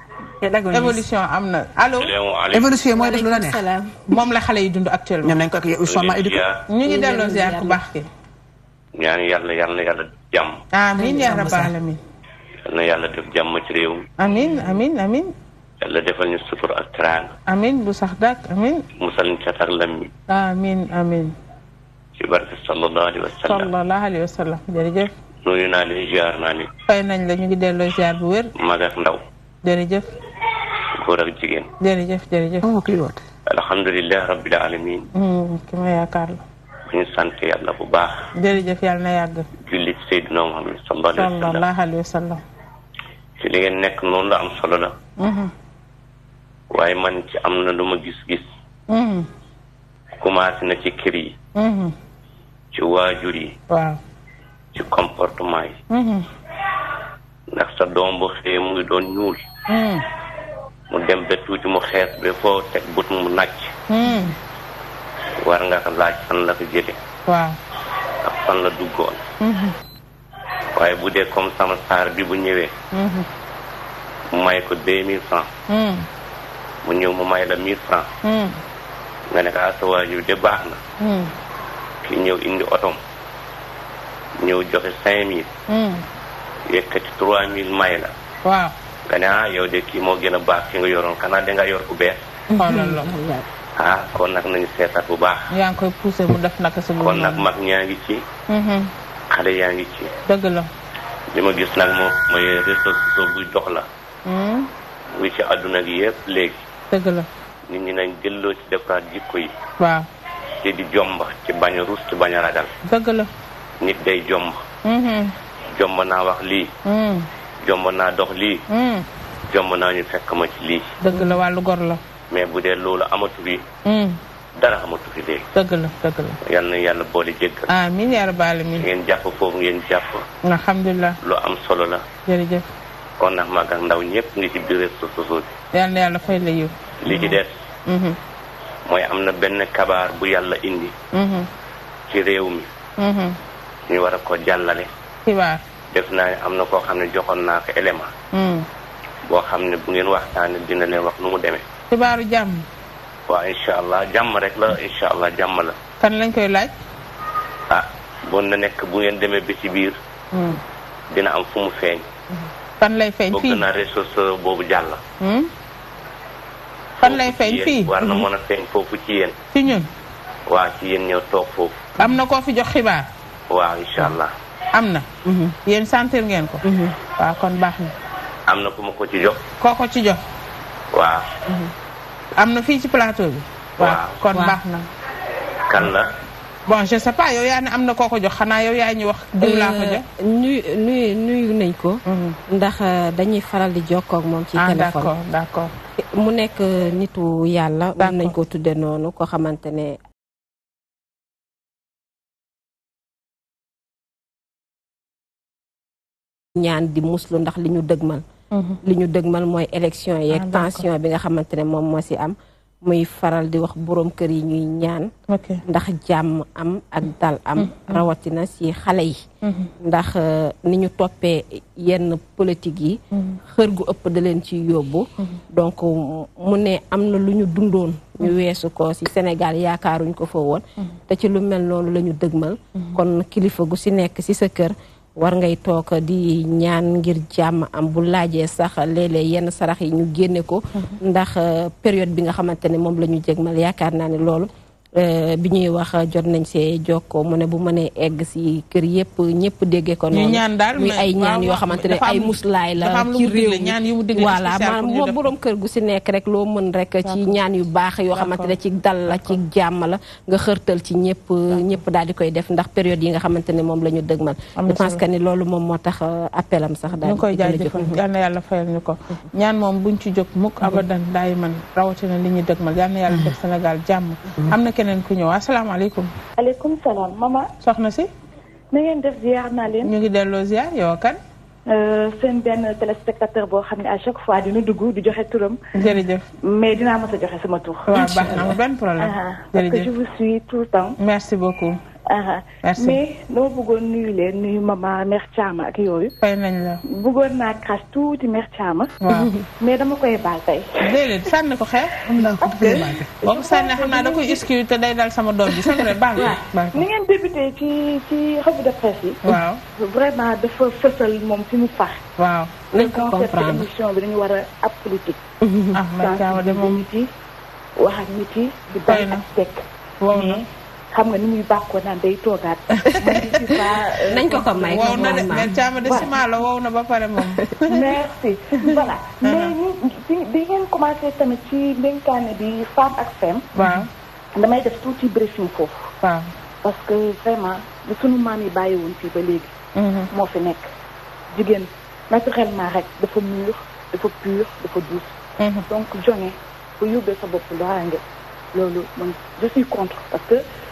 Eh, évolution am na allo. évolution mooy def lu la neex. moom la xale yi dund actuellement. ñoom nañ ko ak ñu ngi delloo ziar ku baax ki. ñaan yàlla yàlla na yàlla jàmm. amiin yaa rabbal aalamiin. yàlla na yàlla def jàmm ci réew mi. amiin amiin amiin. yàlla defal ñu sutur ak teraanga. amiin bu sax dàkk amiin. musal ñu catar lam mi. amiin amiin. ci barke sallallahu alayhi wa sallam. sallallahu alayhi wa sallam jërëjëf. nuyu naa leen ziar naa leen. fay nañ la ñu ngi delloo ziar bu wér. mag ak ndaw. jërëjëf. góor ak jigéen. jërëjëf jërëjëf. moom oh, kuy alamin. Hmm, ki ma yaakaar la. ma ñu sant bu baax. jërëjëf yàlla na yàgg. julli Seydina Muhammad sallallahu alayhi wa sallam. ci nekk noonu la am solo la. Hmm. waaye man ci am na lu ma gis-gis. Hmm. commencé na ci kër yi. ci waajur yi. waaw ci comportement yi. ndax sa doom bu xëyee mu doon ñuul. mu dem ba tuuti mu xees ba foo teg but mu nàcc hmm. war nga ko laaj fan la ko jële waaw ak fan la duggoon hmm. waaye bu dee comme sama saar bi bu ñëwee hmm. may ko mu ñëw mu may la mille francs nga ne ko asawaaj ah, de baax na ki ñëw indi otom ñëw joxe cinq mille yëkkati trois mille may la waaw nga ah yow de kii moo gën a baax ki nga yoroon xanaa da nga yor ku kon nag nañu seetaat bu baax. yaa ngi koy poussé mu def naka sa kon nag mag ñaa ngi ci. xale yaa ngi ci. dëgg la. li ma gis nag moom mooy réseau sociaux buy dox la. muy ci àdduna gi yëpp léegi. dëgg la. nit ñi nañ delloo ci defaraat jikko yi. waaw. te di jomba ci bañ a rus ci bañ a ragal. dëgg la. nit day jomb. jomb naa wax lii. jomb naa dox lii. Hmm. jomb naa ñu fekk ma ci lii. dëgg la wàllu gor la. mais bu dee loolu amatu fi. Hmm. dara amatu fi léegi. dëgg la dëgg la. yal na yàlla boole jéggal. amiin yaa rabbal mi ngeen jàpp foofu ngeen jàpp. alhamdulilah. lu am solo la. jërëjëf. kon nag mag ndaw ñëpp ngi ci biir réseaux sociaux yal na yàlla fay la yiw. li ci des. Hmm. mooy am na benn kabaar bu yàlla indi. ci réew mi. ñu war a ko jàllale. xibaar. def naa ne am na koo xam ne joxoon naa ko élément. Hmm. boo xam ne bu ngeen waxtaanee dina leen wax nu mu demee. xibaaru jàmm. waaw incha allah jàmm rek la incha allah jàmm la. lañ koy laaj. Ah, bon na nekk bu ngeen demee ba ci biir. Hmm. dina am fu mu feeñ. fan lay feeñ fii boobu jàll. Hmm? lay feeñ fii war na mën a feeñ foofu ci yéen. ci ñun. waaw ci yéen ñëw toog foofu. am na koo fi jox xibaar. waaw incha allah. am na. Mhm. yéen sentir ngeen ko. Mhm. waaw kon baax na. am na ku ko ci jox. koo ci jox. waaw. Mhm. am na fii ci plateau bi. waaw kon baax na. kan la. bon je sais pas yow yaa ne am na koo ko jox xanaa yow yaa ñu wax. diw laa ko euh, jox nuyu nuyu nuyu nañ ko. ndax euh, dañuy faral di jokkoo ak moom. ci ah, téléphone ah d'accord d'accord mu nekk euh, nitu yàlla. mën nañ ko tudde noonu ko xamante ne. ñaan di muslu ndax li ñu dëgmal mhm. li ñu dëgmal mooy élection yeeg ah, tension bi nga xamante ne moom moo si am muy faral di wax boroom kër yi ñuy ñaan ndax jàmm am ak dal am mhm, mhm. rawatina si xale yi ndax euh, ni ñu toppee yenn politique yi xër gu ëpp da leen ci yóbbu donc mu ne am na lu ñu dundoon ñu weesu ko si Sénégal yaakaaruñ ko fa woon te ci lu mel noonu la ñu dëgmal kon kilifa gu si nekk si sa kër war ngay toog di ñaan ngir jàmm am bu laajee sax léeg yenn sarax yi ñu génne ko. Mhm. ndax euh, période bi nga xamante ne moom la ñu jégmal yaakaar naa ne loolu. Eh, bi ñuy wax jot nañ see joko mu ne bu mënee egg ci kër yépp ñëpp déggé ko noonu muy ay ñaan yo xamantene ay muslay la ci réew ñaan yu wala man mo borom kër gu ci nekk rek lo mën rek ci ñaan yu bax yo xamantene ci dal la ci jamm la nga xërtal ci ñëpp ñëpp dal di koy def ndax période yi nga xamantene mom lañu la dëgmal je pense que ni lolu mom motax euh, appel am sax dal ñu koy jaajëfal mhm. yal na yàlla fayal ñuko mhm. ñaan mom buñ ci jóg muk mhm. abadan dayman rawati na li ñu dëgmal yal yalla def Sénégal jamm amna keneen ku ñëw asalaamaaleykum. aleykum salaam mama. soxna si. na ngeen def ziar naa leen. ñu ngi delloo ziar yow kan. Euh, seen benn téléspectateur boo xam ne à chaque fois dina dugg di joxe turam. jërëjëf mais dinaa mos a joxe sama tur. waaw baax na benn problème. jërëjëf ah, parce que je vous suis tout le temps. merci beaucoup. merci mais dama bëggoon nuyu leen nuyu mama Mère Thiama ak yooyu. fay nañ la. bëggoon naa xas tuuti Mère Thiama. mais dama koy baal tey. déedéet sànni ko xeex. am naa ko dugg baal sànni xam naa da koy excuse te day dal sama doom bi c'est vrai baal ni ngeen débuté ci ci revue de presse yi. waaw vraiment dafa fësal moom fi mu fax. waaw nañ ko comprendre émission bi dañu war a ab politique. ah Mère Thiama de moom wax ak nit yi di bàyyi ak teg. xam nga ni muy bàkkoo naan day toogaat. nañ ko ko may. waaw na de mais caama de ciment la wow na ba pare moom. merci voilà. mais uh-huh. bi ngeen commencé tamit ci ndénkaane bi femme ak femme. waaw damay def tuuti briefing foofu. parce que vraiment li sunu maam yi bàyyiwoon fii ba léegi. Uh-huh. moo fi nekk jigéen naturellement rek dafa muur dafa pur dafa douce. Uh-huh. donc jonge bu yóbbee sa bopp loolu man contre parce que.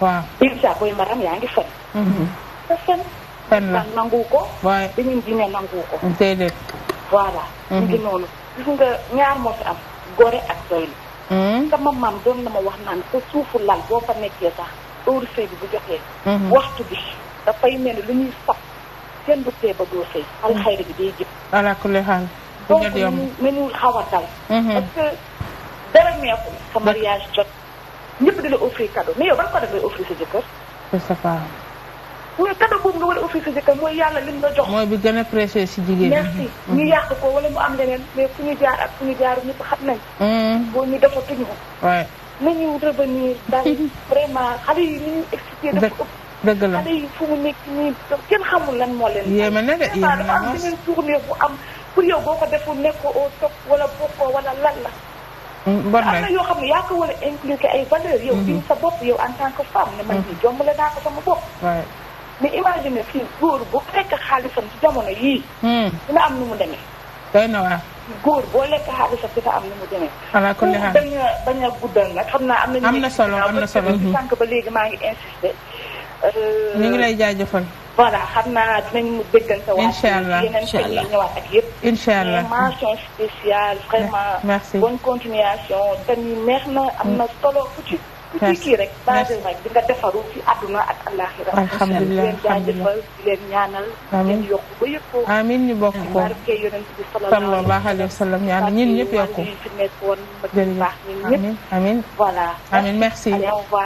waaw dégg saa booy maram yaa ngi fen. Mhm. te fen. fen la nangu ko. waay dañuy dina nangu ko. déedéet. voilà. ñu mhm. ngi noonu gis nga am gore ak doylu. Mhm. sama maam doon na ma wax naan suufu lal boo fa nekkee sax heure sëy bu joxee. waxtu bi dafay mel ni lu ñuy sab kenn du tee ba doo xaw a parce que dara neexul sa mariage jot. ñépp di la offrir cadeau mais yow ban cadeau ngay offrir sa jëkkër. Moustapha. mais cadeau boobu nga war sa jëkkër mooy yàlla lim la jox. mooy bi gën a précieux si jigéen ñi. ñu mm. yàq ko wala mu am leneen mais fu ñu jaar ak fu ñu jaar ñëpp xam nañ. Mm. boo ñu dafa tuñu ko. waay nañu revenir daal vraiment xale yi ni ñu expliqué dafa ëpp. dëgg la xale yi fu kenn xamul lan moo leen. yéeme na de yéeme na dafa am beneen tournée bu am pour yow boo ko deful nekk au top wala bokkoo wala lan la. bon am na yoo xam ne yaa ko war a impliqué ay valeur yow bi mm-hmm. sa bopp yow en tant que femme ne man ñi jomb la naa ko sama bopp mais imagine fii góor bu lekk xaalisam ci jamono yii mm. dina am nu mu demee doy na waa góor boo lekk xaalisam dina am nu mu demee ala kulli haal bañ a a guddal nag xam naa am na am na solo am na solo sànq ba léegi maa ngi insisté ñu ngi lay euh, jaajëfal فرح har naa dinañ bëggan sa waa. incha allah incha allah yeneen ñëwaat ak yëpp. incha allah mention spéciale vraiment. merci bonne continuation. dañu neex na am na solo ku ci ku ci kii rek. merci rek di nga defaru ci àdduna ak àllaaxira. alhamdulilah di leen jaajëfal di leen ñaanal. amiin di leen yokk ba yëpp ko. amiin ñu bokk ko barke yonent bi sallallahu alayhi wa sallam ñaan ñun ñëpp yokku. jërëjëf amiin amiin. voilà amiin merci.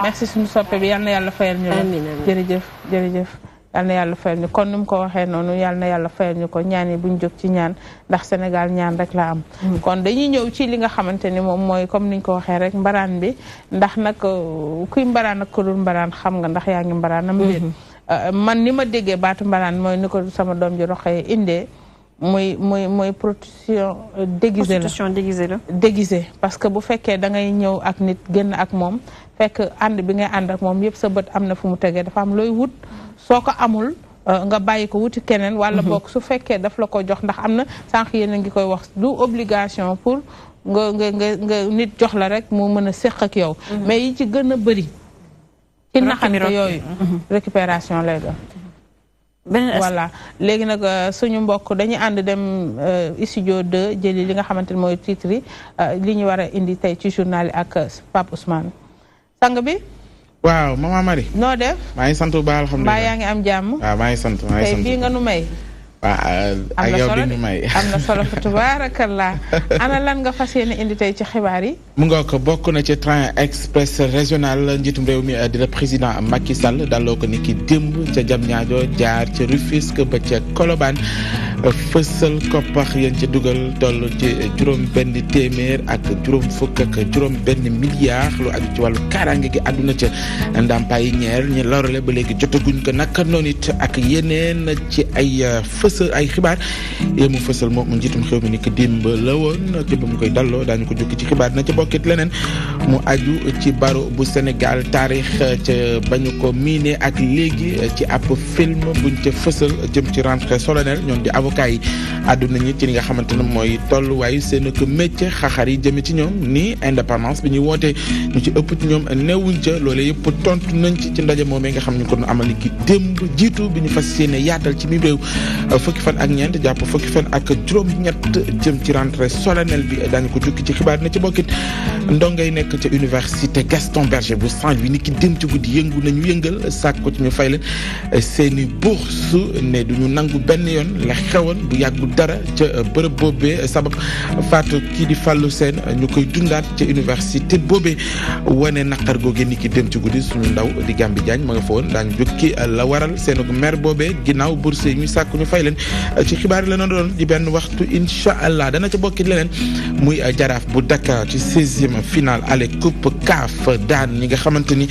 merci suñu soppe bi yal na yàlla fayal ñu. amiin amiin jërëjëf jërëjëf. yal na yàlla fayal ñu kon nu mu ko waxee noonu yal na yàlla fayal ñu ko ñaan yi buñ jóg ci ñaan ndax Sénégal ñaan rek la am mm. kon dañuy ñëw ci li nga xamante ni moom mooy comme niñ ko waxee rek mbaraan bi ndax nag euh, kuy mbaraan ak ku dul mbaraan xam nga ndax yaa ngi mbaraanam mm-hmm. euh, man ni ma déggee baatu mbaraan mooy ni ko sama doom ji roxee indee mooy muy muy prostitution euh, déguisée la déguisée la. déguisée parce que bu fekkee da ngay ñëw ak nit génn ak moom fekk ànd bi ngay ànd ak moom yëpp sa bët am na fu mu tegee dafa am looy wut soo ko amul. Euh, nga bàyyi ko wuti keneen wala mhm. bokk su fekkee daf la ko jox ndax am na sànq yéen a ngi koy wax du obligation pour nga nga nga nga nit jox la rek mu mën a séq ak yow mhm. mais yi ci gën a bëri ci naxante yooyu mhm. récupération lay doon beneen voilà légui nak euh, suñu mbokk dañu and dem euh, studio 2 jëli li nga xamanteni moy titre euh, li ñu wara indi tay ci journal ak Pape Ousmane sang bi. waaw mama Marie. no def. ma ngi sant bu baax alhamdulilah maa yaa ngi am jamm waaw ma ngi sant ma ngi sant tay bii nga nu may. waaw ah, ak yow duñu may am na solo fa tubaarakallaa ana lan nga fas indi tey ci xibaar yi. mu nga ko bokk na ci train express régional njiitum réew mi di président Macky Sall daloo ko ni ki démb ca Diamniadio jaar ca Rufisque ba ca Colobane fësal koppax yéen ci dugal toll ci juróom benn téeméer ak juróom fukk ak juróom benn milliard lu aju ci wàllu kaaraange gi àdduna ca ndàmpaay ñeer ñi lorale ba léegi jotaguñ ko naka noonu ak yeneen ci ay. Uh, fësal ay xibaar yé mu fësal moom mu njiitum xew mi ni ko démb la woon ci ba mu koy dalloo daañu ko jukki ci xibaar na ca bokkit leneen mu aju ci baro bu Sénégal taarix ca bañu ko miine ak léegi ci ab film buñ ca fësal jëm ci rentrée solennelle ñoom di avocat yi àdduna ñi ci li nga xamante ne mooy tolluwaayu seen ko métier xaxar yi jëme ci ñoom ni indépendance bi ñuy woote ñu ci ëpp ci ñoom newuñ ca loolee yëpp tontu nañ ci ci ndaje moomee nga xam ne ko amal ki bi ñu fas yéene ci mi fukki fan ak ñeent jàpp fukki fan ak juróom-ñett jëm ci rentrée solennelle bi daañu ko jukki ci xibaar na ci bokkit ndongay nekk ca université Gaston Berger bu Saint-Louis ni ki dem ci guddi yëngu nañu yëngal sàkku ci ñu fay leen seeni bourse ne du ñu nangu benn yoon la xewoon bu yàggu dara ca bërëb boobee sabab faatu kii di fàllu seen ñu koy dundaat ca université boobee wane naqar googee ni dem ci guddi suñu ndaw di Gambi Diagne ma nga fa woon daañu jukki la waral seenu mer boobee ginnaaw bourse yi leen ci xibaar yi la noonu doon di benn waxtu incha allah dana ci bokkit leneen muy jaraaf bu Dakar ci seizième finale aller coupe CAF daan ñi nga xamante ni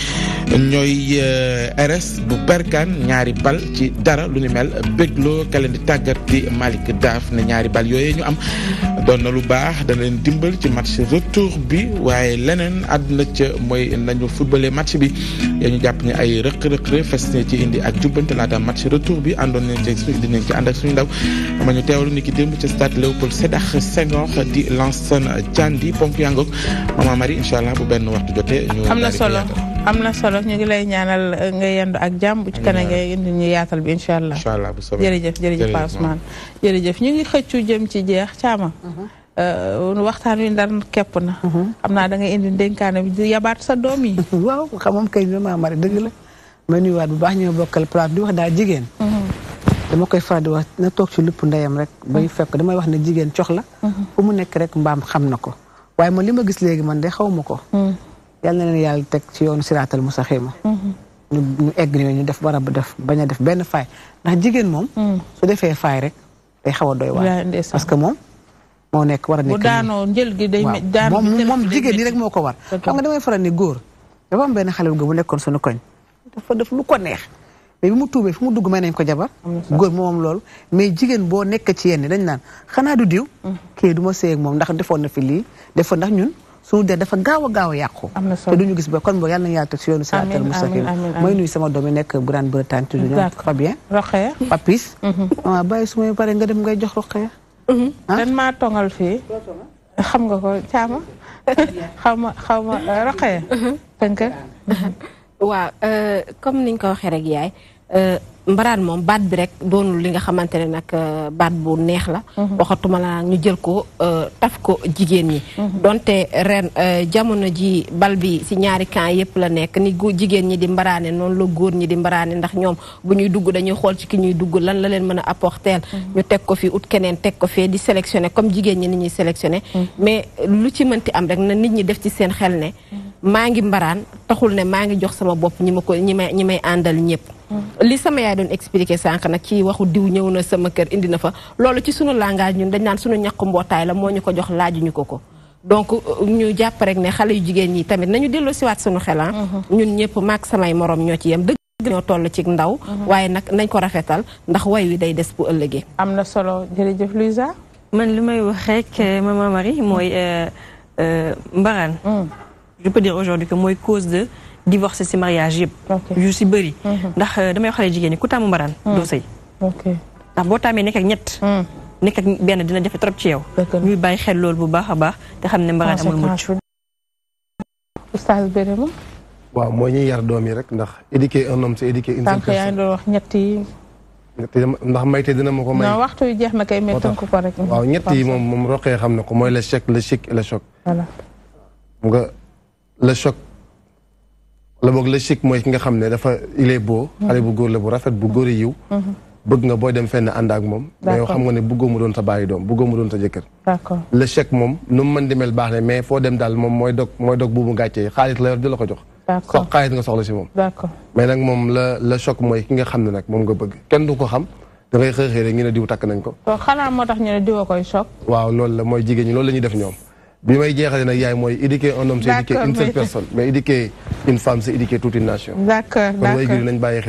ñooy euh, RS bu Berkane ñaari bal ci dara lu ni mel beg loo leen di tàggat di Malick Daaf ne ñaari bal yooyee ñu am doon na lu baax dana leen dimbal ci match retour bi waaye leneen àdduna ca mooy nañu footballé match bi yaa ñu jàpp ni ay rëq-rëq fes ne ci indi ak jubbante laata match retour bi àndoon nañ ci ànd ak suñu ndaw ma ñu teewlu ni ki démb ci stade Léopold Sédar Senghor di Lansana Diandy na solo am na solo ñu ngi lay ñaanal nga yendu ak jàmm. bu ci kanam nga indi ñu yaatal bi incha allah. incha allah bu soobee jërëjëf jërëjëf Pa Ousmane jërëjëf ñu ngi xëccu jëm ci jeex caama. Euh, waxtaan wi ndar képp na. xam naa da ngay indi dénkaane bi sa doom yi. waaw xam moom kay bi ma mari la ma nuyuwaat bu baax ñu bokkal place di wax daal jigéen. Mhm. dama koy faral di wax na toog ci lupp ndeyam rek bay mm-hmm. fekk damay wax ne jigéen cox la mm-hmm. fu mu nekk rek mbaam xam na ko waaye man li ma gis léegi man de xaw ma ko mm-hmm. yàlla na leen yàlla teg ci yoonu siraatal mustaqiim ñu egg ñoo ñu def war a def bañ def benn faay ndax jigéen moom mm. su defee faay rek day xaw a doy waar parce que moom moo nekk war a nekk daanoo njël gi day moom moom jigéen ñi rek moo ko war xam nga damay faral ni góor dafa am benn xale bu nekkoon suñu koñ dafa lu ko neex mais bi mu tuubee fi mu dugg may nañ ko jabar góor moom lool mais jigéen boo nekk ci yenn dañ naan xanaa du diw mm-hmm. kii du ma sëy moom ndax defoon na fi lii defoon ndax ñun su dee dafa gaaw a gaaw a yàqu te duñu gis ba kon boo yàlla na yàlla teg si yoonu siraatal mustaqim may nuyu sama doom yi nekk Grande-Bretagne tudd ñoom Fabien Papis waaw mm-hmm. ah, bàyyi su may pare nga dem ngay jox Roqeya mm-hmm. ah? dan maa tongal fii xam nga ko caama xaw ma xaw ma Roqeya tënk waaw euh, comme niñ ko waxee rek yaay euh, mbaraan moom baat bi rek doonul li nga xamante ne nag euh, baat bu neex la mhm. waxatuma laa ñu jël ko euh, taf ko jigéen ñi mhm. donte ren euh, jamono ji bal bi si ñaari camp yépp la nekk ni jigéen ñi di mbaraane noonu la góor ñi di mbaraane ndax ñoom bu ñuy dugg dañuy xool ci ki ñuy dugg lan la leen mën a apporter mhm. ñu teg ko fi ut keneen teg ko fee di sélectionné comme jigéen ñi ni ñuy sélectionné mais lu ci mënti am rek na nit ñi def ci seen xel ne maa ngi mbaraan taxul ne maa ngi jox sama bopp ñi ma ko ñi may ñi may àndal ñëpp li sama yaay doon expliqué sànq nag ci waxu diw ñëw na sama kër indi na fa loolu ci sunu langage ñun dañ naan sunu ñàkk mbootaay la moo ñu ko jox ñu ko ko donc euh, ñu jàpp rek ne xale yu jigéen ñi tamit nañu delloo siwaat sunu xelan ah. mhm. ñun ñëpp maak samay moroom ñoo ci yem dëgg ñoo toll ci ndaw mhm. waaye nag nañ ko rafetal ndax way wi day des bu ëllëgee am na solo jërëjëf Luisa man li may wax rek euh, maman Marie mooy euh, mbaraan mm. je peux dire aujourd'hui que mooy cause de divorcé si mariage yëpp. yu si bëri. Mhm. ndax euh, damay waxalee jigéen ñi ku tam mbaraan. Mhm. doo sëy. ndax boo taamee nekk ñett. Mhm. nekk benn dina jafe trop ci yow. ñuy bàyyi xel loolu bu baax a baax te xam ne mbaraan amul mucc. oustaz Birima. moo ñuy yar doom yi rek ndax éduquer un homme c'est éduquer une personne. wax ñett yi. ndax mayte dina ma ko may. non waxtu yu jeex na kay mais tënk ko rek. waaw ñett yi moom moom roqee xam na ko mooy le chèque le chic et la boog le chic mooy ki nga xam ne dafa il est beau. xale bu góor la bu rafet bu góor yiw mhm. bëgg nga booy dem fenn ànd ak moom. mais yow xam ne bëggoo mu doon sa bàyyi doom bëggoo mu doon sa jëkkër. d'accord le chèque moom nu mu mën di mel foo dem daal moom mooy dog mooy dog buubu gàcce yi xaalis la yor di la ko jox. d'accord sox xaalis nga soxla si moom. d'accord mais nag moom la le choc mooy ki nga xam ne nag moom nga bëgg kenn du ko xam. da ngay xëy xëy ne diw takk nañ ko. xanaa moo tax ñu ne diwa koy choc. waaw loolu la mooy jigéen ñi loolu la ñuy def ñoom bi may jeexale nag yaay mooy éduquer un homme c'est éduquer une seule personne mais éduquer une femme c'est éduquer toute une nation. d'accord d'accord kon a baax.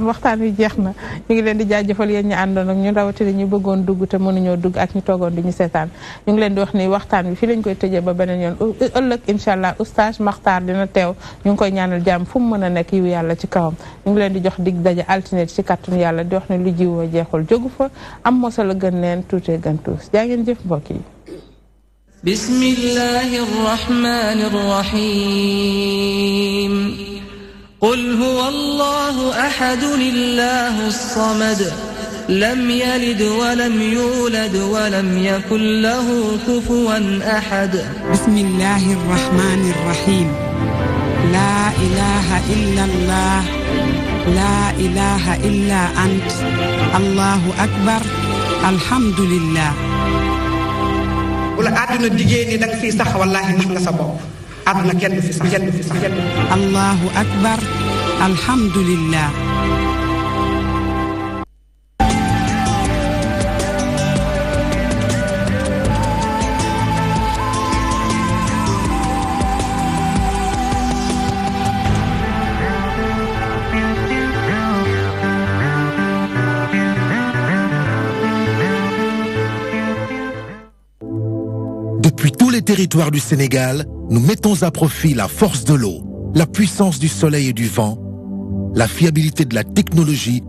am waxtaan wi jeex na ñu ngi leen di jaajëfal yéen ñi àndoon ak ñu rawatina ñu bëggoon dugg te mënuñoo dugg ak ñu toogoon di ñu seetaan ñu ngi leen di wax ni waxtaan bi fii lañ koy tëjee ba beneen yoon ëllëg incha allah oustaz dina teew ñu ngi koy ñaanal jàmm fu mu mën a nekk yiw yàlla ci kawam ñu ngi leen di jox dig daje altine ci kàttun yàlla di wax ne lu jiwoo jeexul jogufa أم mosal gën leen tuute gën tuus jaa ngeen jëf بسم الله الرحمن الرحيم قل هو الله احد الله الصمد لم يلد ولم يولد ولم يكن له كفوا احد بسم الله الرحمن الرحيم لا اله الا الله laa ilaha illa ant allahu akbar alhamdulillah bu la àdduna diggée ni da nga fiy sax wallaahi nax nga sa bopp àdduna kenn du fi sax kenn du fi sax allahu akbar alhamdulillah territoire du Sénégal, nous mettons à profit la force de l'eau, la puissance du soleil et du vent, la fiabilité de la technologie